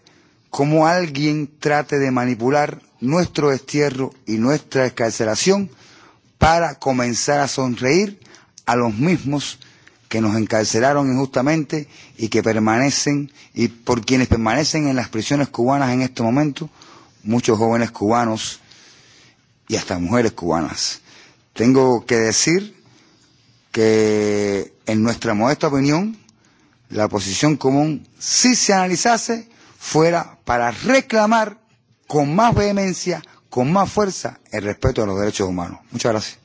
cómo alguien trate de manipular nuestro destierro y nuestra excarcelación para comenzar a sonreír a los mismos que nos encarcelaron injustamente y que permanecen, y por quienes permanecen en las prisiones cubanas en este momento, muchos jóvenes cubanos y hasta mujeres cubanas. Tengo que decir que, en nuestra modesta opinión, la posición común, si se analizase, fuera para reclamar con más vehemencia, con más fuerza, el respeto a los derechos humanos. Muchas gracias.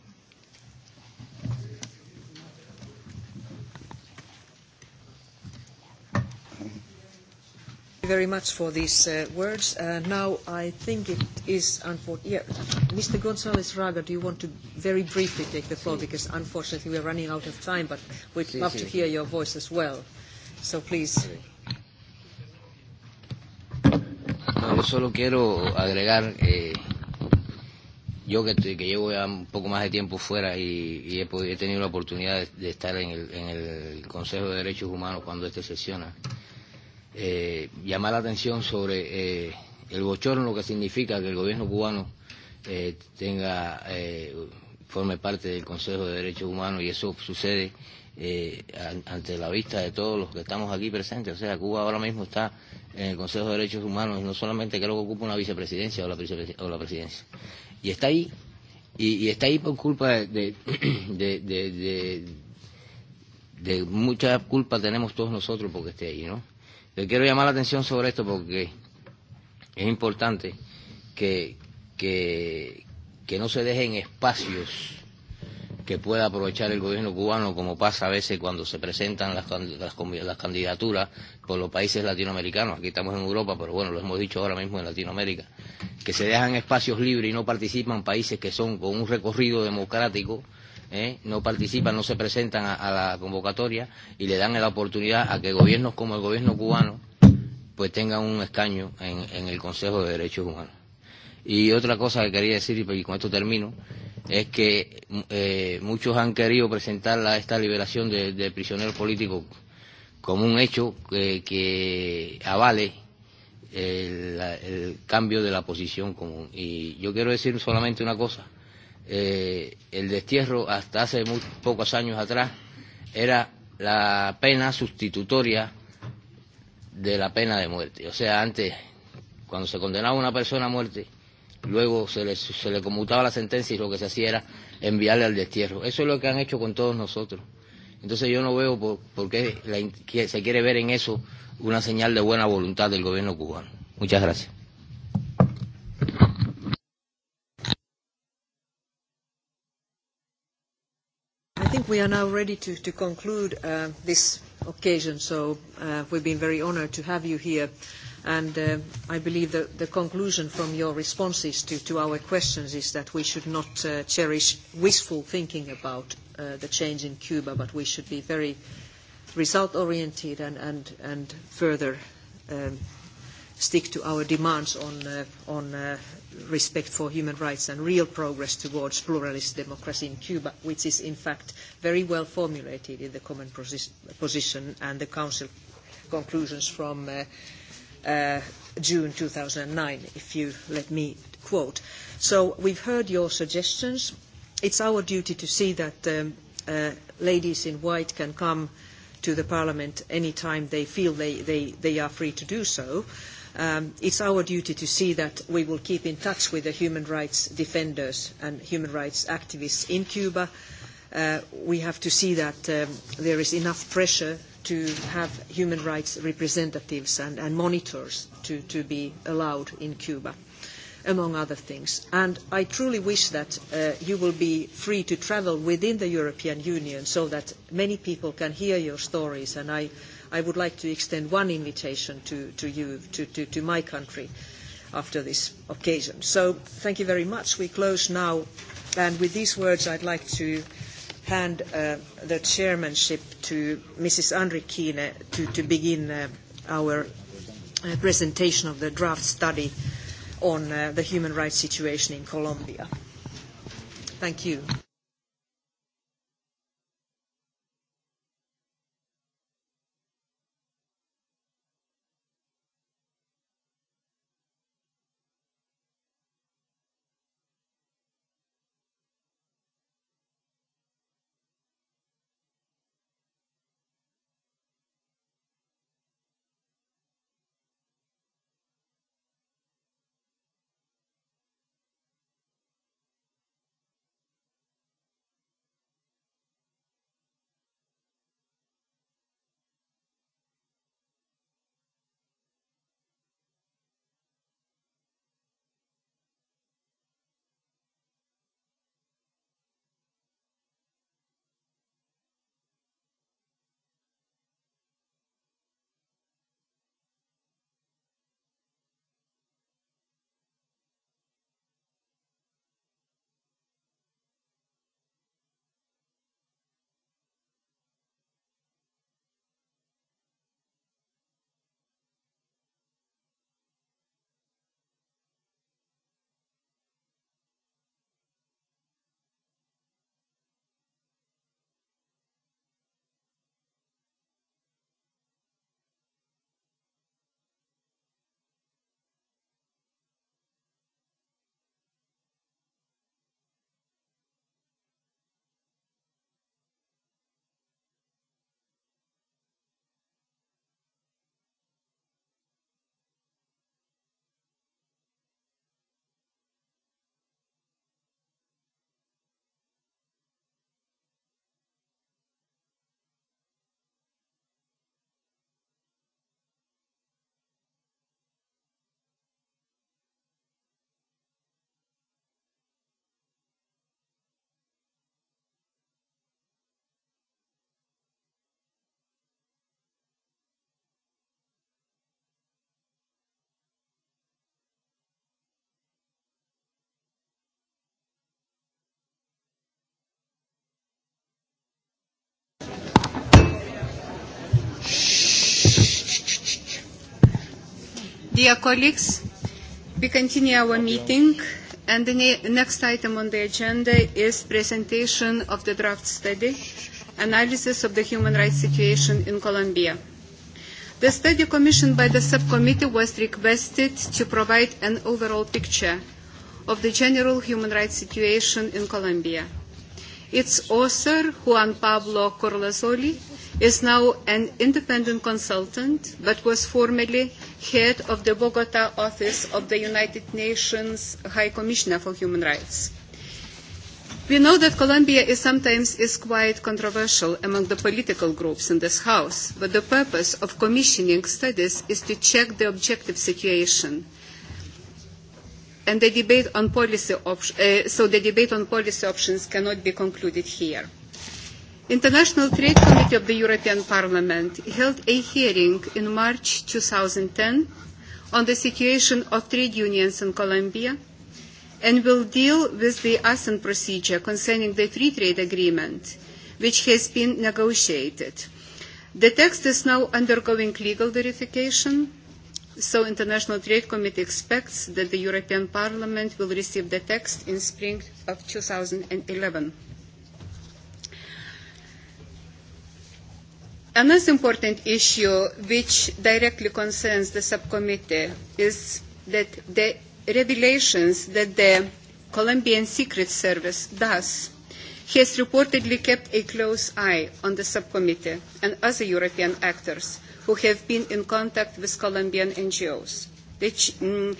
you very much for these uh, words. Uh, now I think it is unfortunate. Yeah. Mr. González Raga, do you want to very briefly take the floor? Sí. Because unfortunately we are running out of time, but we'd sí, love sí. to hear your voice as well. So please. No, yo solo quiero agregar, eh, yo que, que llevo ya un poco más de tiempo fuera y, y he, he tenido la oportunidad de, de estar en el, en el Consejo de Derechos Humanos cuando este sesiona. Eh, eh, llamar la atención sobre eh, el bochorno que significa que el gobierno cubano eh, tenga eh, forme parte del Consejo de Derechos Humanos y eso sucede eh, ante la vista de todos los que estamos aquí presentes. O sea, Cuba ahora mismo está en el Consejo de Derechos Humanos, no solamente creo que ocupa una vicepresidencia o la, vicepresidencia, o la presidencia. Y está ahí, y, y está ahí por culpa de, de, de, de, de, de mucha culpa tenemos todos nosotros porque esté ahí, ¿no? Le eh, quiero llamar la atención sobre esto porque es importante que, que, que no se dejen espacios que pueda aprovechar el gobierno cubano, como pasa a veces cuando se presentan las, las, las candidaturas por los países latinoamericanos. Aquí estamos en Europa, pero bueno, lo hemos dicho ahora mismo en Latinoamérica, que se dejan espacios libres y no participan países que son con un recorrido democrático ¿eh? no participan, no se presentan a, a la convocatoria y le dan la oportunidad a que gobiernos como el gobierno cubano pues tengan un escaño en, en el Consejo de Derechos Humanos. Y otra cosa que quería decir, y con esto termino, es que eh, muchos han querido presentar la, esta liberación de, de prisioneros políticos como un hecho que, que avale el, el cambio de la posición común. Y yo quiero decir solamente una cosa eh, el destierro hasta hace muy pocos años atrás era la pena sustitutoria de la pena de muerte. O sea, antes, cuando se condenaba a una persona a muerte, luego se le, se le conmutaba la sentencia y lo que se hacía era enviarle al destierro. Eso es lo que han hecho con todos nosotros. Entonces yo no veo por, por qué la, que se quiere ver en eso una señal de buena voluntad del gobierno cubano. Muchas gracias. think we are now ready to, to conclude uh, this occasion, so uh, we've been very honored to have you here. And uh, I believe that the conclusion from your responses to, to our questions is that we should not uh, cherish wishful thinking about uh, the change in Cuba, but we should be very result-oriented and, and, and further um, stick to our demands on, uh, on uh, respect for human rights and real progress towards pluralist democracy in Cuba, which is in fact very well formulated in the common position and the Council conclusions from uh, uh, June 2009, if you let me quote. So we've heard your suggestions. It's our duty to see that um, uh, ladies in white can come to the Parliament any time they feel they, they, they are free to do so. Uh, um, it's our duty to see that we will keep in touch with the human rights defenders and human rights activists in Cuba. Uh, we have to see that um, there is enough pressure to have human rights representatives and, and monitors to, to be allowed in Cuba, among other things. And I truly wish that uh, you will be free to travel within the European Union so that many people can hear your stories. And I, uh, I would like to extend one invitation to, to you, to, to, to my country, after this occasion. So thank you very much. We close now. And with these words, I'd like to hand uh, the chairmanship to Mrs. Andri Kiine to, to begin uh, our uh, presentation of the draft study on uh, the human rights situation in Colombia. Thank you. Dear colleagues, we continue our meeting, and the ne next item on the agenda is presentation of the draft study, analysis of the human rights situation in Colombia. The study commissioned by the subcommittee was requested to provide an overall picture of the general human rights situation in Colombia. Its author, Juan Pablo Corlazoli, is now an independent consultant, but was formerly head of the Bogota office of the United Nations High Commissioner for Human Rights. We know that Colombia is sometimes is quite controversial among the political groups in this House, but the purpose of commissioning studies is to check the objective situation. And the debate on policy op- uh, so the debate on policy options cannot be concluded here. International Trade Committee of the European Parliament held a hearing in March 2010 on the situation of trade unions in Colombia and will deal with the ASEAN procedure concerning the free trade agreement which has been negotiated. The text is now undergoing legal verification, so International Trade Committee expects that the European Parliament will receive the text in spring of 2011. Another important issue which directly concerns the subcommittee is that the revelations that the Colombian Secret Service does has reportedly kept a close eye on the subcommittee and other European actors who have been in contact with Colombian NGOs. Which, mm,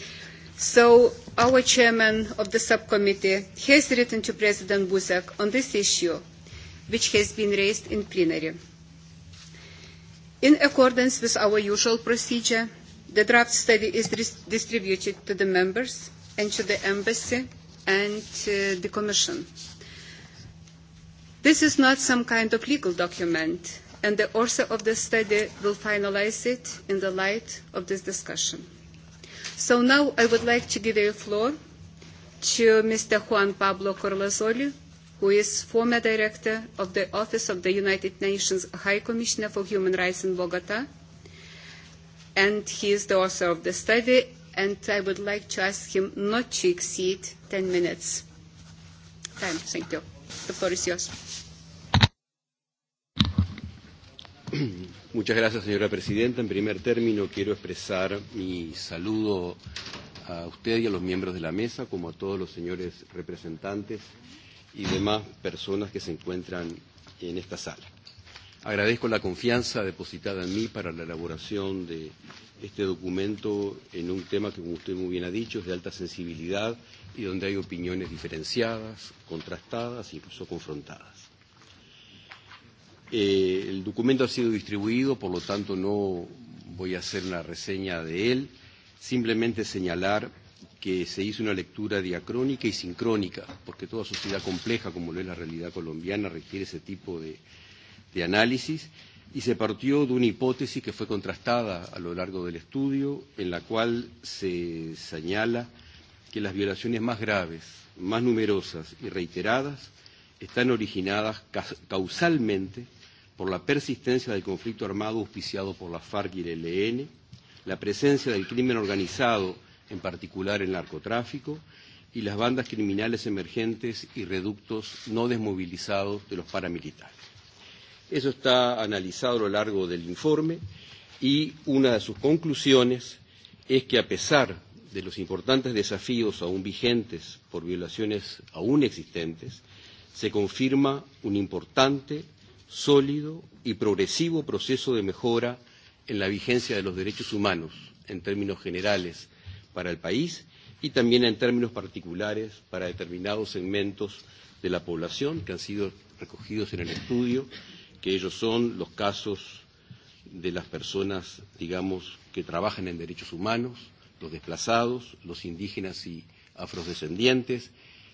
so our chairman of the subcommittee has written to President Buzek on this issue, which has been raised in plenary. In accordance with our usual procedure, the draft study is dis distributed to the members and to the embassy and uh, the commission. This is not some kind of legal document, and the author of the study will finalize it in the light of this discussion. So now I would like to give the floor to Mr. Juan Pablo Corlazoli, who is former director of the Office of the United Nations High Commissioner for Human Rights in Bogota, and he is the author of the study, and I would like to ask him not to exceed 10 minutes. Time, thank you. The floor is yours. Muchas gracias, señora presidenta. En primer término, quiero expresar mi saludo a usted y a los miembros de la mesa, como a todos los señores representantes y demás personas que se encuentran en esta sala. Agradezco la confianza depositada en mí para la elaboración de este documento en un tema que, como usted muy bien ha dicho, es de alta sensibilidad y donde hay opiniones diferenciadas, contrastadas, incluso confrontadas. Eh, el documento ha sido distribuido, por lo tanto no voy a hacer una reseña de él, simplemente señalar que se hizo una lectura diacrónica y sincrónica, porque toda sociedad compleja, como lo es la realidad colombiana, requiere ese tipo de, de análisis, y se partió de una hipótesis que fue contrastada a lo largo del estudio, en la cual se señala que las violaciones más graves, más numerosas y reiteradas están originadas causalmente por la persistencia del conflicto armado auspiciado por la FARC y el ELN, la presencia del crimen organizado en particular el narcotráfico, y las bandas criminales emergentes y reductos no desmovilizados de los paramilitares. Eso está analizado a lo largo del informe y una de sus conclusiones es que a pesar de los importantes desafíos aún vigentes por violaciones aún existentes, se confirma un importante, sólido y progresivo proceso de mejora en la vigencia de los derechos humanos en términos generales para el país y también en términos particulares para determinados segmentos de la población que han sido recogidos en el estudio, que ellos son los casos de las personas, digamos, que trabajan en derechos humanos, los desplazados, los indígenas y afrodescendientes,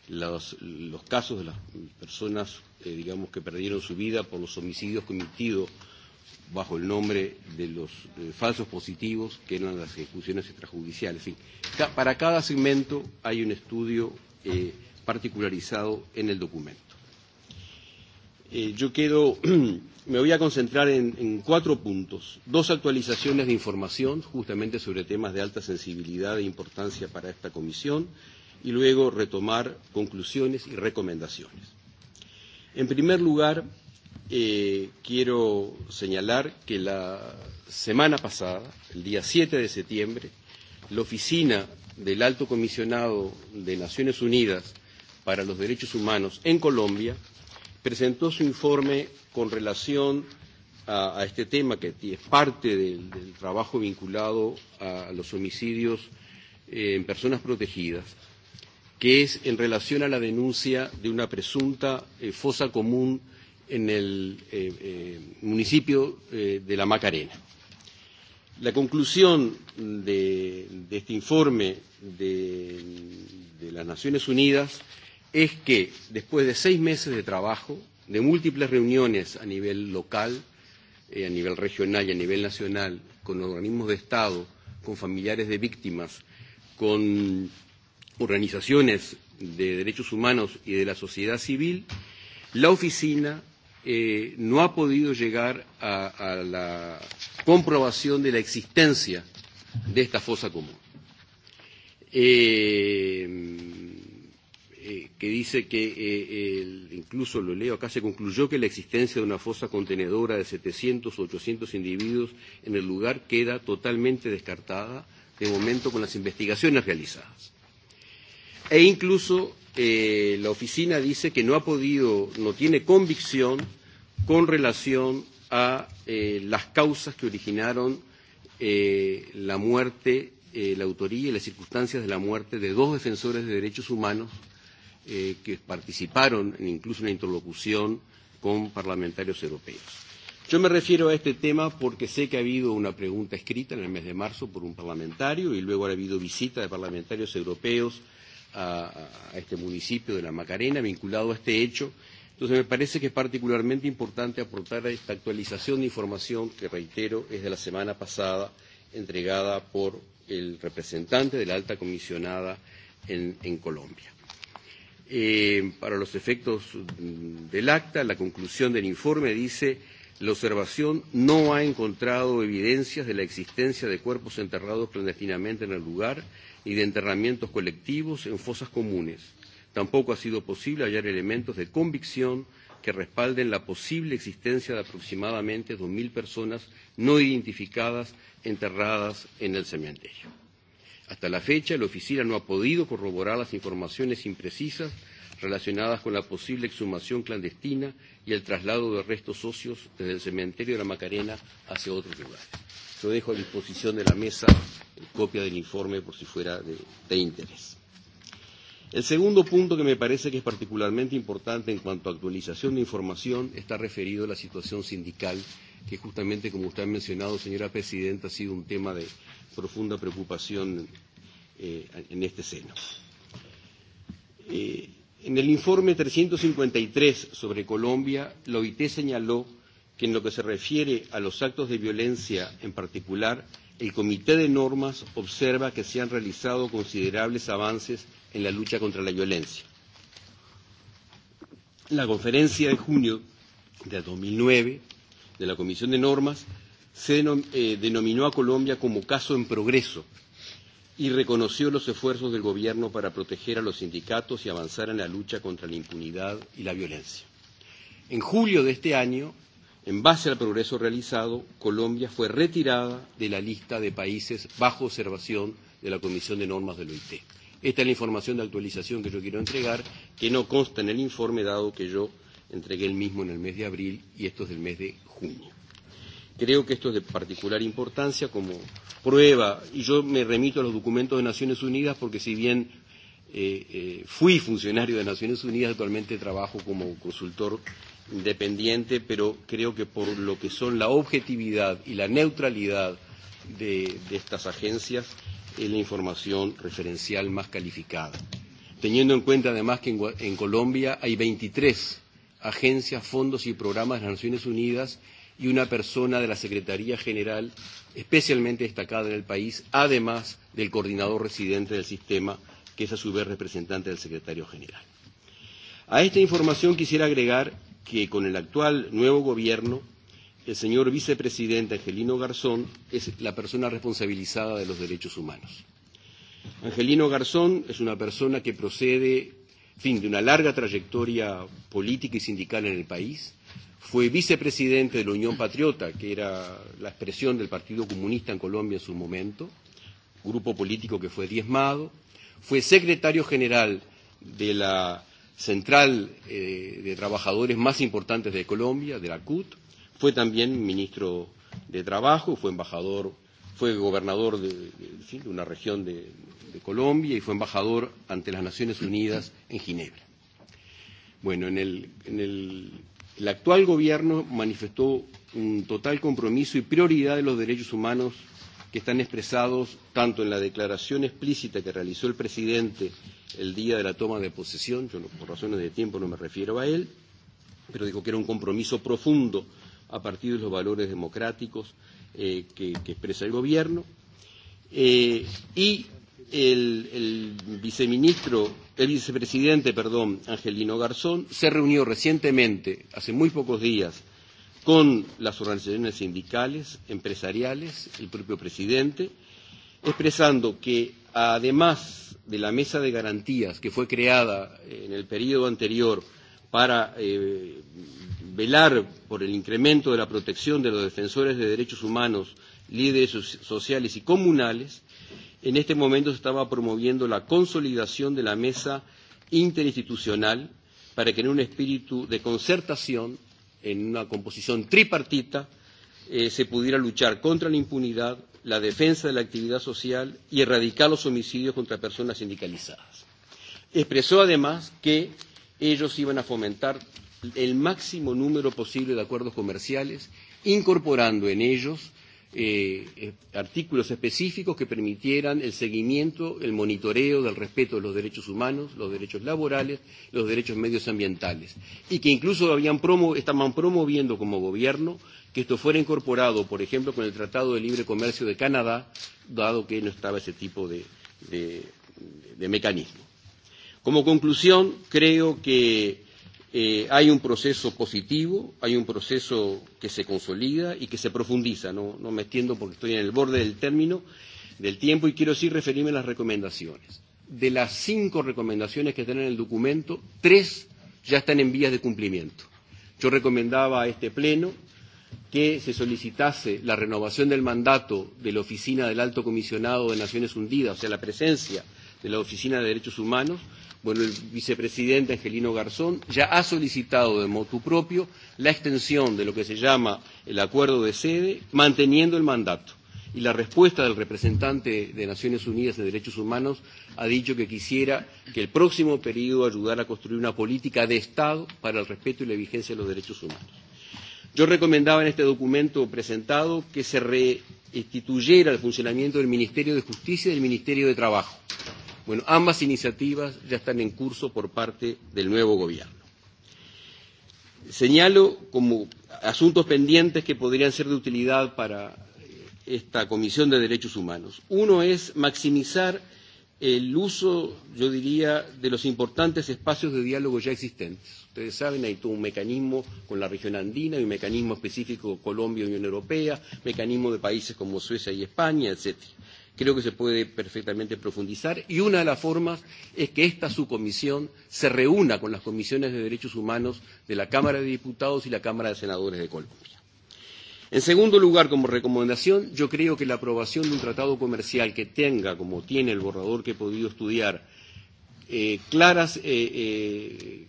los, los casos de las personas, eh, digamos, que perdieron su vida por los homicidios cometidos bajo el nombre de los eh, falsos positivos, que eran las ejecuciones extrajudiciales. En fin, ca para cada segmento hay un estudio eh, particularizado en el documento. Eh, yo quiero, *clears throat* me voy a concentrar en, en cuatro puntos. Dos actualizaciones de información, justamente sobre temas de alta sensibilidad e importancia para esta comisión, y luego retomar conclusiones y recomendaciones. En primer lugar, eh, quiero señalar que la semana pasada, el día 7 de septiembre, la Oficina del Alto Comisionado de Naciones Unidas para los Derechos Humanos en Colombia presentó su informe con relación a, a este tema que es parte del, del trabajo vinculado a los homicidios eh, en personas protegidas, que es en relación a la denuncia de una presunta eh, fosa común en el eh, eh, municipio eh, de La Macarena. La conclusión de, de este informe de, de las Naciones Unidas es que después de seis meses de trabajo, de múltiples reuniones a nivel local, eh, a nivel regional y a nivel nacional, con organismos de Estado, con familiares de víctimas, con organizaciones de derechos humanos y de la sociedad civil, la oficina eh, no ha podido llegar a, a la comprobación de la existencia de esta fosa común. Eh, eh, que dice que eh, el, incluso lo leo acá, se concluyó que la existencia de una fosa contenedora de 700 o 800 individuos en el lugar queda totalmente descartada de momento con las investigaciones realizadas e incluso eh, la oficina dice que no ha podido, no tiene convicción con relación a eh, las causas que originaron eh, la muerte, eh, la autoría y las circunstancias de la muerte de dos defensores de derechos humanos eh, que participaron en incluso en la interlocución con parlamentarios europeos. Yo me refiero a este tema porque sé que ha habido una pregunta escrita en el mes de marzo por un parlamentario y luego ha habido visita de parlamentarios europeos a, a este municipio de La Macarena vinculado a este hecho. Entonces me parece que es particularmente importante aportar a esta actualización de información que, reitero, es de la semana pasada entregada por el representante de la alta comisionada en, en Colombia. Eh, para los efectos del acta, la conclusión del informe dice la observación no ha encontrado evidencias de la existencia de cuerpos enterrados clandestinamente en el lugar y de enterramientos colectivos en fosas comunes. Tampoco ha sido posible hallar elementos de convicción que respalden la posible existencia de aproximadamente 2.000 personas no identificadas enterradas en el cementerio. Hasta la fecha, la oficina no ha podido corroborar las informaciones imprecisas relacionadas con la posible exhumación clandestina y el traslado de restos óseos desde el cementerio de la Macarena hacia otros lugares. Yo dejo a disposición de la mesa copia del informe por si fuera de, de interés. El segundo punto que me parece que es particularmente importante en cuanto a actualización de información está referido a la situación sindical, que justamente, como usted ha mencionado, señora presidenta, ha sido un tema de profunda preocupación eh, en este seno. Eh, en el informe 353 sobre Colombia, la OIT señaló que en lo que se refiere a los actos de violencia en particular, el Comité de Normas observa que se han realizado considerables avances en la lucha contra la violencia. La conferencia de junio de 2009 de la Comisión de Normas se denom eh, denominó a Colombia como caso en progreso y reconoció los esfuerzos del gobierno para proteger a los sindicatos y avanzar en la lucha contra la impunidad y la violencia. En julio de este año, En base al progreso realizado, Colombia fue retirada de la lista de países bajo observación de la Comisión de Normas del OIT. Esta es la información de actualización que yo quiero entregar, que no consta en el informe dado que yo entregué el mismo en el mes de abril y esto es del mes de junio. Creo que esto es de particular importancia como prueba, y yo me remito a los documentos de Naciones Unidas porque si bien eh, eh, fui funcionario de Naciones Unidas, actualmente trabajo como consultor independiente, pero creo que por lo que son la objetividad y la neutralidad de, de estas agencias es la información referencial más calificada. Teniendo en cuenta además que en, en Colombia hay 23 agencias, fondos y programas de las Naciones Unidas y una persona de la Secretaría General especialmente destacada en el país, además del coordinador residente del sistema, que es a su vez representante del secretario general. A esta información quisiera agregar que con el actual nuevo gobierno el señor vicepresidente Angelino Garzón es la persona responsabilizada de los derechos humanos. Angelino Garzón es una persona que procede, fin, de una larga trayectoria política y sindical en el país. Fue vicepresidente de la Unión Patriota, que era la expresión del Partido Comunista en Colombia en su momento, grupo político que fue diezmado. Fue secretario general de la central eh, de trabajadores más importantes de Colombia, de la CUT. Fue también ministro de Trabajo, fue embajador, fue gobernador de, de, de una región de, de Colombia y fue embajador ante las Naciones Unidas en Ginebra. Bueno, en el, en el, el actual gobierno manifestó un total compromiso y prioridad de los derechos humanos que están expresados tanto en la declaración explícita que realizó el presidente el día de la toma de posesión, yo no, por razones de tiempo no me refiero a él, pero dijo que era un compromiso profundo a partir de los valores democráticos eh, que, que expresa el gobierno. Eh, y el, el viceministro, el vicepresidente, perdón, Angelino Garzón, se reunió recientemente, hace muy pocos días, con las organizaciones sindicales, empresariales, el propio presidente, expresando que además de la mesa de garantías que fue creada en el periodo anterior para eh, velar por el incremento de la protección de los defensores de derechos humanos, líderes sociales y comunales, en este momento se estaba promoviendo la consolidación de la mesa interinstitucional para que en un espíritu de concertación, en una composición tripartita, eh, se pudiera luchar contra la impunidad, la defensa de la actividad social y erradicar los homicidios contra personas sindicalizadas. Expresó además que ellos iban a fomentar el máximo número posible de acuerdos comerciales, incorporando en ellos eh, eh, artículos específicos que permitieran el seguimiento, el monitoreo del respeto de los derechos humanos, los derechos laborales, los derechos medioambientales. Y que incluso habían promo, estaban promoviendo como gobierno que esto fuera incorporado, por ejemplo, con el Tratado de Libre Comercio de Canadá, dado que no estaba ese tipo de, de, de mecanismo. Como conclusión, creo que eh, hay un proceso positivo, hay un proceso que se consolida y que se profundiza. No, no me extiendo porque estoy en el borde del término del tiempo y quiero sí referirme a las recomendaciones. De las cinco recomendaciones que están en el documento, tres ya están en vías de cumplimiento. Yo recomendaba a este Pleno que se solicitase la renovación del mandato de la Oficina del Alto Comisionado de Naciones Unidas, o sea, la presencia de la Oficina de Derechos Humanos, bueno, el vicepresidente Angelino Garzón ya ha solicitado de motu propio la extensión de lo que se llama el acuerdo de sede, manteniendo el mandato. Y la respuesta del representante de Naciones Unidas de Derechos Humanos ha dicho que quisiera que el próximo periodo ayudara a construir una política de Estado para el respeto y la vigencia de los derechos humanos. Yo recomendaba en este documento presentado que se reinstituyera el funcionamiento del Ministerio de Justicia y del Ministerio de Trabajo Bueno, ambas iniciativas ya están en curso por parte del nuevo gobierno. Señalo como asuntos pendientes que podrían ser de utilidad para eh, esta Comisión de Derechos Humanos. Uno es maximizar el uso, yo diría, de los importantes espacios de diálogo ya existentes. Ustedes saben, hay todo un mecanismo con la región andina, hay un mecanismo específico Colombia, Unión Europea, mecanismo de países como Suecia y España, etcétera creo que se puede perfectamente profundizar y una de las formas es que esta subcomisión se reúna con las comisiones de derechos humanos de la Cámara de Diputados y la Cámara de Senadores de Colombia. En segundo lugar, como recomendación, yo creo que la aprobación de un tratado comercial que tenga, como tiene el borrador que he podido estudiar, eh, claras, eh, eh,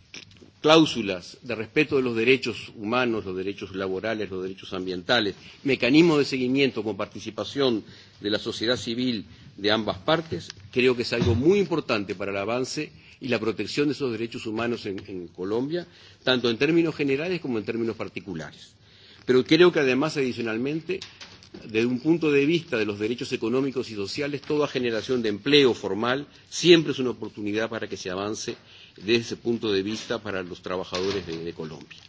cláusulas de respeto de los derechos humanos, los derechos laborales, los derechos ambientales, mecanismos de seguimiento con participación de la sociedad civil de ambas partes, creo que es algo muy importante para el avance y la protección de esos derechos humanos en, en Colombia, tanto en términos generales como en términos particulares. Pero creo que además, adicionalmente, desde un punto de vista de los derechos económicos y sociales, toda generación de empleo formal siempre es una oportunidad para que se avance desde ese punto de vista para los trabajadores de, de Colombia.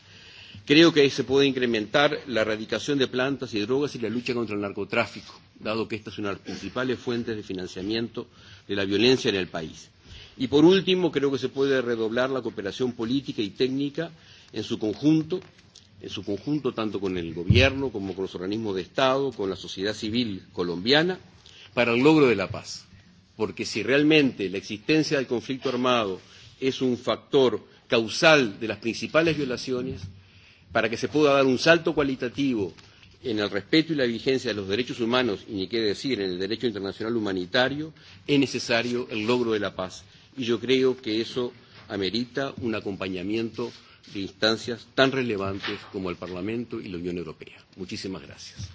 Creo que ahí se puede incrementar la erradicación de plantas y drogas y la lucha contra el narcotráfico, dado que esta es una de las principales fuentes de financiamiento de la violencia en el país. Y por último, creo que se puede redoblar la cooperación política y técnica en su conjunto, en su conjunto tanto con el gobierno como con los organismos de Estado, con la sociedad civil colombiana, para el logro de la paz. Porque si realmente la existencia del conflicto armado es un factor causal de las principales violaciones, para que se pueda dar un salto cualitativo en el respeto y la vigencia de los derechos humanos, y ni qué decir, en el derecho internacional humanitario, es necesario el logro de la paz. Y yo creo que eso amerita un acompañamiento de instancias tan relevantes como el Parlamento y la Unión Europea. Muchísimas gracias.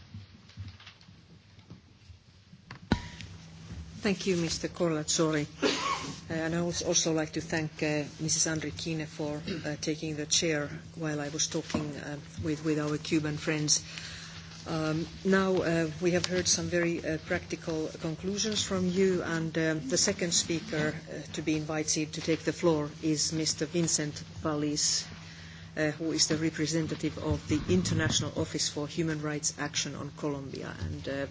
Thank you, Mr. Corlazzori. Uh, and I also like to thank uh, Mrs. Andrikine for uh, taking the chair while I was talking uh, with, with our Cuban friends. Um, now uh, we have heard some very uh, practical conclusions from you, and um, the second speaker uh, to be invited to take the floor is Mr. Vincent Vallis, uh, who is the representative of the International Office for Human Rights Action on Colombia. And uh,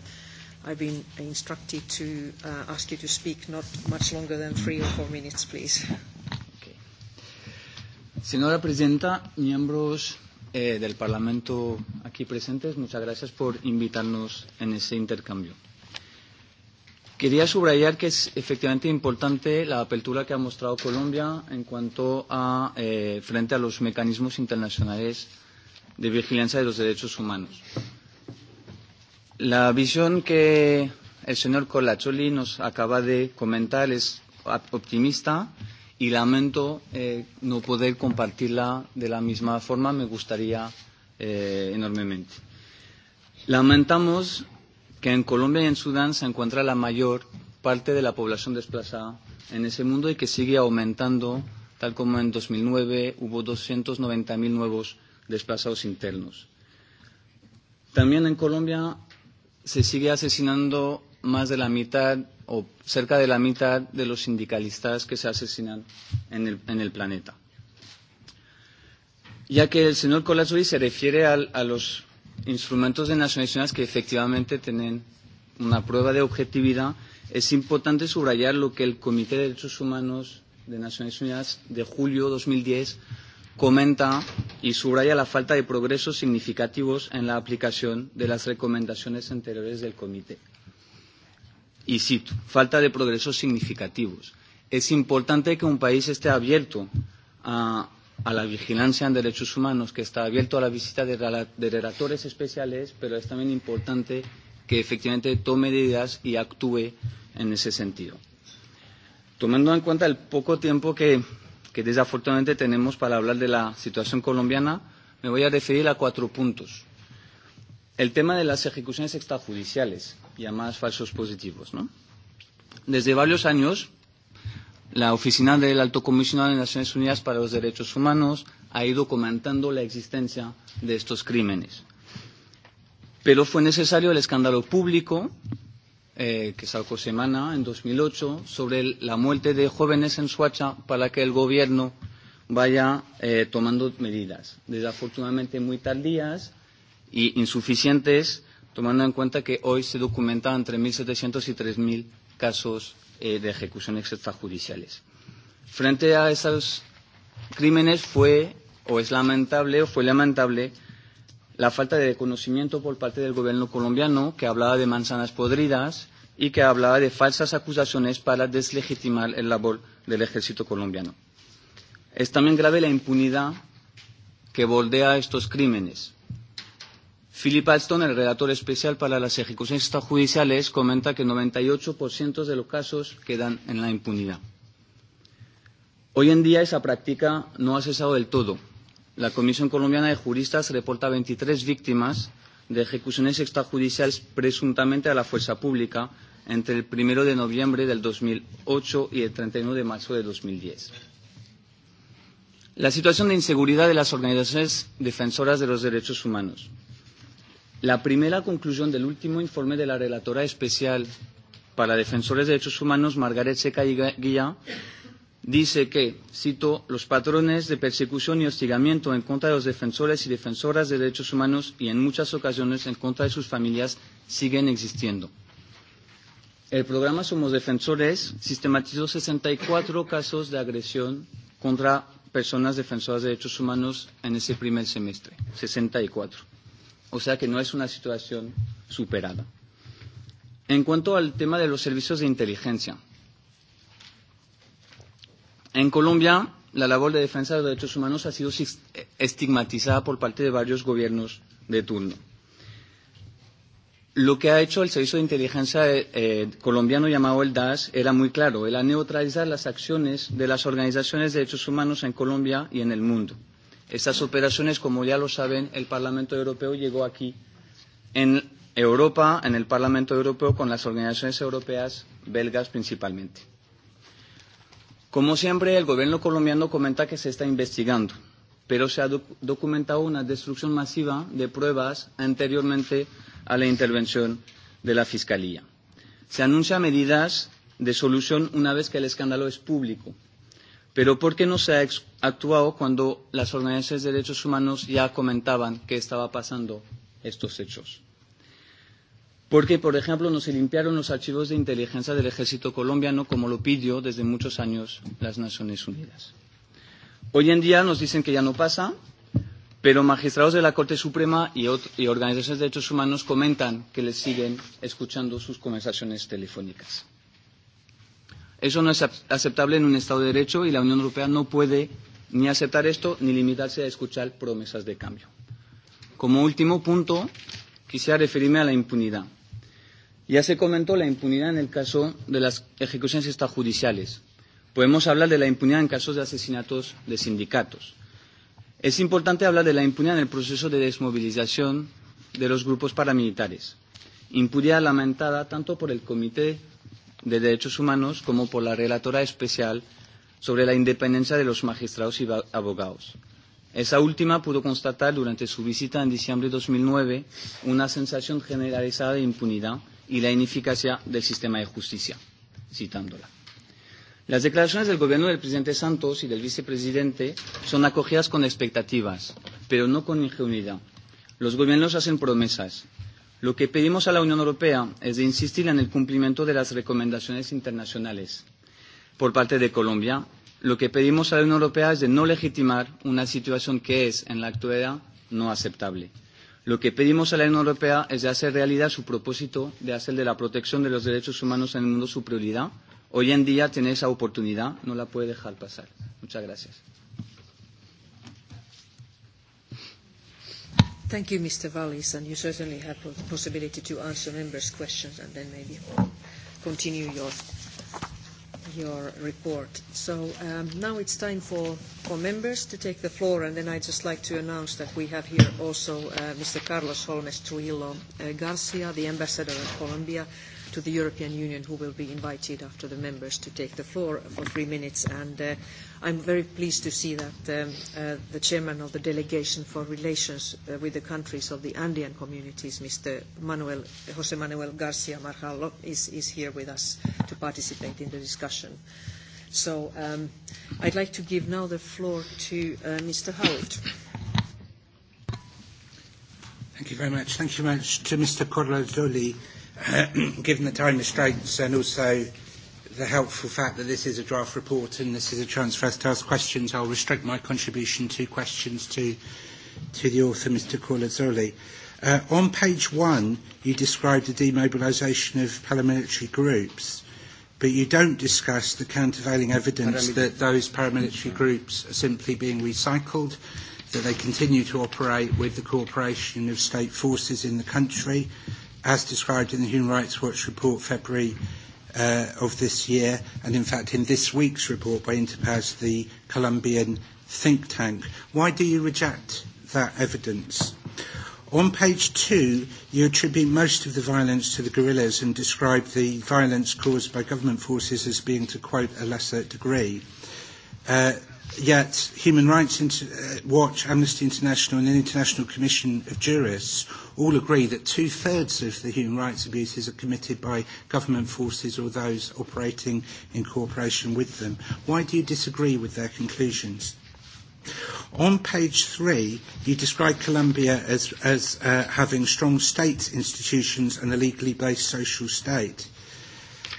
I've been instructed to uh, ask you to speak not much longer than three or four minutes, please. Okay. Señora Presidenta, miembros eh, del Parlamento aquí presentes, muchas gracias por invitarnos en este intercambio. Quería subrayar que es efectivamente importante la apertura que ha mostrado Colombia en cuanto a eh, frente a los mecanismos internacionales de vigilancia de los derechos humanos. La visión que el señor Colacholi nos acaba de comentar es optimista y lamento eh, no poder compartirla de la misma forma. Me gustaría eh, enormemente. Lamentamos que en Colombia y en Sudán se encuentra la mayor parte de la población desplazada en ese mundo y que sigue aumentando, tal como en 2009 hubo 290.000 nuevos desplazados internos. También en Colombia se sigue asesinando más de la mitad o cerca de la mitad de los sindicalistas que se asesinan en el, en el planeta. Ya que el señor Colasuri se refiere a, a los instrumentos de Naciones Unidas que efectivamente tienen una prueba de objetividad, es importante subrayar lo que el Comité de Derechos Humanos de Naciones Unidas de julio 2010 comenta y subraya la falta de progresos significativos en la aplicación de las recomendaciones anteriores del comité. Y cito, falta de progresos significativos. Es importante que un país esté abierto a, a la vigilancia en derechos humanos, que está abierto a la visita de, de relatores especiales, pero es también importante que efectivamente tome medidas y actúe en ese sentido. Tomando en cuenta el poco tiempo que que desafortunadamente tenemos para hablar de la situación colombiana, me voy a referir a cuatro puntos. El tema de las ejecuciones extrajudiciales, llamadas falsos positivos. ¿no? Desde varios años, la Oficina del Alto Comisionado de Naciones Unidas para los Derechos Humanos ha ido comentando la existencia de estos crímenes. Pero fue necesario el escándalo público eh, que sacó Semana en 2008 sobre el, la muerte de jóvenes en Suacha para que el gobierno vaya eh, tomando medidas, desafortunadamente muy tardías y insuficientes, tomando en cuenta que hoy se documentan entre 1.700 y 3.000 casos eh, de ejecuciones extrajudiciales. Frente a esos crímenes fue, o es lamentable, o fue lamentable, la falta de conocimiento por parte del gobierno colombiano, que hablaba de manzanas podridas y que hablaba de falsas acusaciones para deslegitimar el labor del ejército colombiano. Es también grave la impunidad que bordea estos crímenes. Philip Alston, el relator especial para las ejecuciones extrajudiciales, comenta que el 98% de los casos quedan en la impunidad. Hoy en día esa práctica no ha cesado del todo. La Comisión Colombiana de Juristas reporta 23 víctimas de ejecuciones extrajudiciales presuntamente a la fuerza pública entre el 1 de noviembre del 2008 y el 31 de marzo de 2010. La situación de inseguridad de las organizaciones defensoras de los derechos humanos. La primera conclusión del último informe de la relatora especial para defensores de derechos humanos, Margaret Seca Guillán, dice que, cito, los patrones de persecución y hostigamiento en contra de los defensores y defensoras de derechos humanos y en muchas ocasiones en contra de sus familias siguen existiendo. El programa Somos Defensores sistematizó 64 casos de agresión contra personas defensoras de derechos humanos en ese primer semestre, 64. O sea que no es una situación superada. En cuanto al tema de los servicios de inteligencia, en Colombia la labor de defensa de los derechos humanos ha sido estigmatizada por parte de varios gobiernos de turno Lo que ha hecho el Servicio de Inteligencia eh, eh, colombiano llamado el DAS era muy claro, era neutralizar las acciones de las organizaciones de derechos humanos en Colombia y en el mundo. Estas operaciones, como ya lo saben, el Parlamento Europeo llegó aquí en Europa, en el Parlamento Europeo, con las organizaciones europeas belgas principalmente. Como siempre, el gobierno colombiano comenta que se está investigando pero se ha doc documentado una destrucción masiva de pruebas anteriormente a la intervención de la Fiscalía. Se anuncian medidas de solución una vez que el escándalo es público. Pero ¿por qué no se ha actuado cuando las organizaciones de derechos humanos ya comentaban que estaba pasando estos hechos? Porque, por ejemplo, no se limpiaron los archivos de inteligencia del ejército colombiano como lo pidió desde muchos años las Naciones Unidas. Hoy en día nos dicen que ya no pasa, pero magistrados de la Corte Suprema y, y organizaciones de derechos humanos comentan que les siguen escuchando sus conversaciones telefónicas. Eso no es aceptable en un Estado de Derecho y la Unión Europea no puede ni aceptar esto ni limitarse a escuchar promesas de cambio. Como último punto, quisiera referirme a la impunidad. Ya se comentó la impunidad en el caso de las ejecuciones extrajudiciales, Podemos hablar de la impunidad en casos de asesinatos de sindicatos. Es importante hablar de la impunidad en el proceso de desmovilización de los grupos paramilitares. Impunidad lamentada tanto por el Comité de Derechos Humanos como por la Relatora Especial sobre la independencia de los magistrados y abogados. Esa última pudo constatar durante su visita en diciembre de 2009 una sensación generalizada de impunidad y la ineficacia del sistema de justicia, citándola. Las declaraciones del gobierno del presidente Santos y del vicepresidente son acogidas con expectativas, pero no con ingenuidad. Los gobiernos hacen promesas. Lo que pedimos a la Unión Europea es de insistir en el cumplimiento de las recomendaciones internacionales. Por parte de Colombia, lo que pedimos a la Unión Europea es de no legitimar una situación que es, en la actualidad, no aceptable. Lo que pedimos a la Unión Europea es de hacer realidad su propósito de hacer de la protección de los derechos humanos en el mundo su prioridad Hoy en día tiene esa oportunidad, no la puede dejar pasar. Muchas gracias. Thank you, Mr. Wallis, and you certainly have the possibility to answer members' questions and then maybe continue your, your report. So um, now it's time for, for members to take the floor, and then I'd just like to announce that we have here also uh, Mr. Carlos Holmes Trujillo uh, Garcia, the ambassador of Colombia, to the European Union, who will be invited after the members to take the floor for three minutes. And uh, I'm very pleased to see that um, uh, the chairman of the delegation for relations uh, with the countries of the Andean communities, Mr. Manuel, Jose Manuel Garcia Marjalo, is, is here with us to participate in the discussion. So um, I'd like to give now the floor to uh, Mr. Howard. Thank you very much. Thank you very much to Mr. Corlazoli. Zoli uh, *clears throat* given the time restraints and also the helpful fact that this is a draft report and this is a chance for us to ask questions, I'll restrict my contribution to questions to, to the author, Mr. Corlazzoli. Uh, on page one, you describe the demobilisation of paramilitary groups, but you don't discuss the countervailing evidence Paramil- that those paramilitary groups are simply being recycled, that they continue to operate with the cooperation of state forces in the country, as described in the Human Rights Watch report February uh, of this year, and in fact in this week's report by Interpass, the Colombian think tank. Why do you reject that evidence? On page two, you attribute most of the violence to the guerrillas and describe the violence caused by government forces as being, to quote, a lesser degree. Uh, yet, Human Rights Inter- uh, Watch, Amnesty International, and the International Commission of Jurists all agree that two-thirds of the human rights abuses are committed by government forces or those operating in cooperation with them. Why do you disagree with their conclusions? On page three, you describe Colombia as, as uh, having strong state institutions and a legally based social state.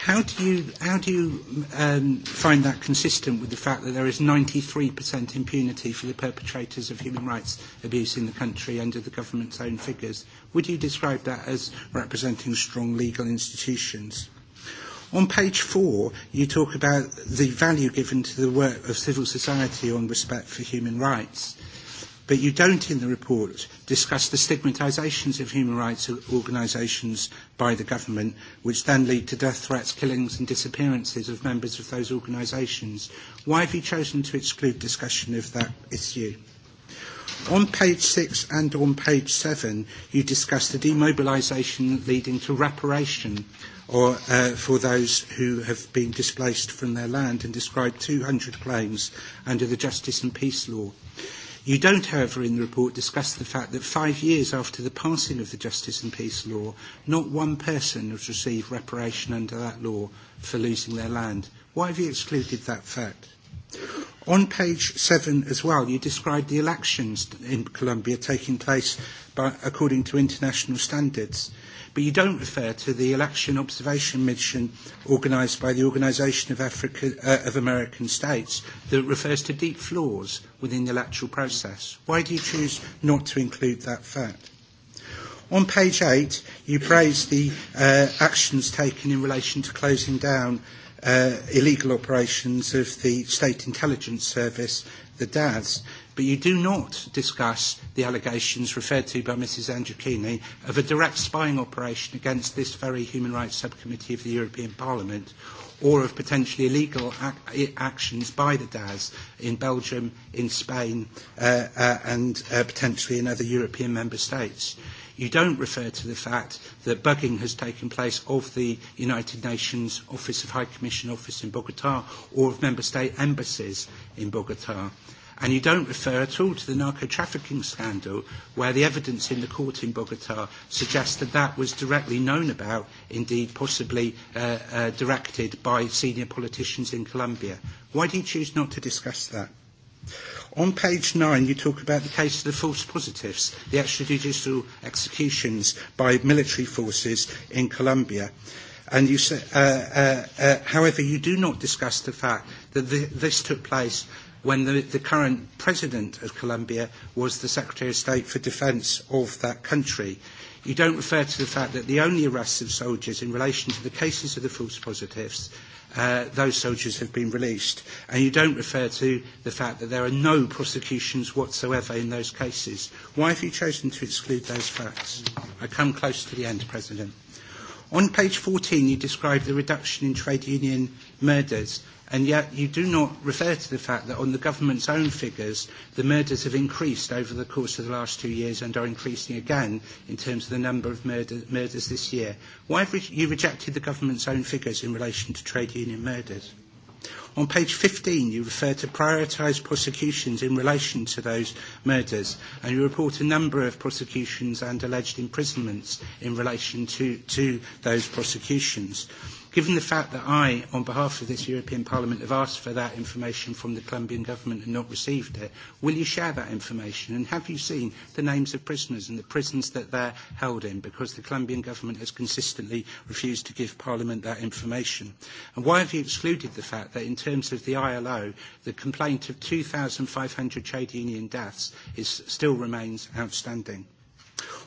How do you, how do you um, find that consistent with the fact that there is 93% impunity for the perpetrators of human rights abuse in the country under the government's own figures? Would you describe that as representing strong legal institutions? On page four, you talk about the value given to the work of civil society on respect for human rights. But you don't in the report discuss the stigmatisations of human rights organisations by the government, which then lead to death threats, killings and disappearances of members of those organisations. Why have you chosen to exclude discussion of that issue? On page six and on page seven, you discuss the demobilisation leading to reparation or uh, for those who have been displaced from their land and describe 200 claims under the Justice and Peace Law. You don't, however, in the report discuss the fact that five years after the passing of the Justice and Peace Law, not one person has received reparation under that law for losing their land. Why have you excluded that fact? On page seven as well, you described the elections in Colombia taking place by, according to international standards but you don't refer to the election observation mission organised by the Organisation of, Africa, uh, of American States that refers to deep flaws within the electoral process. Why do you choose not to include that fact? On page 8, you praise the uh, actions taken in relation to closing down uh, illegal operations of the State Intelligence Service, the DAS but you do not discuss the allegations referred to by Mrs. Andrikini of a direct spying operation against this very Human Rights Subcommittee of the European Parliament or of potentially illegal ac- actions by the DAS in Belgium, in Spain, uh, uh, and uh, potentially in other European member states. You don't refer to the fact that bugging has taken place of the United Nations Office of High Commission Office in Bogota or of member state embassies in Bogota. And you don't refer at all to the narco trafficking scandal, where the evidence in the court in Bogota suggests that that was directly known about, indeed possibly uh, uh, directed by senior politicians in Colombia. Why do you choose not to discuss that? On page nine, you talk about the case of the false positives, the extrajudicial executions by military forces in Colombia. And you say, uh, uh, uh, however, you do not discuss the fact that the, this took place when the, the current president of Colombia was the Secretary of State for Defense of that country. You don't refer to the fact that the only arrests of soldiers in relation to the cases of the false positives, uh, those soldiers have been released. And you don't refer to the fact that there are no prosecutions whatsoever in those cases. Why have you chosen to exclude those facts? I come close to the end, President. On page 14, you describe the reduction in trade union murders. And yet you do not refer to the fact that on the government's own figures, the murders have increased over the course of the last two years and are increasing again in terms of the number of murder, murders this year. Why have you rejected the government's own figures in relation to trade union murders? On page 15, you refer to prioritised prosecutions in relation to those murders, and you report a number of prosecutions and alleged imprisonments in relation to, to those prosecutions. Uh, Given the fact that I, on behalf of this European Parliament, have asked for that information from the Colombian government and not received it, will you share that information? And have you seen the names of prisoners and the prisons that they're held in? Because the Colombian government has consistently refused to give Parliament that information. And why have you excluded the fact that in terms of the ILO, the complaint of 2,500 trade union deaths is, still remains outstanding?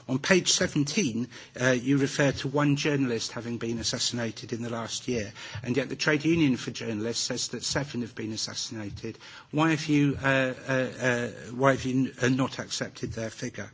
On page 17, uh, you refer to one journalist having been assassinated in the last year, and yet the Trade Union for Journalists says that seven have been assassinated. Why have you, uh, uh, uh, why have you n- uh, not accepted their figure?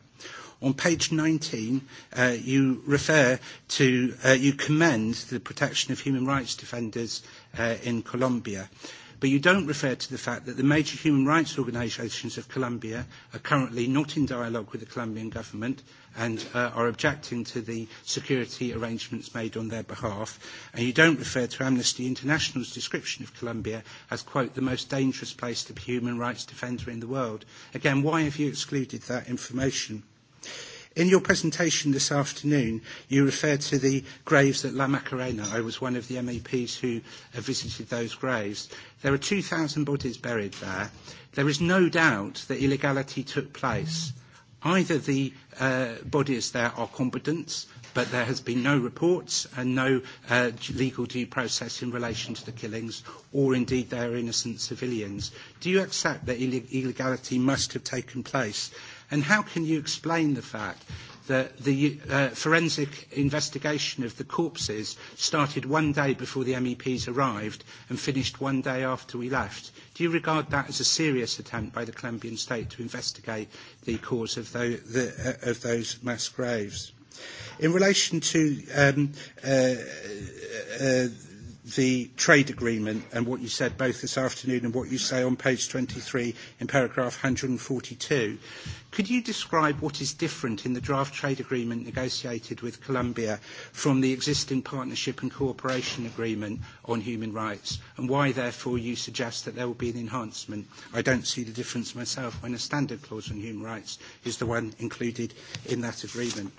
On page 19, uh, you refer to, uh, you commend the protection of human rights defenders uh, in Colombia. Uh, but you don't refer to the fact that the major human rights organisations of Colombia are currently not in dialogue with the Colombian government and uh, are objecting to the security arrangements made on their behalf. And you don't refer to Amnesty International's description of Colombia as, quote, the most dangerous place to be human rights defender in the world. Again, why have you excluded that information? In your presentation this afternoon, you referred to the graves at La Macarena. I was one of the MEPs who uh, visited those graves. There are 2,000 bodies buried there. There is no doubt that illegality took place. Either the uh, bodies there are competent, but there has been no reports and no uh, legal due process in relation to the killings, or indeed they are innocent civilians. Do you accept that illeg- illegality must have taken place? And how can you explain the fact that the uh, forensic investigation of the corpses started one day before the MEPs arrived and finished one day after we left. Do you regard that as a serious attempt by the Colombian state to investigate the cause of, tho- the, uh, of those mass graves? In relation to um, uh, uh, the trade agreement and what you said both this afternoon and what you say on page 23 in paragraph 142. Could you describe what is different in the draft trade agreement negotiated with Colombia from the existing partnership and cooperation agreement on human rights and why, therefore, you suggest that there will be an enhancement? I don't see the difference myself when a standard clause on human rights is the one included in that agreement.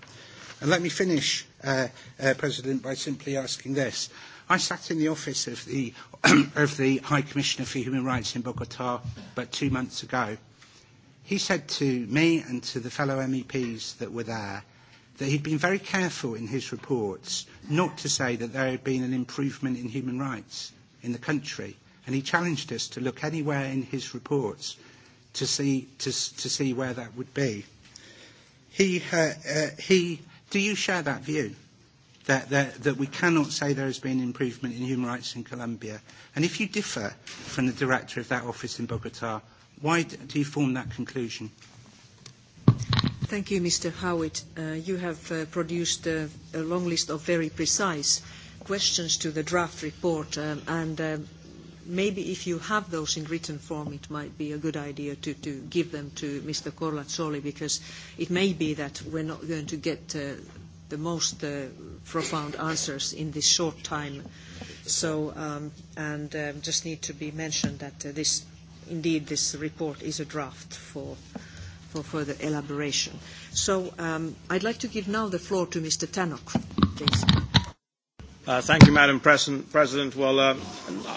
And let me finish, uh, uh, President, by simply asking this. I sat in the office of the, *clears throat* of the High Commissioner for Human Rights in Bogota about two months ago. He said to me and to the fellow MEPs that were there that he'd been very careful in his reports not to say that there had been an improvement in human rights in the country. And he challenged us to look anywhere in his reports to see, to, to see where that would be. He, uh, uh, he, do you share that view? that, that, that we cannot say there has been improvement in human rights in Colombia. And if you differ from the director of that office in Bogota, why do you form that conclusion? Thank you, Mr. Howitt. Uh, you have uh, produced uh, a long list of very precise questions to the draft report, um, and uh, maybe if you have those in written form, it might be a good idea to, to give them to Mr. Corlazzoli, because it may be that we're not going to get uh, the most uh, profound answers in this short time. So, um, and uh, just need to be mentioned that uh, this, indeed, this report is a draft for, for further elaboration. So, um, I'd like to give now the floor to Mr. Tannock, please. Uh, thank you, Madam Pres President. Well, uh,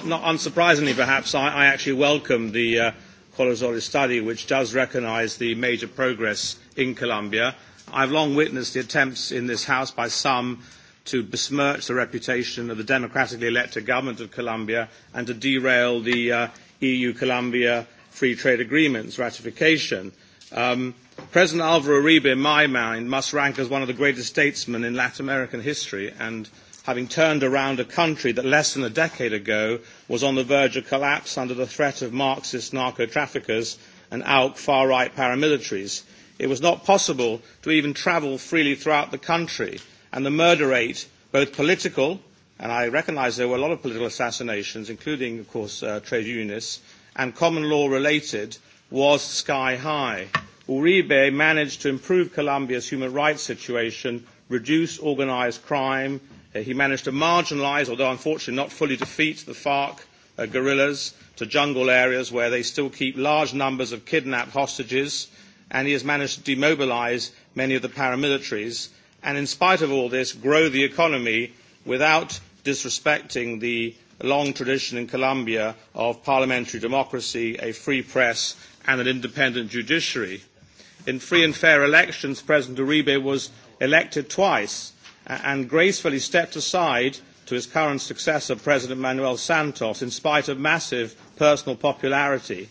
not unsurprisingly, perhaps, I, I actually welcome the uh, Colosoli study, which does recognize the major progress in Colombia I've long witnessed the attempts in this House by some to besmirch the reputation of the democratically elected government of Colombia and to derail the uh, EU-Colombia free trade agreement's ratification. Um, President Alvaro Uribe, in my mind, must rank as one of the greatest statesmen in Latin American history and having turned around a country that less than a decade ago was on the verge of collapse under the threat of Marxist narco-traffickers and ALC far-right paramilitaries it was not possible to even travel freely throughout the country, and the murder rate, both political, and I recognise there were a lot of political assassinations, including, of course, uh, trade unionists, and common law related, was sky high. Uribe managed to improve Colombia's human rights situation, reduce organised crime. Uh, he managed to marginalise, although unfortunately not fully defeat, the FARC uh, guerrillas to jungle areas where they still keep large numbers of kidnapped hostages. Uh, and he has managed to demobilise many of the paramilitaries and, in spite of all this, grow the economy without disrespecting the long tradition in Colombia of parliamentary democracy, a free press, and an independent judiciary. In free and fair elections, President Uribe was elected twice and gracefully stepped aside to his current successor, President Manuel Santos, in spite of massive personal popularity.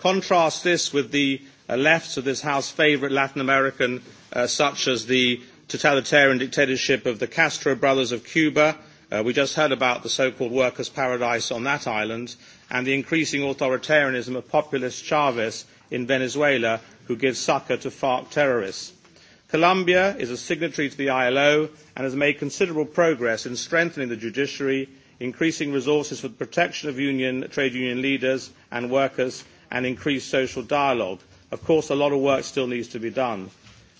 Contrast this with the uh, left of this House favourite Latin American, uh, such as the totalitarian dictatorship of the Castro brothers of Cuba. Uh, we just heard about the so-called workers' paradise on that island and the increasing authoritarianism of populist Chavez in Venezuela, who gives succor to FARC terrorists. Colombia is a signatory to the ILO and has made considerable progress in strengthening the judiciary, increasing resources for the protection of union, trade union leaders and workers, and increased social dialogue. Of course, a lot of work still needs to be done.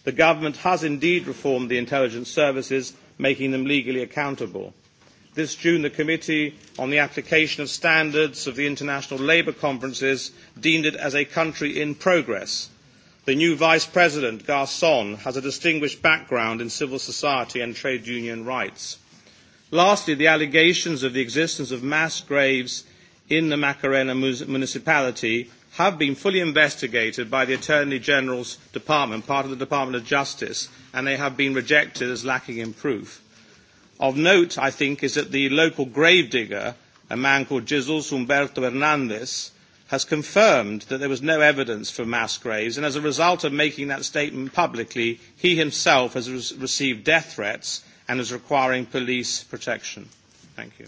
The government has indeed reformed the intelligence services, making them legally accountable. This June, the Committee on the Application of Standards of the International Labour Conferences deemed it as a country in progress. The new Vice President, Garson, has a distinguished background in civil society and trade union rights. Lastly, the allegations of the existence of mass graves in the Macarena municipality have been fully investigated by the Attorney General's Department, part of the Department of Justice, and they have been rejected as lacking in proof. Of note, I think, is that the local gravedigger, a man called Jesus Humberto Hernandez, has confirmed that there was no evidence for mass graves, and as a result of making that statement publicly, he himself has re- received death threats and is requiring police protection. Thank you.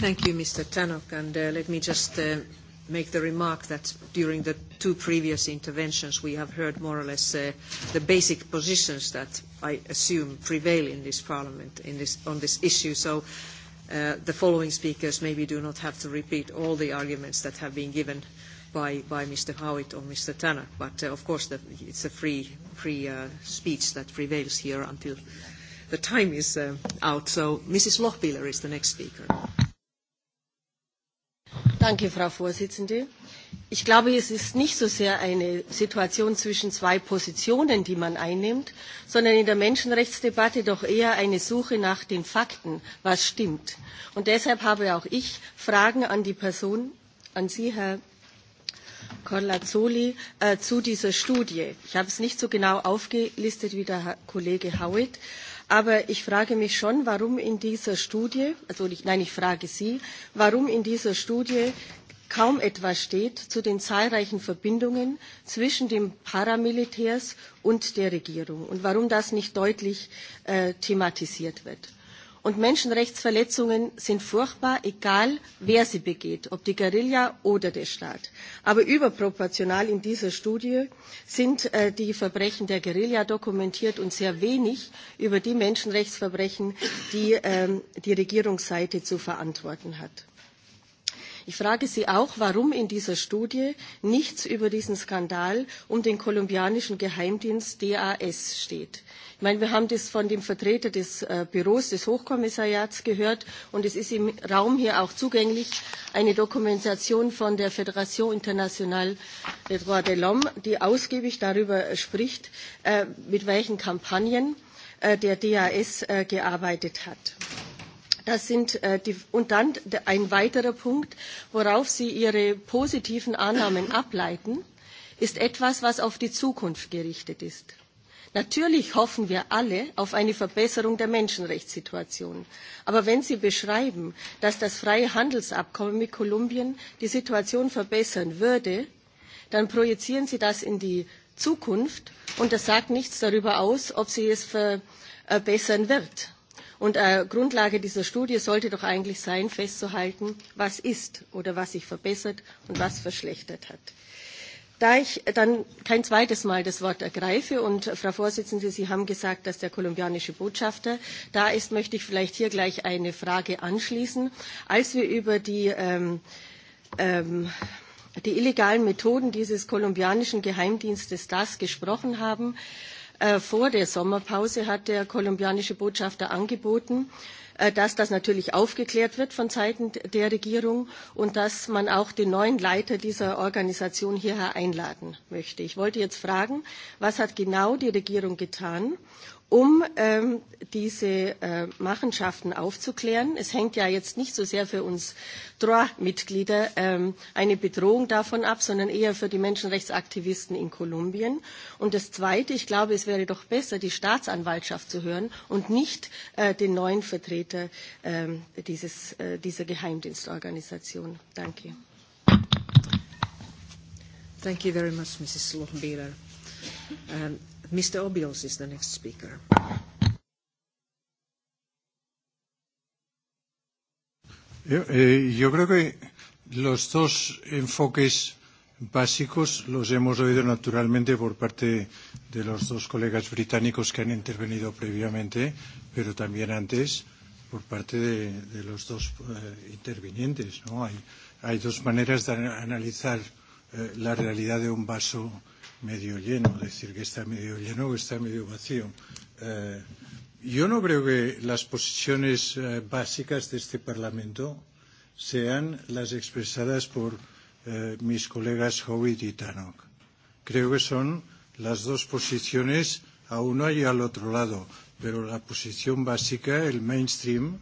Thank you, Mr. Tannock. And uh, let me just uh, make the remark that during the two previous interventions, we have heard more or less uh, the basic positions that I assume prevail in this parliament in this, on this issue. So, uh, the following speakers maybe do not have to repeat all the arguments that have been given by, by Mr. Howitt or Mr. Tanner. But, uh, of course, the, it's a free, free uh, speech that prevails here until the time is uh, out. So Mrs. Lochbihler is the next speaker. Danke, Frau Vorsitzende. Ich glaube, es ist nicht so sehr eine Situation zwischen zwei Positionen, die man einnimmt, sondern in der Menschenrechtsdebatte doch eher eine Suche nach den Fakten, was stimmt. Und deshalb habe auch ich Fragen an die Person, an Sie, Herr Corlazzoli, äh, zu dieser Studie. Ich habe es nicht so genau aufgelistet wie der Herr Kollege Howitt. Äh, Aber ich frage mich schon, warum in dieser Studie, also ich, nein, ich frage Sie, warum in dieser Studie kaum etwas steht zu den zahlreichen Verbindungen zwischen den Paramilitärs und der Regierung und warum das nicht deutlich äh, thematisiert wird. Und Menschenrechtsverletzungen sind furchtbar, egal wer sie begeht, ob die Guerilla oder der Staat. Aber überproportional in dieser Studie sind äh, die Verbrechen der Guerilla dokumentiert und sehr wenig über die Menschenrechtsverbrechen, die ähm, die Regierungsseite zu verantworten hat. Ich frage Sie auch, warum in dieser Studie nichts über diesen Skandal um den kolumbianischen Geheimdienst DAS steht. Ich meine, wir haben das von dem Vertreter des äh, Büros des Hochkommissariats gehört und es ist im Raum hier auch zugänglich eine Dokumentation von der Fédération Internationale des Droits de l'Homme, die ausgiebig darüber spricht, äh, mit welchen Kampagnen äh, der DAS äh, gearbeitet hat. Applaus Das sind, äh, die, und dann ein weiterer Punkt, worauf Sie Ihre positiven Annahmen *coughs* ableiten, ist etwas, was auf die Zukunft gerichtet ist. Natürlich hoffen wir alle auf eine Verbesserung der Menschenrechtssituation. Aber wenn Sie beschreiben, dass das freie Handelsabkommen mit Kolumbien die Situation verbessern würde, dann projizieren Sie das in die Zukunft und das sagt nichts darüber aus, ob sie es verbessern äh, wird. Und äh, Grundlage dieser Studie sollte doch eigentlich sein, festzuhalten, was ist oder was sich verbessert und was verschlechtert hat. Da ich dann kein zweites Mal das Wort ergreife und äh, Frau Vorsitzende, Sie haben gesagt, dass der kolumbianische Botschafter da ist, möchte ich vielleicht hier gleich eine Frage anschließen. Als wir über die ähm, ähm, die illegalen Methoden dieses kolumbianischen Geheimdienstes DAS gesprochen haben, äh, Äh, vor der Sommerpause hat der kolumbianische Botschafter angeboten, äh, dass das natürlich aufgeklärt wird von Seiten der Regierung und dass man auch den neuen Leiter dieser Organisation hierher einladen möchte. Ich wollte jetzt fragen, was hat genau die Regierung getan um ähm, diese äh, Machenschaften aufzuklären. Es hängt ja jetzt nicht so sehr für uns DROA-Mitglieder ähm, eine Bedrohung davon ab, sondern eher für die Menschenrechtsaktivisten in Kolumbien. Und das Zweite, ich glaube, es wäre doch besser, die Staatsanwaltschaft zu hören und nicht äh, den neuen Vertreter äh, dieses, äh, dieser Geheimdienstorganisation. Danke. Thank you very much, Mrs. Lochbieler. Um, Mr. Obios is the next speaker. Yo, eh, yo creo que los dos enfoques básicos los hemos oído naturalmente por parte de los dos colegas británicos que han intervenido previamente, pero también antes por parte de, de los dos eh, intervinientes. ¿no? Hay, hay dos maneras de analizar eh, la realidad de un vaso medio lleno, decir que está medio lleno o está medio vacío. Eh, yo no creo que las posiciones eh, básicas de este Parlamento sean las expresadas por eh, mis colegas Howitt y Tannock. Creo que son las dos posiciones a uno y al otro lado, pero la posición básica, el mainstream,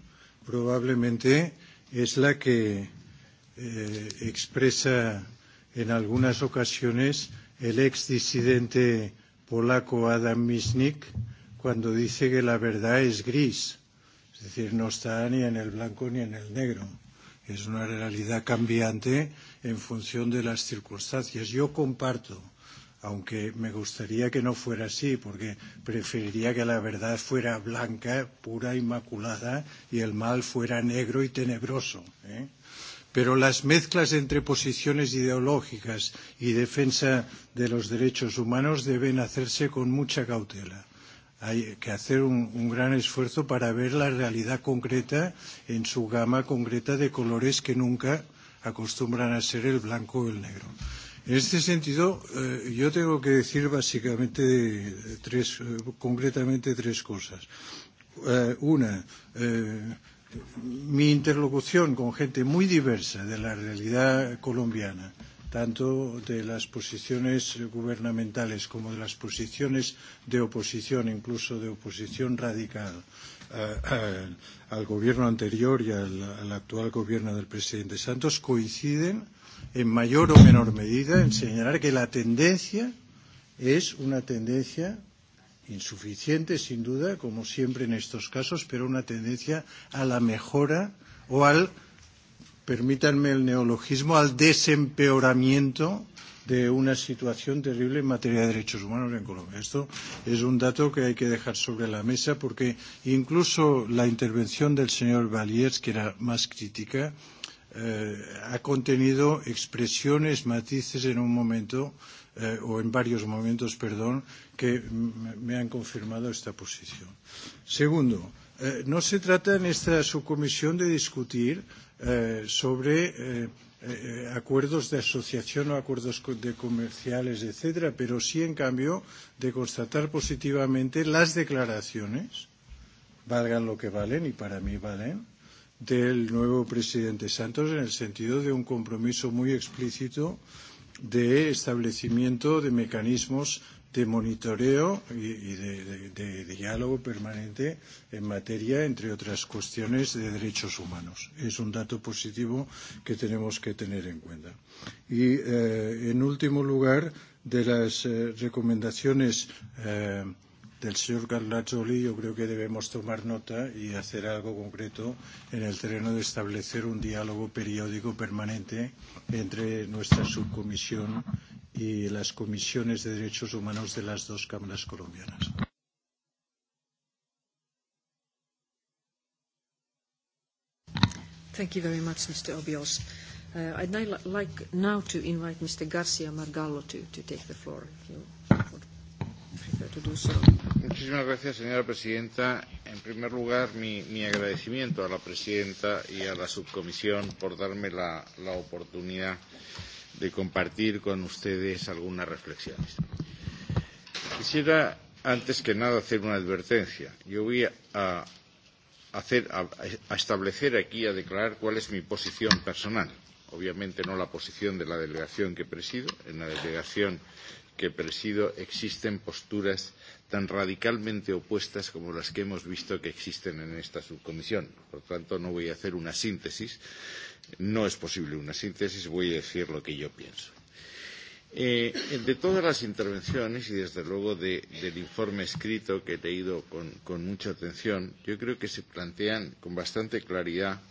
probablemente es la que eh, expresa en algunas ocasiones el exdisidente polaco Adam Misnik cuando dice que la verdad es gris, es decir, no está ni en el blanco ni en el negro, es una realidad cambiante en función de las circunstancias. Yo comparto, aunque me gustaría que no fuera así, porque preferiría que la verdad fuera blanca, pura, inmaculada, y el mal fuera negro y tenebroso. ¿eh? pero las mezclas entre posiciones ideológicas y defensa de los derechos humanos deben hacerse con mucha cautela. Hay que hacer un, un gran esfuerzo para ver la realidad concreta en su gama concreta de colores que nunca acostumbran a ser el blanco o el negro. En este sentido, eh, yo tengo que decir básicamente tres, eh, concretamente tres cosas. Eh, una, eh, mi interlocución con gente muy diversa de la realidad colombiana, tanto de las posiciones gubernamentales como de las posiciones de oposición, incluso de oposición radical eh, al gobierno anterior y al, al actual gobierno del presidente Santos, coinciden en mayor o menor medida en señalar que la tendencia es una tendencia insuficiente, sin duda, como siempre en estos casos, pero una tendencia a la mejora o al, permítanme el neologismo, al desempeoramiento de una situación terrible en materia de derechos humanos en Colombia. Esto es un dato que hay que dejar sobre la mesa porque incluso la intervención del señor Valiers, que era más crítica, eh, ha contenido expresiones, matices en un momento eh, eh, o en varios momentos, perdón, que me han confirmado esta posición. Segundo, eh, no se trata en esta subcomisión de discutir eh, sobre eh, eh, acuerdos de asociación o acuerdos de comerciales, etcétera, pero sí, en cambio, de constatar positivamente las declaraciones, valgan lo que valen y para mí valen, del nuevo presidente Santos en el sentido de un compromiso muy explícito eh, de establecimiento de mecanismos de monitoreo y, y de, de, de diálogo permanente en materia, entre otras cuestiones, de derechos humanos. Es un dato positivo que tenemos que tener en cuenta. Y, eh, en último lugar, de las eh, recomendaciones eh, del señor Garnazzoli, yo creo que debemos tomar nota y hacer algo concreto en el terreno de establecer un diálogo periódico permanente entre nuestra subcomisión y las comisiones de derechos humanos de las dos cámaras colombianas. Thank you very much, Mr. Obios. Uh, I'd now like now to invite Mr. Garcia Margallo to, to take the floor. If you... Muchísimas gracias, señora presidenta. En primer lugar, mi, mi agradecimiento a la presidenta y a la subcomisión por darme la, la oportunidad de compartir con ustedes algunas reflexiones. Quisiera, antes que nada, hacer una advertencia. Yo voy a, hacer, a, a establecer aquí, a declarar cuál es mi posición personal. Obviamente no la posición de la delegación que presido. En la delegación eh, que presido existen posturas tan radicalmente opuestas como las que hemos visto que existen en esta subcomisión. Por tanto, no voy a hacer una síntesis. No es posible una síntesis. Voy a decir lo que yo pienso. Eh, de todas las intervenciones y desde luego de, del informe escrito que he leído con, con mucha atención, yo creo que se plantean con bastante claridad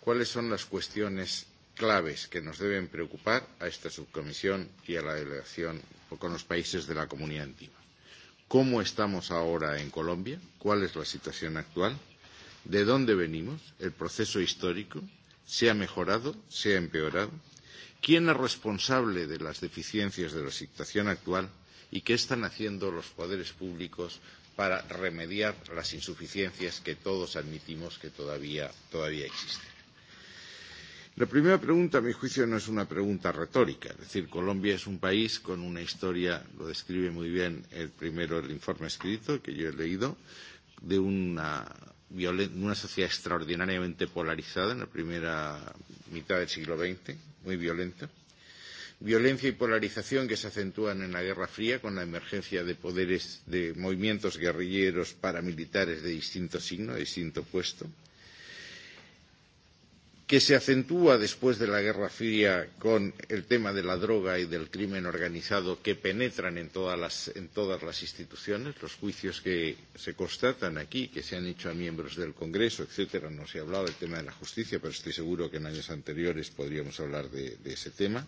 cuáles son las cuestiones claves que nos deben preocupar a esta subcomisión y a la delegación con los países de la comunidad andina. ¿Cómo estamos ahora en Colombia? ¿Cuál es la situación actual? ¿De dónde venimos? ¿El proceso histórico? ¿Se ha mejorado? ¿Se ha empeorado? ¿Quién es responsable de las deficiencias de la situación actual? ¿Y qué están haciendo los poderes públicos para remediar las insuficiencias que todos admitimos que todavía, todavía existen? La primera pregunta, a mi juicio, no es una pregunta retórica. Es decir, Colombia es un país con una historia, lo describe muy bien el primero el informe escrito que yo he leído, de una, violen una sociedad extraordinariamente polarizada en la primera mitad del siglo XX, muy violenta. Violencia y polarización que se acentúan en la Guerra Fría con la emergencia de poderes, de movimientos guerrilleros paramilitares de distinto signo, de distinto puesto que se acentúa después de la Guerra Fría con el tema de la droga y del crimen organizado que penetran en todas las, en todas las instituciones, los juicios que se constatan aquí, que se han hecho a miembros del Congreso, etcétera. No se ha hablado del tema de la justicia, pero estoy seguro que en años anteriores podríamos hablar de, de ese tema.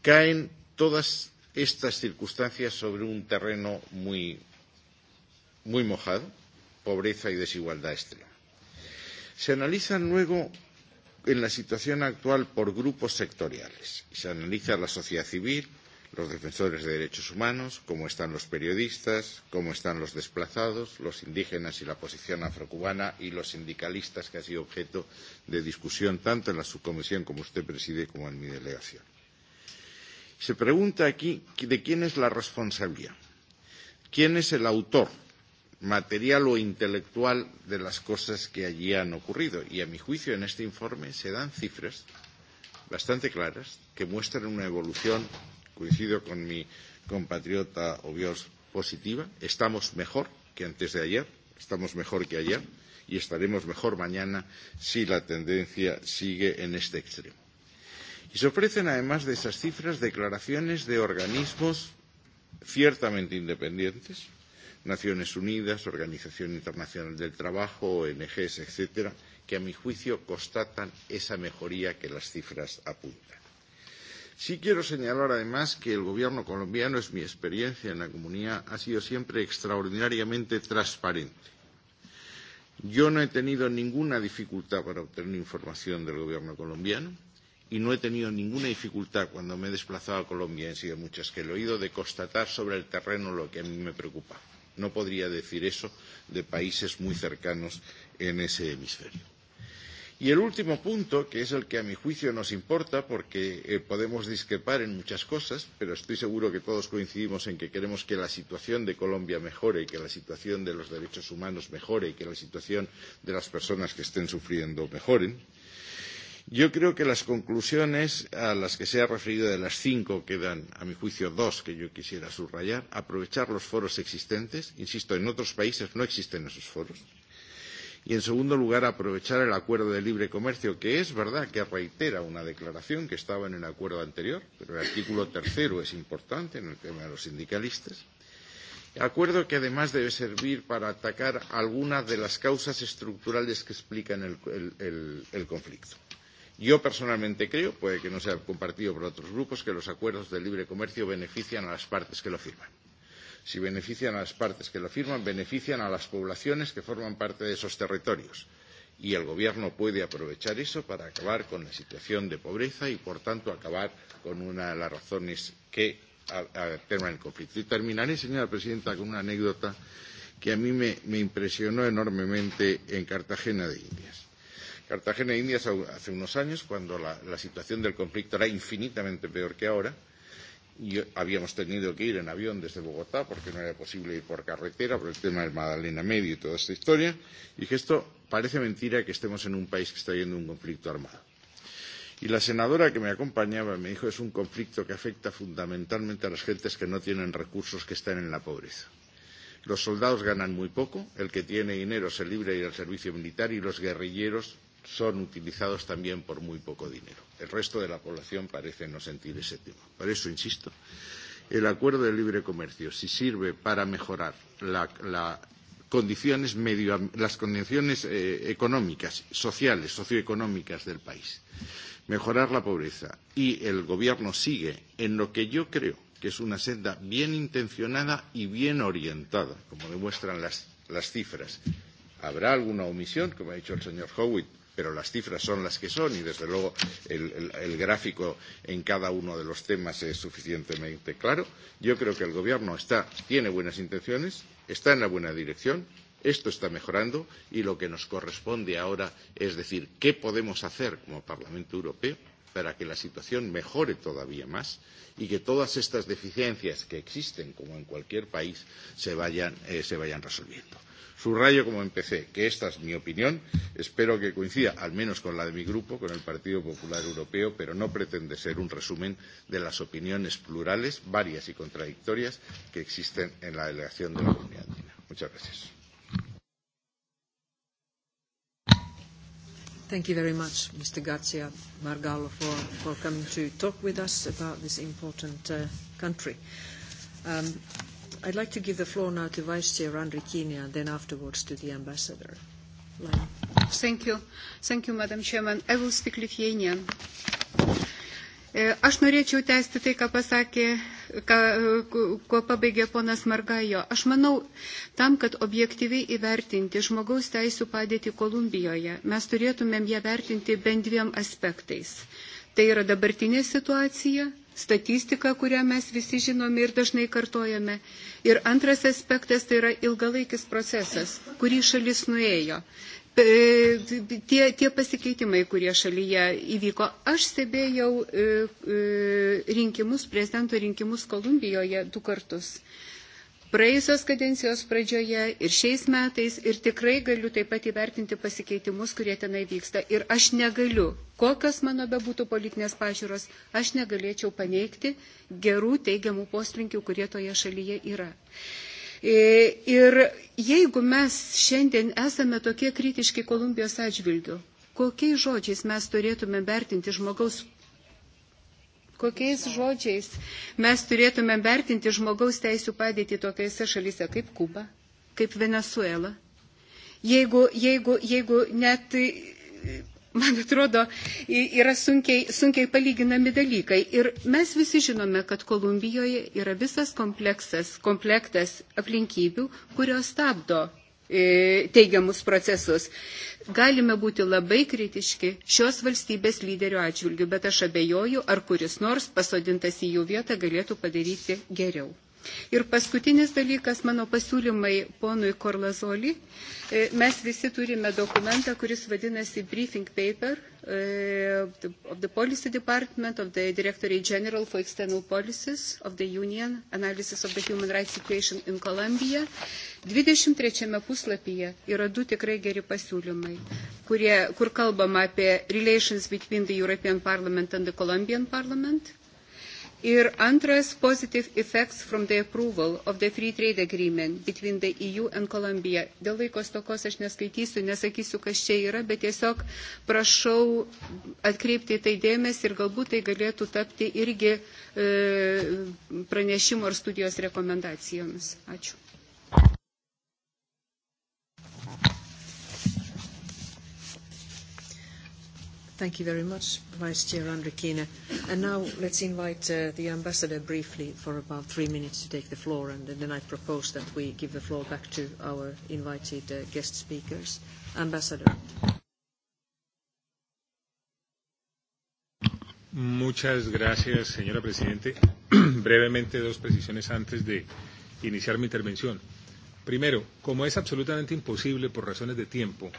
Caen todas estas circunstancias sobre un terreno muy, muy mojado, pobreza y desigualdad extrema se analizan luego en la situación actual por grupos sectoriales. Se analiza la sociedad civil, los defensores de derechos humanos, cómo están los periodistas, cómo están los desplazados, los indígenas y la posición afrocubana y los sindicalistas que ha sido objeto de discusión tanto en la subcomisión como usted preside como en mi delegación. Se pregunta aquí de quién es la responsabilidad, quién es el autor material o intelectual de las cosas que allí han ocurrido. Y a mi juicio, en este informe se dan cifras bastante claras que muestran una evolución, coincido con mi compatriota Obios, positiva. Estamos mejor que antes de ayer, estamos mejor que ayer y estaremos mejor mañana si la tendencia sigue en este extremo. Y se ofrecen, además de esas cifras, declaraciones de organismos ciertamente independientes, Naciones Unidas, Organización Internacional del Trabajo, ONGs, etcétera, que a mi juicio constatan esa mejoría que las cifras apuntan. Sí quiero señalar además que el gobierno colombiano, es mi experiencia en la comunidad, ha sido siempre extraordinariamente transparente. Yo no he tenido ninguna dificultad para obtener información del gobierno colombiano y no he tenido ninguna dificultad cuando me he desplazado a Colombia, han sido muchas que lo he oído, de constatar sobre el terreno lo que a mí me preocupaba No podría decir eso de países muy cercanos en ese hemisferio. Y el último punto, que es el que a mi juicio nos importa, porque eh, podemos discrepar en muchas cosas, pero estoy seguro que todos coincidimos en que queremos que la situación de Colombia mejore, que la situación de los derechos humanos mejore y que la situación de las personas que estén sufriendo mejoren. Eh, Yo creo que las conclusiones a las que se ha referido de las cinco quedan, a mi juicio, dos que yo quisiera subrayar. Aprovechar los foros existentes. Insisto, en otros países no existen esos foros. Y, en segundo lugar, aprovechar el acuerdo de libre comercio, que es verdad que reitera una declaración que estaba en el acuerdo anterior, pero el artículo tercero es importante en el tema de los sindicalistas. Acuerdo que además debe servir para atacar algunas de las causas estructurales que explican el, el, el, el conflicto. Yo personalmente creo, puede que no sea compartido por otros grupos, que los acuerdos de libre comercio benefician a las partes que lo firman. Si benefician a las partes que lo firman, benefician a las poblaciones que forman parte de esos territorios. Y el Gobierno puede aprovechar eso para acabar con la situación de pobreza y, por tanto, acabar con una de las razones que terminan el conflicto. Y terminaré, señora presidenta, con una anécdota que a mí me, me impresionó enormemente en Cartagena de Indias Cartagena e Indias hace unos años, cuando la, la situación del conflicto era infinitamente peor que ahora, y habíamos tenido que ir en avión desde Bogotá porque no era posible ir por carretera por el tema del Magdalena Medio y toda esta historia. Y que esto parece mentira que estemos en un país que está yendo un conflicto armado. Y la senadora que me acompañaba me dijo es un conflicto que afecta fundamentalmente a las gentes que no tienen recursos, que están en la pobreza. Los soldados ganan muy poco, el que tiene dinero se libra y al servicio militar y los guerrilleros son utilizados también por muy poco dinero. El resto de la población parece no sentir ese tema. Por eso, insisto, el acuerdo de libre comercio, si sirve para mejorar la, la condiciones medio, las condiciones eh, económicas, sociales, socioeconómicas del país, mejorar la pobreza y el gobierno sigue en lo que yo creo que es una senda bien intencionada y bien orientada, como demuestran las, las cifras. Habrá alguna omisión, como ha dicho el señor Howitt, pero las cifras son las que son y desde luego el, el, el gráfico en cada uno de los temas es suficientemente claro. Yo creo que el gobierno está, tiene buenas intenciones, está en la buena dirección, esto está mejorando y lo que nos corresponde ahora es decir qué podemos hacer como Parlamento Europeo para que la situación mejore todavía más y que todas estas deficiencias que existen, como en cualquier país, se vayan, eh, se vayan resolviendo. Subrayo, como empecé, que esta es mi opinión. Espero que coincida, al menos con la de mi grupo, con el Partido Popular Europeo, pero no pretende ser un resumen de las opiniones plurales, varias y contradictorias, que existen en la delegación de la Comunidad Andina. Muchas gracias. Thank you very much, Mr. Garcia Margallo, for, for coming to talk with us about this important uh, country. Um, I'd like to give the floor now to Vice Chair Andrikina, and then afterwards to the Ambassador. Line. Thank you. Thank you, Madam Chairman. I will speak Lithuanian. Eh, aš norėčiau tęsti tai, ką pasakė, ką, kuo pabaigė ponas Margajo. Aš manau, tam, kad objektyviai įvertinti žmogaus teisų padėtį Kolumbijoje, mes turėtumėm ją vertinti bent dviem aspektais. Tai yra dabartinė situacija statistiką, kurią mes visi žinome ir dažnai kartojame. Ir antras aspektas tai yra ilgalaikis procesas, kurį šalis nuėjo. E, tie, tie pasikeitimai, kurie šalyje įvyko. Aš stebėjau e, e, rinkimus, prezidento rinkimus Kolumbijoje du kartus praėjusios kadencijos pradžioje ir šiais metais ir tikrai galiu taip pat įvertinti pasikeitimus, kurie tenai vyksta. Ir aš negaliu, kokios mano bebūtų politinės pažiūros, aš negalėčiau paneigti gerų teigiamų poslinkių, kurie toje šalyje yra. E, ir jeigu mes šiandien esame tokie kritiški Kolumbijos atžvilgiu, kokiais žodžiais mes turėtume vertinti žmogaus kokiais žodžiais mes turėtume vertinti žmogaus teisų padėtį tokiuose šalyse kaip Kuba, kaip Venezuela. Jeigu, jeigu, jeigu net man atrodo, yra sunkiai, sunkiai palyginami dalykai. Ir mes visi žinome, kad Kolumbijoje yra visas kompleksas, komplektas aplinkybių, kurios stabdo E, teigiamus procesus. Galime būti labai kritiški šios valstybės lyderio atžvilgių, bet aš abejoju, ar kuris nors pasodintas į jų vietą galėtų padaryti geriau. Ir paskutinis dalykas, mano pasiūlymai ponui Korlazoli. E, mes visi turime dokumentą, kuris vadinasi Briefing Paper e, of the Policy Department of the Directorate General for External Policies of the Union, Analysis of the Human Rights Situation in Colombia. 23 puslapyje yra du tikrai geri pasiūlymai, kurie, kur kalbama apie relations between the European Parliament and the Colombian Parliament Ir antras, positive effects from the approval of the free trade agreement between the EU and Colombia. Dėl laikos tokos aš neskaitysiu, nesakysiu, kas čia yra, bet tiesiog prašau atkreipti tai dėmesį ir galbūt tai galėtų tapti irgi e, pranešimo ar studijos rekomendacijomis. Ačiū. Thank you very much, Vice Chair Andrikina. And now let's invite uh, the Ambassador briefly for about three minutes to take the floor, and, and then I propose that we give the floor back to our invited uh, guest speakers. Ambassador. Muchas gracias, señora Presidente. *clears throat* Brevemente, dos precisiones antes de iniciar mi intervención. Primero, como es absolutamente imposible por razones de tiempo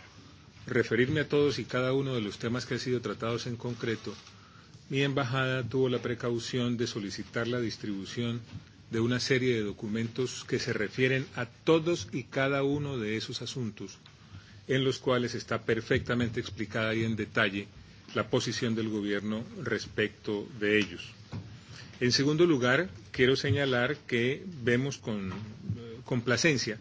referirme a todos y cada uno de los temas que han sido tratados en concreto, mi embajada tuvo la precaución de solicitar la distribución de una serie de documentos que se refieren a todos y cada uno de esos asuntos, en los cuales está perfectamente explicada y en detalle la posición del Gobierno respecto de ellos. En segundo lugar, quiero señalar que vemos con eh, complacencia eh,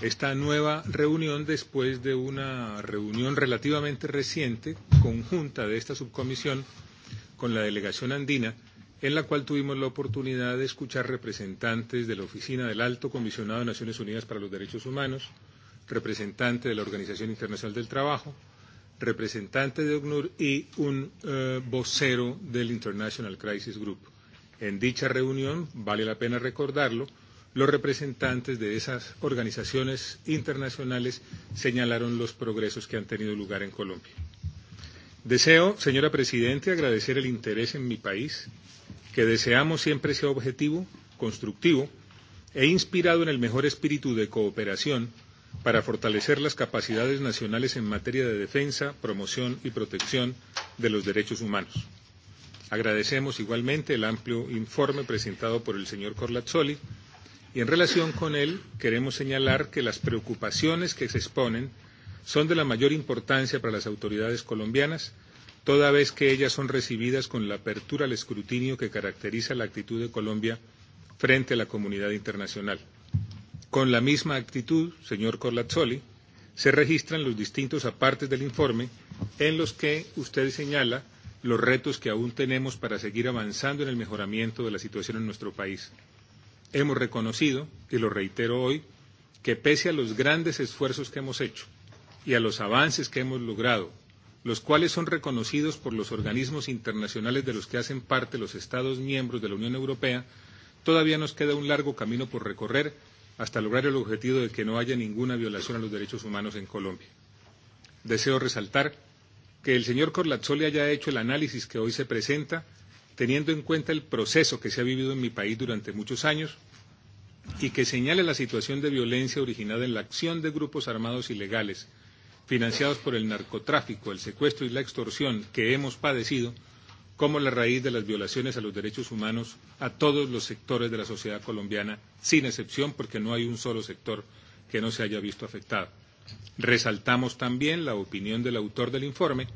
esta nueva reunión después de una reunión relativamente reciente, conjunta de esta subcomisión con la delegación andina, en la cual tuvimos la oportunidad de escuchar representantes de la Oficina del Alto Comisionado de Naciones Unidas para los Derechos Humanos, representante de la Organización Internacional del Trabajo, representante de UNUR y un eh, vocero del International Crisis Group. En dicha reunión, vale la pena recordarlo, los representantes de esas organizaciones internacionales señalaron los progresos que han tenido lugar en Colombia. Deseo, señora Presidente, agradecer el interés en mi país, que deseamos siempre sea objetivo, constructivo e inspirado en el mejor espíritu de cooperación para fortalecer las capacidades nacionales en materia de defensa, promoción y protección de los derechos humanos. Agradecemos igualmente el amplio informe presentado por el señor Corlazzoli, y en relación con él queremos señalar que las preocupaciones que se exponen son de la mayor importancia para las autoridades colombianas, toda vez que ellas son recibidas con la apertura al escrutinio que caracteriza la actitud de Colombia frente a la comunidad internacional. Con la misma actitud, señor Corlazzoli, se registran los distintos apartes del informe en los que usted señala los retos que aún tenemos para seguir avanzando en el mejoramiento de la situación en nuestro país hemos reconocido, y lo reitero hoy, que pese a los grandes esfuerzos que hemos hecho y a los avances que hemos logrado, los cuales son reconocidos por los organismos internacionales de los que hacen parte los Estados miembros de la Unión Europea, todavía nos queda un largo camino por recorrer hasta lograr el objetivo de que no haya ninguna violación a los derechos humanos en Colombia. Deseo resaltar que el señor Corlazzoli haya hecho el análisis que hoy se presenta teniendo en cuenta el proceso que se ha vivido en mi país durante muchos años y que señale la situación de violencia originada en la acción de grupos armados ilegales financiados por el narcotráfico, el secuestro y la extorsión que hemos padecido como la raíz de las violaciones a los derechos humanos a todos los sectores de la sociedad colombiana, sin excepción, porque no hay un solo sector que no se haya visto afectado. Resaltamos también la opinión del autor del informe,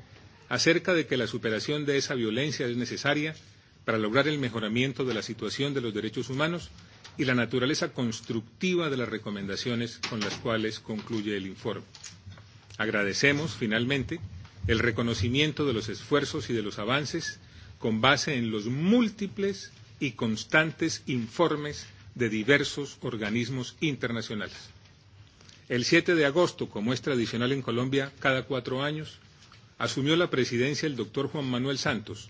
acerca de que la superación de esa violencia es necesaria para lograr el mejoramiento de la situación de los derechos humanos y la naturaleza constructiva de las recomendaciones con las cuales concluye el informe. Agradecemos, finalmente, el reconocimiento de los esfuerzos y de los avances con base en los múltiples y constantes informes de diversos organismos internacionales. El 7 de agosto, como es tradicional en Colombia cada cuatro años, asumió la presidencia el doctor Juan Manuel Santos,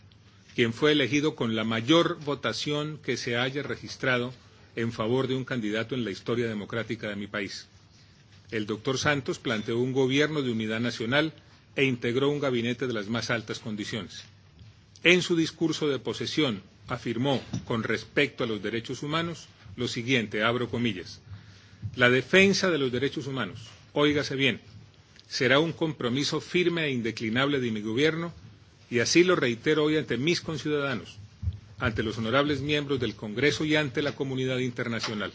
quien fue elegido con la mayor votación que se haya registrado en favor de un candidato en la historia democrática de mi país. El doctor Santos planteó un gobierno de unidad nacional e integró un gabinete de las más altas condiciones. En su discurso de posesión afirmó, con respecto a los derechos humanos, lo siguiente, abro comillas, la defensa de los derechos humanos, óigase bien, será un compromiso firme e indeclinable de mi gobierno y así lo reitero hoy ante mis conciudadanos, ante los honorables miembros del Congreso y ante la comunidad internacional.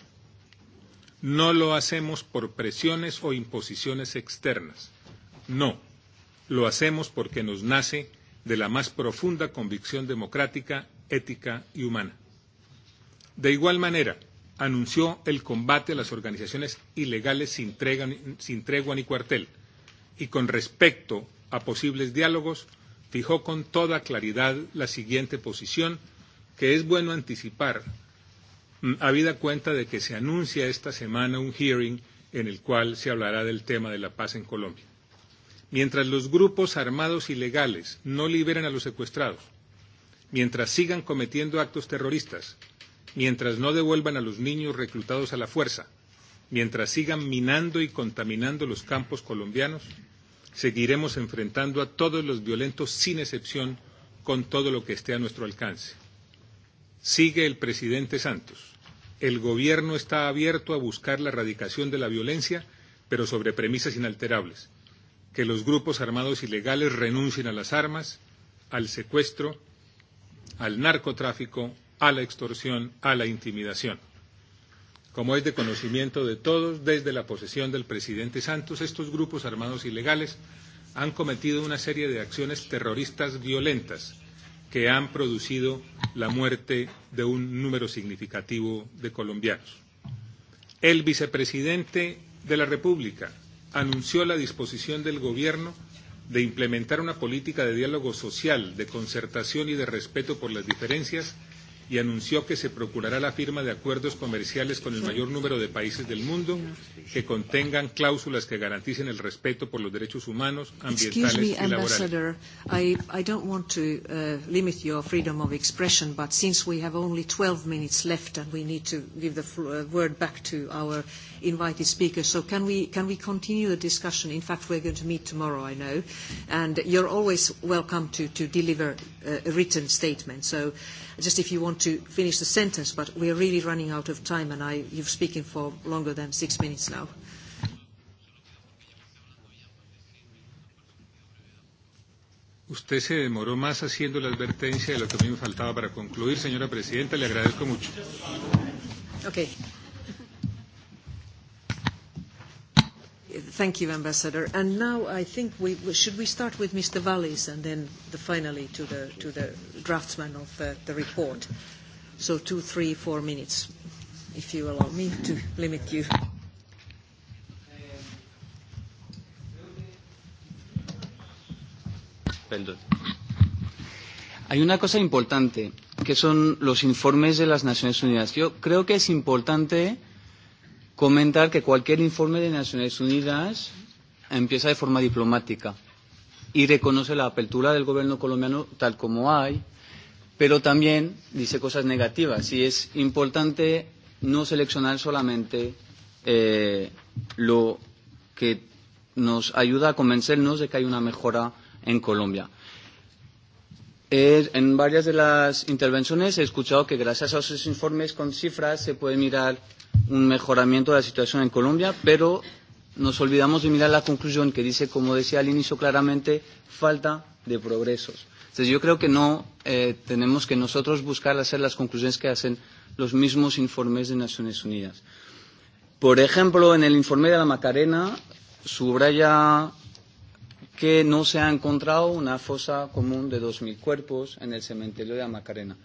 No lo hacemos por presiones o imposiciones externas. No, lo hacemos porque nos nace de la más profunda convicción democrática, ética y humana. De igual manera, anunció el combate a las organizaciones ilegales sin tregua, sin tregua ni cuartel – y con respecto a posibles diálogos, fijó con toda claridad la siguiente posición, que es bueno anticipar, mm, habida cuenta de que se anuncia esta semana un hearing en el cual se hablará del tema de la paz en Colombia. Mientras los grupos armados ilegales no liberen a los secuestrados, mientras sigan cometiendo actos terroristas, mientras no devuelvan a los niños reclutados a la fuerza, mientras sigan minando y contaminando los campos colombianos, seguiremos enfrentando a todos los violentos sin excepción con todo lo que esté a nuestro alcance. Sigue el presidente Santos. El gobierno está abierto a buscar la erradicación de la violencia, pero sobre premisas inalterables. Que los grupos armados ilegales renuncien a las armas, al secuestro, al narcotráfico, a la extorsión, a la intimidación. Como es de conocimiento de todos, desde la posesión del presidente Santos, estos grupos armados ilegales han cometido una serie de acciones terroristas violentas que han producido la muerte de un número significativo de colombianos. El vicepresidente de la República anunció la disposición del Gobierno de implementar una política de diálogo social, de concertación y de respeto por las diferencias y anunció que se procurará la firma de acuerdos comerciales con el mayor número de países del mundo que contengan cláusulas que garanticen el respeto por los derechos humanos, ambientales Excuse me, y laborales. Ambassador, I, I don't want to uh, limit your freedom of expression, but since we have only 12 minutes left and we need to give the uh, word back to our uh, invited speakers. So can we, can we continue the discussion? In fact, we're going to meet tomorrow, I know. And you're always welcome to, to deliver a, uh, a written statement. So just if you want to finish the sentence, but we're really running out of time, and I, you've spoken for longer than six minutes now. Usted se demoró más haciendo la advertencia de lo que a mí me faltaba para concluir, señora presidenta. Le agradezco mucho. Okay. Thank you, Ambassador. And now I think we should we start with Mr. Wallis and then the, finally to the, to the draftsman of the, uh, the report. So two, three, four minutes, if you allow me to limit you. Perdón. Hay una cosa importante, que son los informes de las Naciones Unidas. Yo creo que es importante eh, comentar que cualquier informe de Naciones Unidas empieza de forma diplomática y reconoce la apertura del gobierno colombiano tal como hay, pero también dice cosas negativas y es importante no seleccionar solamente eh, lo que nos ayuda a convencernos de que hay una mejora en Colombia. Eh, en varias de las intervenciones he escuchado que gracias a esos informes con cifras se puede mirar un mejoramiento de la situación en Colombia, pero nos olvidamos de mirar la conclusión que dice, como decía al inicio claramente, falta de progresos. Entonces yo creo que no eh, tenemos que nosotros buscar hacer las conclusiones que hacen los mismos informes de Naciones Unidas. Por ejemplo, en el informe de la Macarena subraya que no se ha encontrado una fosa común de 2.000 cuerpos en el cementerio de la Macarena.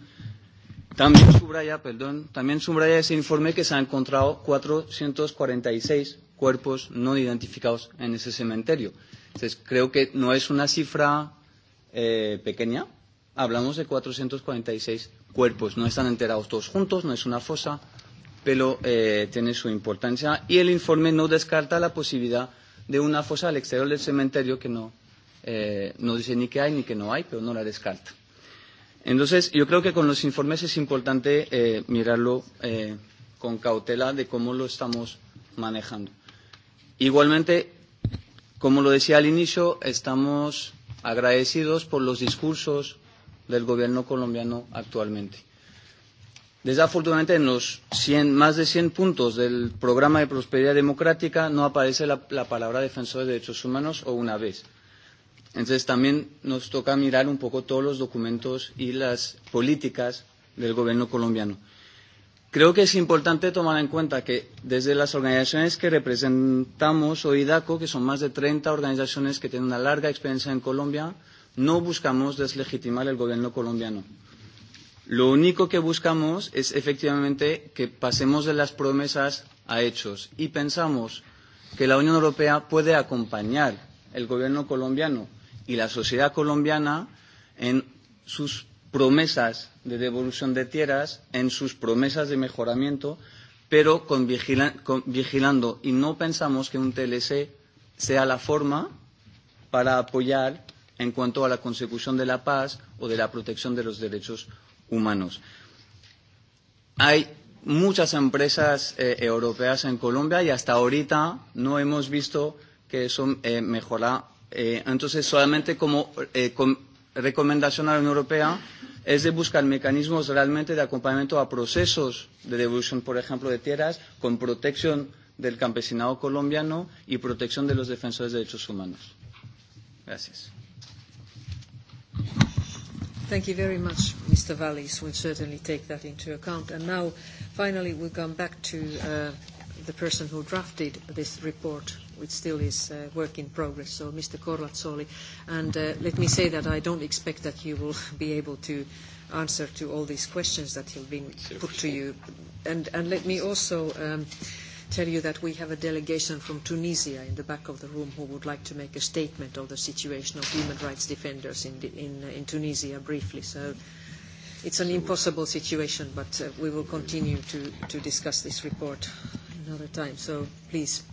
También subraya, perdón, también subraya ese informe que se han encontrado 446 cuerpos no identificados en ese cementerio. Entonces, creo que no es una cifra eh, pequeña. Hablamos de 446 cuerpos. No están enterados todos juntos, no es una fosa, pero eh, tiene su importancia. Y el informe no descarta la posibilidad de una fosa al exterior del cementerio que no, eh, no dice ni que hay ni que no hay, pero no la descarta. Entonces, yo creo que con los informes es importante eh, mirarlo eh, con cautela de cómo lo estamos manejando. Igualmente, como lo decía al inicio, estamos agradecidos por los discursos del gobierno colombiano actualmente. Desafortunadamente, en los 100, más de 100 puntos del programa de prosperidad democrática no aparece la, la palabra defensor de derechos humanos o una vez. Entonces también nos toca mirar un poco todos los documentos y las políticas del gobierno colombiano. Creo que es importante tomar en cuenta que desde las organizaciones que representamos o IDACO, que son más de 30 organizaciones que tienen una larga experiencia en Colombia, no buscamos deslegitimar el gobierno colombiano. Lo único que buscamos es efectivamente que pasemos de las promesas a hechos y pensamos que la Unión Europea puede acompañar el gobierno colombiano y la sociedad colombiana en sus promesas de devolución de tierras, en sus promesas de mejoramiento, pero con vigila con, vigilando. Y no pensamos que un TLC sea la forma para apoyar en cuanto a la consecución de la paz o de la protección de los derechos humanos. Hay muchas empresas eh, europeas en Colombia y hasta ahorita no hemos visto que eso eh, mejora Eh, entonces, solamente como eh, com recomendación a la Unión Europea es de buscar mecanismos realmente de acompañamiento a procesos de devolución, por ejemplo, de tierras con protección del campesinado colombiano y protección de los defensores de derechos humanos. Gracias. Thank you very much, Mr. Vallis. We'll certainly take that into account. And now, finally, we'll come back to uh, the person who drafted this report, which still is uh, work in progress. So, Mr. Corlazzoli, and uh, let me say that I don't expect that you will *laughs* be able to answer to all these questions that have been put to you. And, and let me also um, tell you that we have a delegation from Tunisia in the back of the room who would like to make a statement of the situation of human rights defenders in, the, in, uh, in Tunisia briefly. So it's an impossible situation, but uh, we will continue to, to discuss this report another time. So please.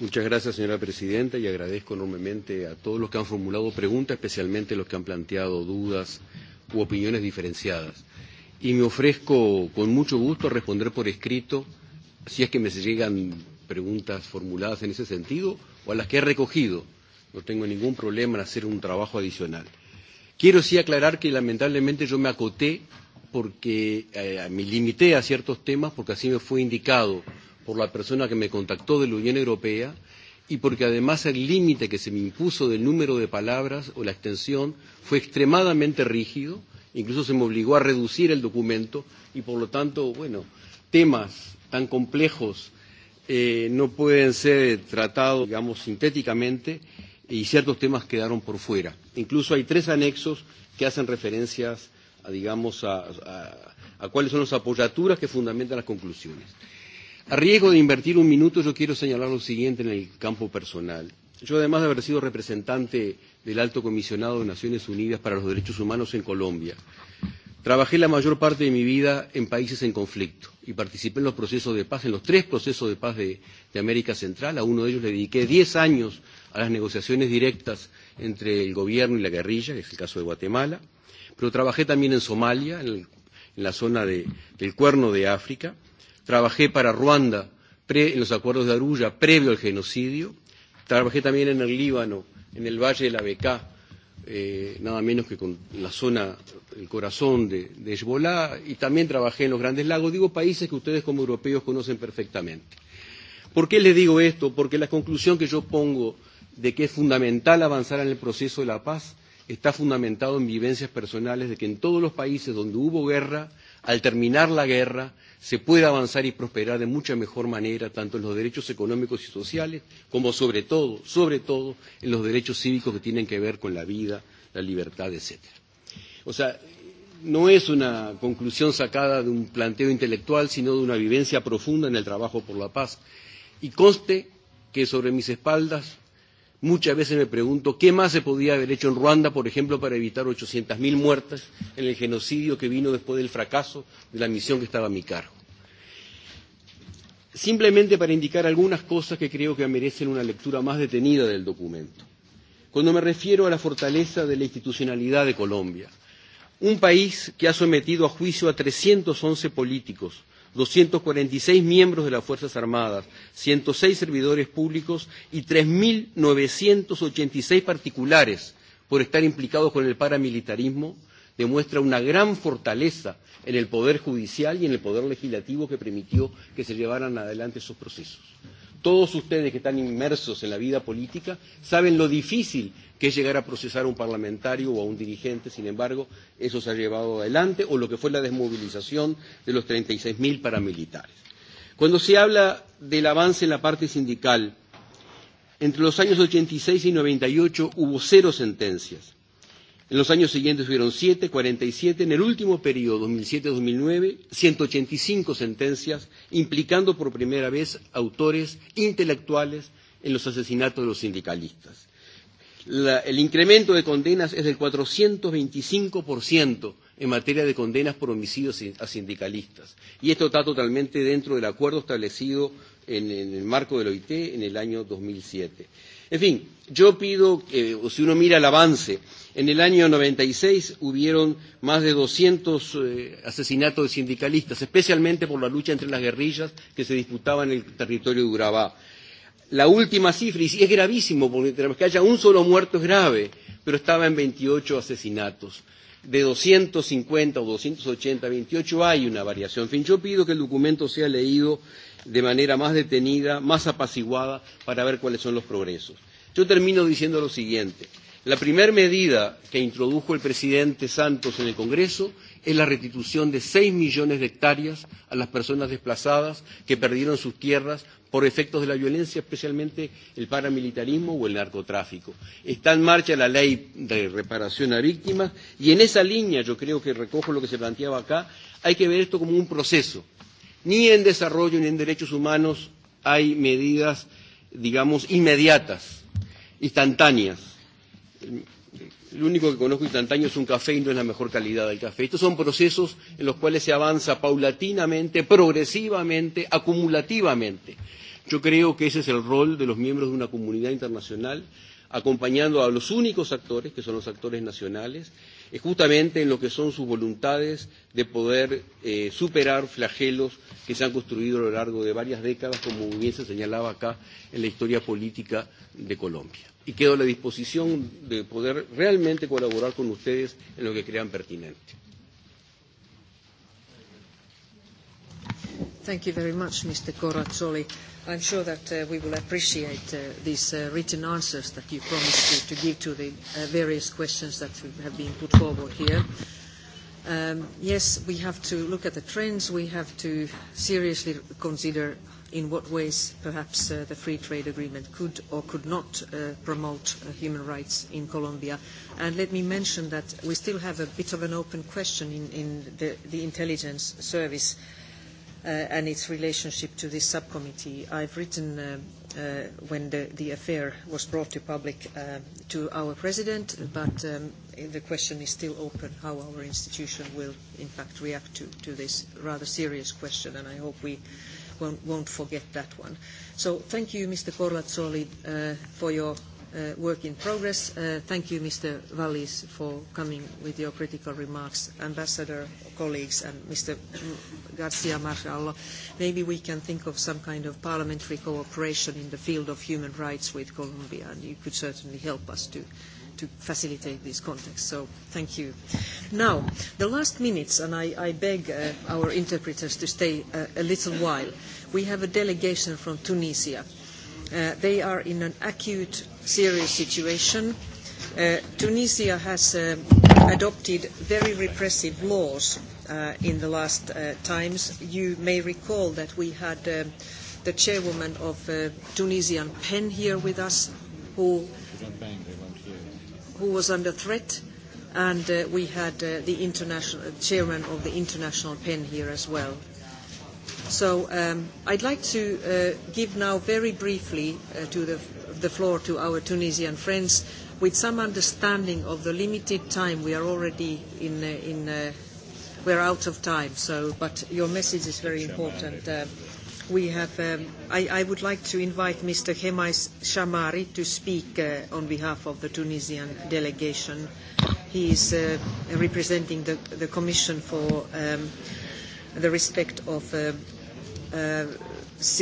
Muchas gracias, señora presidenta, y agradezco enormemente a todos los que han formulado preguntas, especialmente los que han planteado dudas u opiniones diferenciadas. Y me ofrezco con mucho gusto a responder por escrito si es que me llegan preguntas formuladas en ese sentido o a las que he recogido. No tengo ningún problema en hacer un trabajo adicional. Quiero sí aclarar que lamentablemente yo me acoté porque eh, me limité a ciertos temas porque así me fue indicado por la persona que me contactó de la Unión Europea y porque además el límite que se me impuso del número de palabras o la extensión fue extremadamente rígido, incluso se me obligó a reducir el documento y por lo tanto, bueno, temas tan complejos eh, no pueden ser tratados, digamos, sintéticamente y ciertos temas quedaron por fuera. Incluso hay tres anexos que hacen referencias, a, digamos, a, a, a cuáles son las apoyaturas que fundamentan las conclusiones. A riesgo de invertir un minuto, yo quiero señalar lo siguiente en el campo personal. Yo, además de haber sido representante del Alto Comisionado de Naciones Unidas para los Derechos Humanos en Colombia, trabajé la mayor parte de mi vida en países en conflicto y participé en los procesos de paz, en los tres procesos de paz de, de América Central. A uno de ellos le dediqué 10 años a las negociaciones directas entre el gobierno y la guerrilla, que es el caso de Guatemala. Pero trabajé también en Somalia, en, el, en la zona de, del Cuerno de África Trabajé para Ruanda pre, en los acuerdos de Arulla previo al genocidio. Trabajé también en el Líbano, en el Valle de la Becá, eh, nada menos que con la zona, el corazón de, de Hezbollah, y también trabajé en los Grandes Lagos, digo países que ustedes como europeos conocen perfectamente. ¿Por qué les digo esto? Porque la conclusión que yo pongo de que es fundamental avanzar en el proceso de la paz está fundamentado en vivencias personales de que en todos los países donde hubo guerra, al terminar la guerra, se pueda avanzar y prosperar de mucha mejor manera, tanto en los derechos económicos y sociales, como sobre todo, sobre todo, en los derechos cívicos que tienen que ver con la vida, la libertad, etc. O sea, no es una conclusión sacada de un planteo intelectual, sino de una vivencia profunda en el trabajo por la paz. Y conste que sobre mis espaldas Muchas veces me pregunto qué más se podía haber hecho en Ruanda, por ejemplo, para evitar 800.000 muertes en el genocidio que vino después del fracaso de la misión que estaba a mi cargo. Simplemente para indicar algunas cosas que creo que merecen una lectura más detenida del documento. Cuando me refiero a la fortaleza de la institucionalidad de Colombia, un país que ha sometido a juicio a 311 políticos, 246 miembros de las Fuerzas Armadas, 106 servidores públicos y 3.986 particulares por estar implicados con el paramilitarismo, demuestra una gran fortaleza en el Poder Judicial y en el Poder Legislativo que permitió que se llevaran adelante esos procesos. Todos ustedes que están inmersos en la vida política saben lo difícil que es llegar a procesar a un parlamentario o a un dirigente. Sin embargo, eso se ha llevado adelante, o lo que fue la desmovilización de los 36.000 paramilitares. Cuando se habla del avance en la parte sindical, entre los años 86 y 98 hubo cero sentencias. En los años siguientes hubieron 7, 47, en el último periodo, 2007-2009, 185 sentencias implicando por primera vez autores intelectuales en los asesinatos de los sindicalistas. La, el incremento de condenas es del 425% en materia de condenas por homicidios a sindicalistas. Y esto está totalmente dentro del acuerdo establecido en, en el marco del OIT en el año 2007. En fin, yo pido, que, eh, si uno mira el avance, En el año 96 hubieron más de 200 eh, asesinatos de sindicalistas, especialmente por la lucha entre las guerrillas que se disputaban en el territorio de Urabá. La última cifra, y es gravísimo, porque que haya un solo muerto es grave, pero estaba en 28 asesinatos. De 250 o 280 a 28 hay una variación. En fin, yo pido que el documento sea leído de manera más detenida, más apaciguada, para ver cuáles son los progresos. Yo termino diciendo lo siguiente. La primera medida que introdujo el presidente Santos en el Congreso es la restitución de 6 millones de hectáreas a las personas desplazadas que perdieron sus tierras por efectos de la violencia, especialmente el paramilitarismo o el narcotráfico. Está en marcha la ley de reparación a víctimas y en esa línea yo creo que recojo lo que se planteaba acá, hay que ver esto como un proceso. Ni en desarrollo ni en derechos humanos hay medidas, digamos, inmediatas, instantáneas lo único que conozco instantáneo es un café y no es la mejor calidad del café. Estos son procesos en los cuales se avanza paulatinamente, progresivamente, acumulativamente. Yo creo que ese es el rol de los miembros de una comunidad internacional, acompañando a los únicos actores, que son los actores nacionales, eh, justamente en lo que son sus voluntades de poder eh, superar flagelos que se han construido a lo largo de varias décadas, como bien se señalaba acá en la historia política de Colombia y quedo a la disposición de poder realmente colaborar con ustedes en lo que crean pertinente. Thank you very much, Mr. Corazzoli. I'm sure that uh, we will appreciate uh, these uh, written answers that you promised to, to give to the uh, various questions that have been put forward here. Um, yes, we have to look at the trends. We have to seriously consider in what ways perhaps uh, the free trade agreement could or could not uh, promote uh, human rights in Colombia. And let me mention that we still have a bit of an open question in, in the, the intelligence service uh, and its relationship to this subcommittee. I've written uh, uh, when the, the affair was brought to public uh, to our president, but um, the question is still open how our institution will in fact react to, to this rather serious question, and I hope we uh, one, won't forget that one. So thank you, Mr. Corlazzoli, uh, for your uh, work in progress. Uh, thank you, Mr. Wallis, for coming with your critical remarks. Ambassador, colleagues, and Mr. Garcia Margallo, maybe we can think of some kind of parliamentary cooperation in the field of human rights with Colombia, and you could certainly help us to uh, to facilitate these contacts. So thank you. Now, the last minutes, and I, I beg uh, our interpreters to stay uh, a little while. We have a delegation from Tunisia. Uh, they are in an acute, serious situation. Uh, Tunisia has uh, adopted very repressive laws uh, in the last uh, times. You may recall that we had uh, the chairwoman of uh, Tunisian PEN here with us, who who was under threat, and uh, we had uh, the international uh, chairman of the international pen here as well. So um, I'd like to uh, give now very briefly uh, to the, the floor to our Tunisian friends with some understanding of the limited time we are already in, uh, in uh, we're out of time, so, but your message is very important. Uh, um, we have, um, I, I would like to invite Mr. Hemais Shamari to speak uh, on behalf of the Tunisian delegation. He is uh, representing the, the Commission for um, the respect of uh, uh,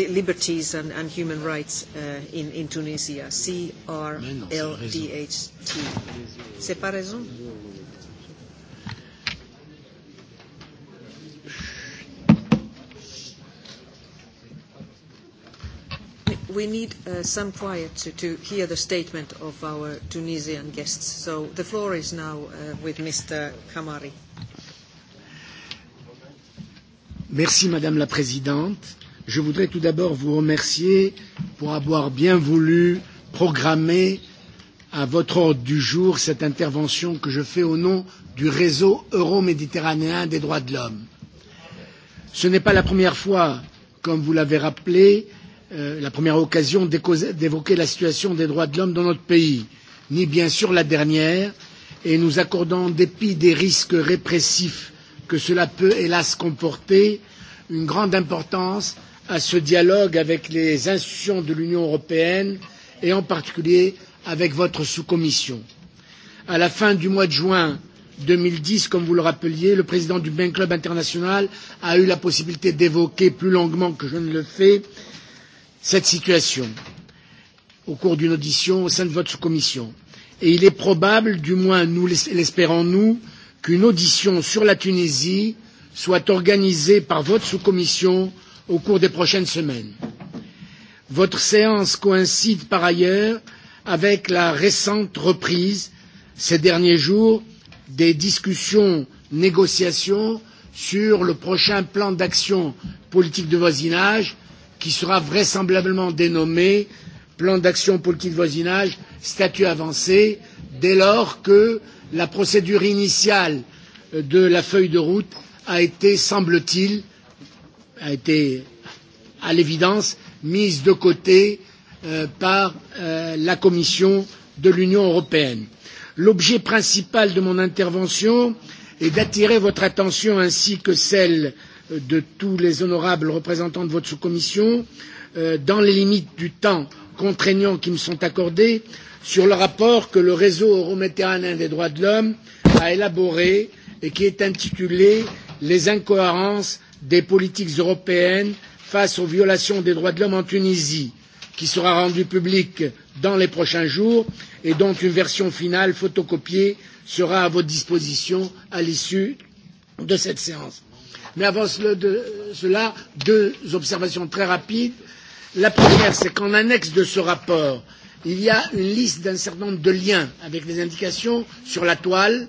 liberties and, and human rights uh, in, in Tunisia, CRLDHT. C'est pas raison we need uh, some quiet to, to hear the statement of our Tunisian guests. So the floor is now uh, with Mr. Kamari. Merci, Madame la Présidente. Je voudrais tout d'abord vous remercier pour avoir bien voulu programmer à votre ordre du jour cette intervention que je fais au nom du réseau euro-méditerranéen des droits de l'homme. Ce n'est pas la première fois, comme vous l'avez rappelé, euh, euh, la première occasion d'évoquer la situation des droits de l'homme dans notre pays, ni bien sûr la dernière, et nous accordons, en dépit des risques répressifs que cela peut hélas comporter, une grande importance à ce dialogue avec les institutions de l'Union européenne et en particulier avec votre sous-commission. À la fin du mois de juin 2010, comme vous le rappeliez, le président du Bank Club International a eu la possibilité d'évoquer plus longuement que je ne le fais cette situation au cours d'une audition au sein de votre commission. Et il est probable, du moins nous l'espérons-nous, qu'une audition sur la Tunisie soit organisée par votre sous-commission au cours des prochaines semaines. Votre séance coïncide par ailleurs avec la récente reprise ces derniers jours des discussions, négociations sur le prochain plan d'action politique de voisinage qui sera vraisemblablement dénommé plan d'action politique de voisinage statut avancé dès lors que la procédure initiale euh, de la feuille de route a été, semble t il, a été à l'évidence mise de côté euh, par euh, la Commission de l'Union européenne. L'objet principal de mon intervention est d'attirer votre attention ainsi que celle euh, de tous les honorables représentants de votre sous-commission, euh, dans les limites du temps contraignant qui me sont accordés, sur le rapport que le réseau euroméditerranéen des droits de l'homme a élaboré et qui est intitulé Les incohérences des politiques européennes face aux violations des droits de l'homme en Tunisie, qui sera rendu public dans les prochains jours et dont une version finale photocopiée sera à votre disposition à l'issue de cette séance. Mais avant cela, de, cela deux observations très rapides. La première, c'est qu'en annexe de ce rapport, il y a une liste d'un certain nombre de liens avec des indications sur la toile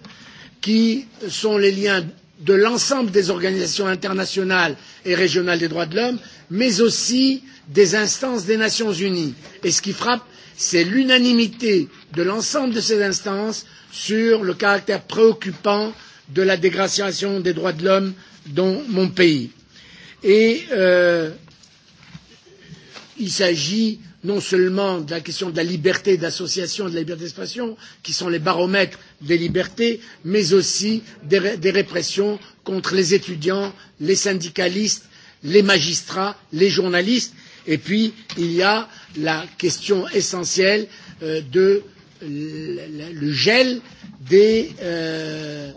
qui sont les liens de l'ensemble des organisations internationales et régionales des droits de l'homme, mais aussi des instances des Nations Unies. Et ce qui frappe, c'est l'unanimité de l'ensemble de ces instances sur le caractère préoccupant de la dégradation des droits de l'homme dans mon pays. Et euh, il s'agit non seulement de la question de la liberté d'association et de la liberté d'expression, qui sont les baromètres des libertés, mais aussi des, ré des répressions contre les étudiants, les syndicalistes, les magistrats, les journalistes. Et puis, il y a la question essentielle euh, de euh, le gel des, euh,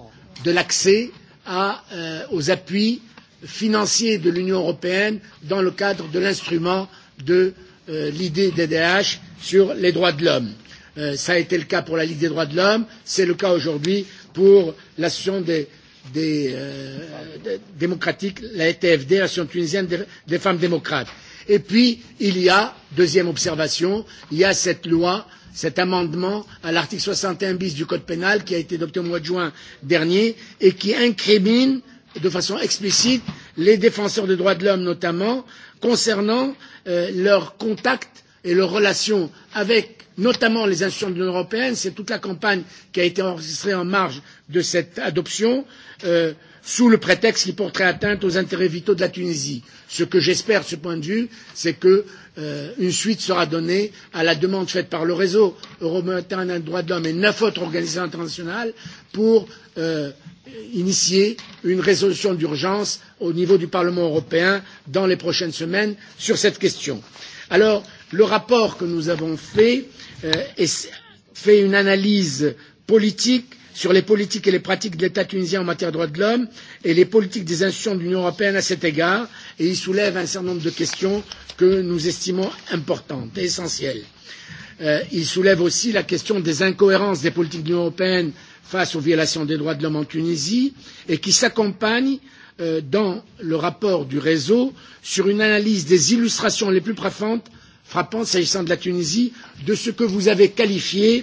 de l'accès euh, à, euh, aux appuis financiers de l'Union européenne dans le cadre de l'instrument de euh, l'idée DDH sur les droits de l'homme. Euh, ça a été le cas pour la Ligue des droits de l'homme, c'est le cas aujourd'hui pour l'association des, des euh, de, démocratiques, la ETFD, l'association tunisienne des, des femmes démocrates. Et puis, il y a, deuxième observation, il y a cette loi euh, cet amendement à l'article 61 bis du Code pénal qui a été adopté au mois de juin dernier et qui incrimine de façon explicite les défenseurs des droits de l'homme notamment concernant euh, leurs contacts et leurs relations avec notamment les institutions de l'Union européenne, c'est toute la campagne qui a été enregistrée en marge de cette adoption, euh, sous le prétexte qu'il porterait atteinte aux intérêts vitaux de la Tunisie. Ce que j'espère de ce point de vue, c'est que euh, une suite sera donnée à la demande faite par le réseau européen des droits de l'homme et neuf autres organisations internationales pour euh, initier une résolution d'urgence au niveau du Parlement européen dans les prochaines semaines sur cette question. Alors, le rapport que nous avons fait euh, est, fait une analyse politique sur les politiques et les pratiques de l'État tunisien en matière de droits de l'homme et les politiques des institutions de l'Union européenne à cet égard et il soulève un certain nombre de questions que nous estimons importantes et essentielles. Euh, il soulève aussi la question des incohérences des politiques de l'Union européenne face aux violations des droits de l'homme en Tunisie et qui s'accompagne euh, dans le rapport du réseau sur une analyse des illustrations les plus frappantes, frappantes s'agissant de la Tunisie, de ce que vous avez qualifié euh,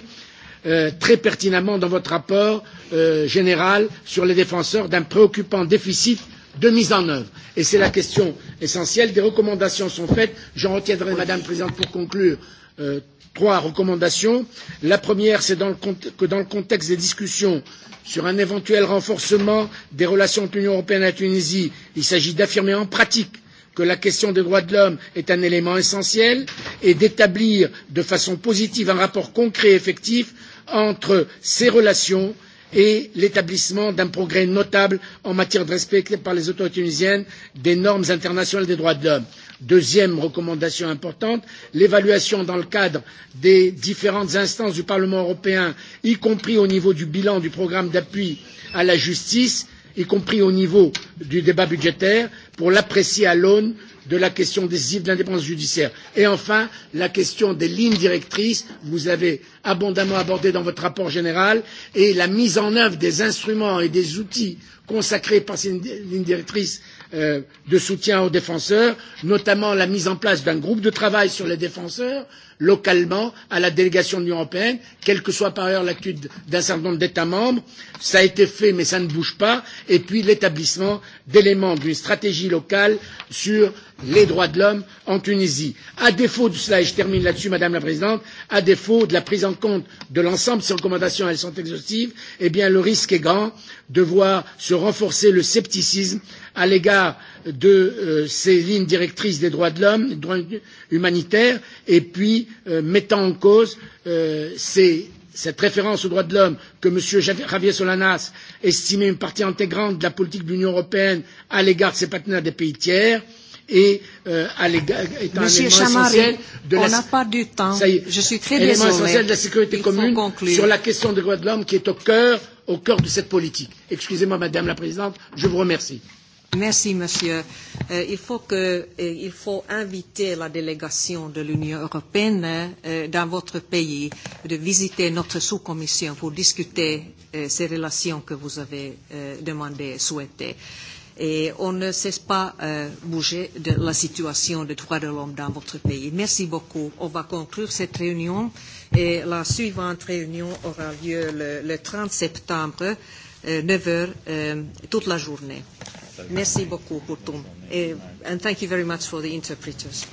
euh, très pertinemment dans votre rapport euh, général sur les défenseurs d'un préoccupant déficit de mise en œuvre. Et c'est la question essentielle. Des recommandations sont faites. J'en retiendrai, Madame la Présidente, pour conclure, euh, trois recommandations. La première, c'est dans que dans le contexte des discussions sur un éventuel renforcement des relations entre l'Union européenne et la Tunisie, il s'agit d'affirmer en pratique que la question des droits de l'homme est un élément essentiel et d'établir de façon positive un rapport concret et effectif entre ces relations et l'établissement d'un progrès notable en matière de respect par les autorités tunisiennes des normes internationales des droits de l'homme. Deuxième recommandation importante, l'évaluation dans le cadre des différentes instances du Parlement européen, y compris au niveau du bilan du programme d'appui à la justice, y compris au niveau du débat budgétaire, pour l'apprécier à l'aune de la question décisive de l'indépendance judiciaire. Et enfin, la question des lignes directrices, vous avez abondamment abordé dans votre rapport général, et la mise en œuvre des instruments et des outils consacrés par ces lignes directrices euh, de soutien aux défenseurs, notamment la mise en place d'un groupe de travail sur les défenseurs localement à la délégation de l'Union européenne, quelle que soit par ailleurs l'attitude d'un certain nombre d'États membres. Ça a été fait, mais ça ne bouge pas. Et puis l'établissement d'éléments d'une stratégie locale sur les droits de l'homme en Tunisie. À défaut de cela, et je termine là-dessus, Madame la Présidente, à défaut de la prise en compte de l'ensemble de ces recommandations, elles sont exhaustives, eh bien le risque est grand de voir se renforcer le scepticisme à l'égard de euh, ces lignes directrices des droits de l'homme, droits humanitaires, et puis euh, mettant en cause euh, ces cette référence aux droits de l'homme que M. Javier Solanas estimait une partie intégrante de la politique de l'Union européenne à l'égard de ses partenaires des pays tiers et euh, à l'égard est un Monsieur élément Chamari, essentiel de on la, a pas du temps. Ça y est, je suis très élément désolé. essentiel de la sécurité Il commune sur la question des droits de l'homme qui est au cœur, au cœur de cette politique. Excusez-moi, Madame la Présidente, je vous remercie. Merci, monsieur. Euh, il, faut que, euh, il faut inviter la délégation de l'Union européenne euh, dans votre pays de visiter notre sous-commission pour discuter euh, ces relations que vous avez euh, demandées et souhaitées. Et on ne cesse pas euh, bouger de la situation des droits de l'homme dans votre pays. Merci beaucoup. On va conclure cette réunion et la suivante réunion aura lieu le, le 30 septembre, euh, 9 heures, euh, toute la journée. Merci beaucoup pour tout. Et, and thank you very much for the interpreters.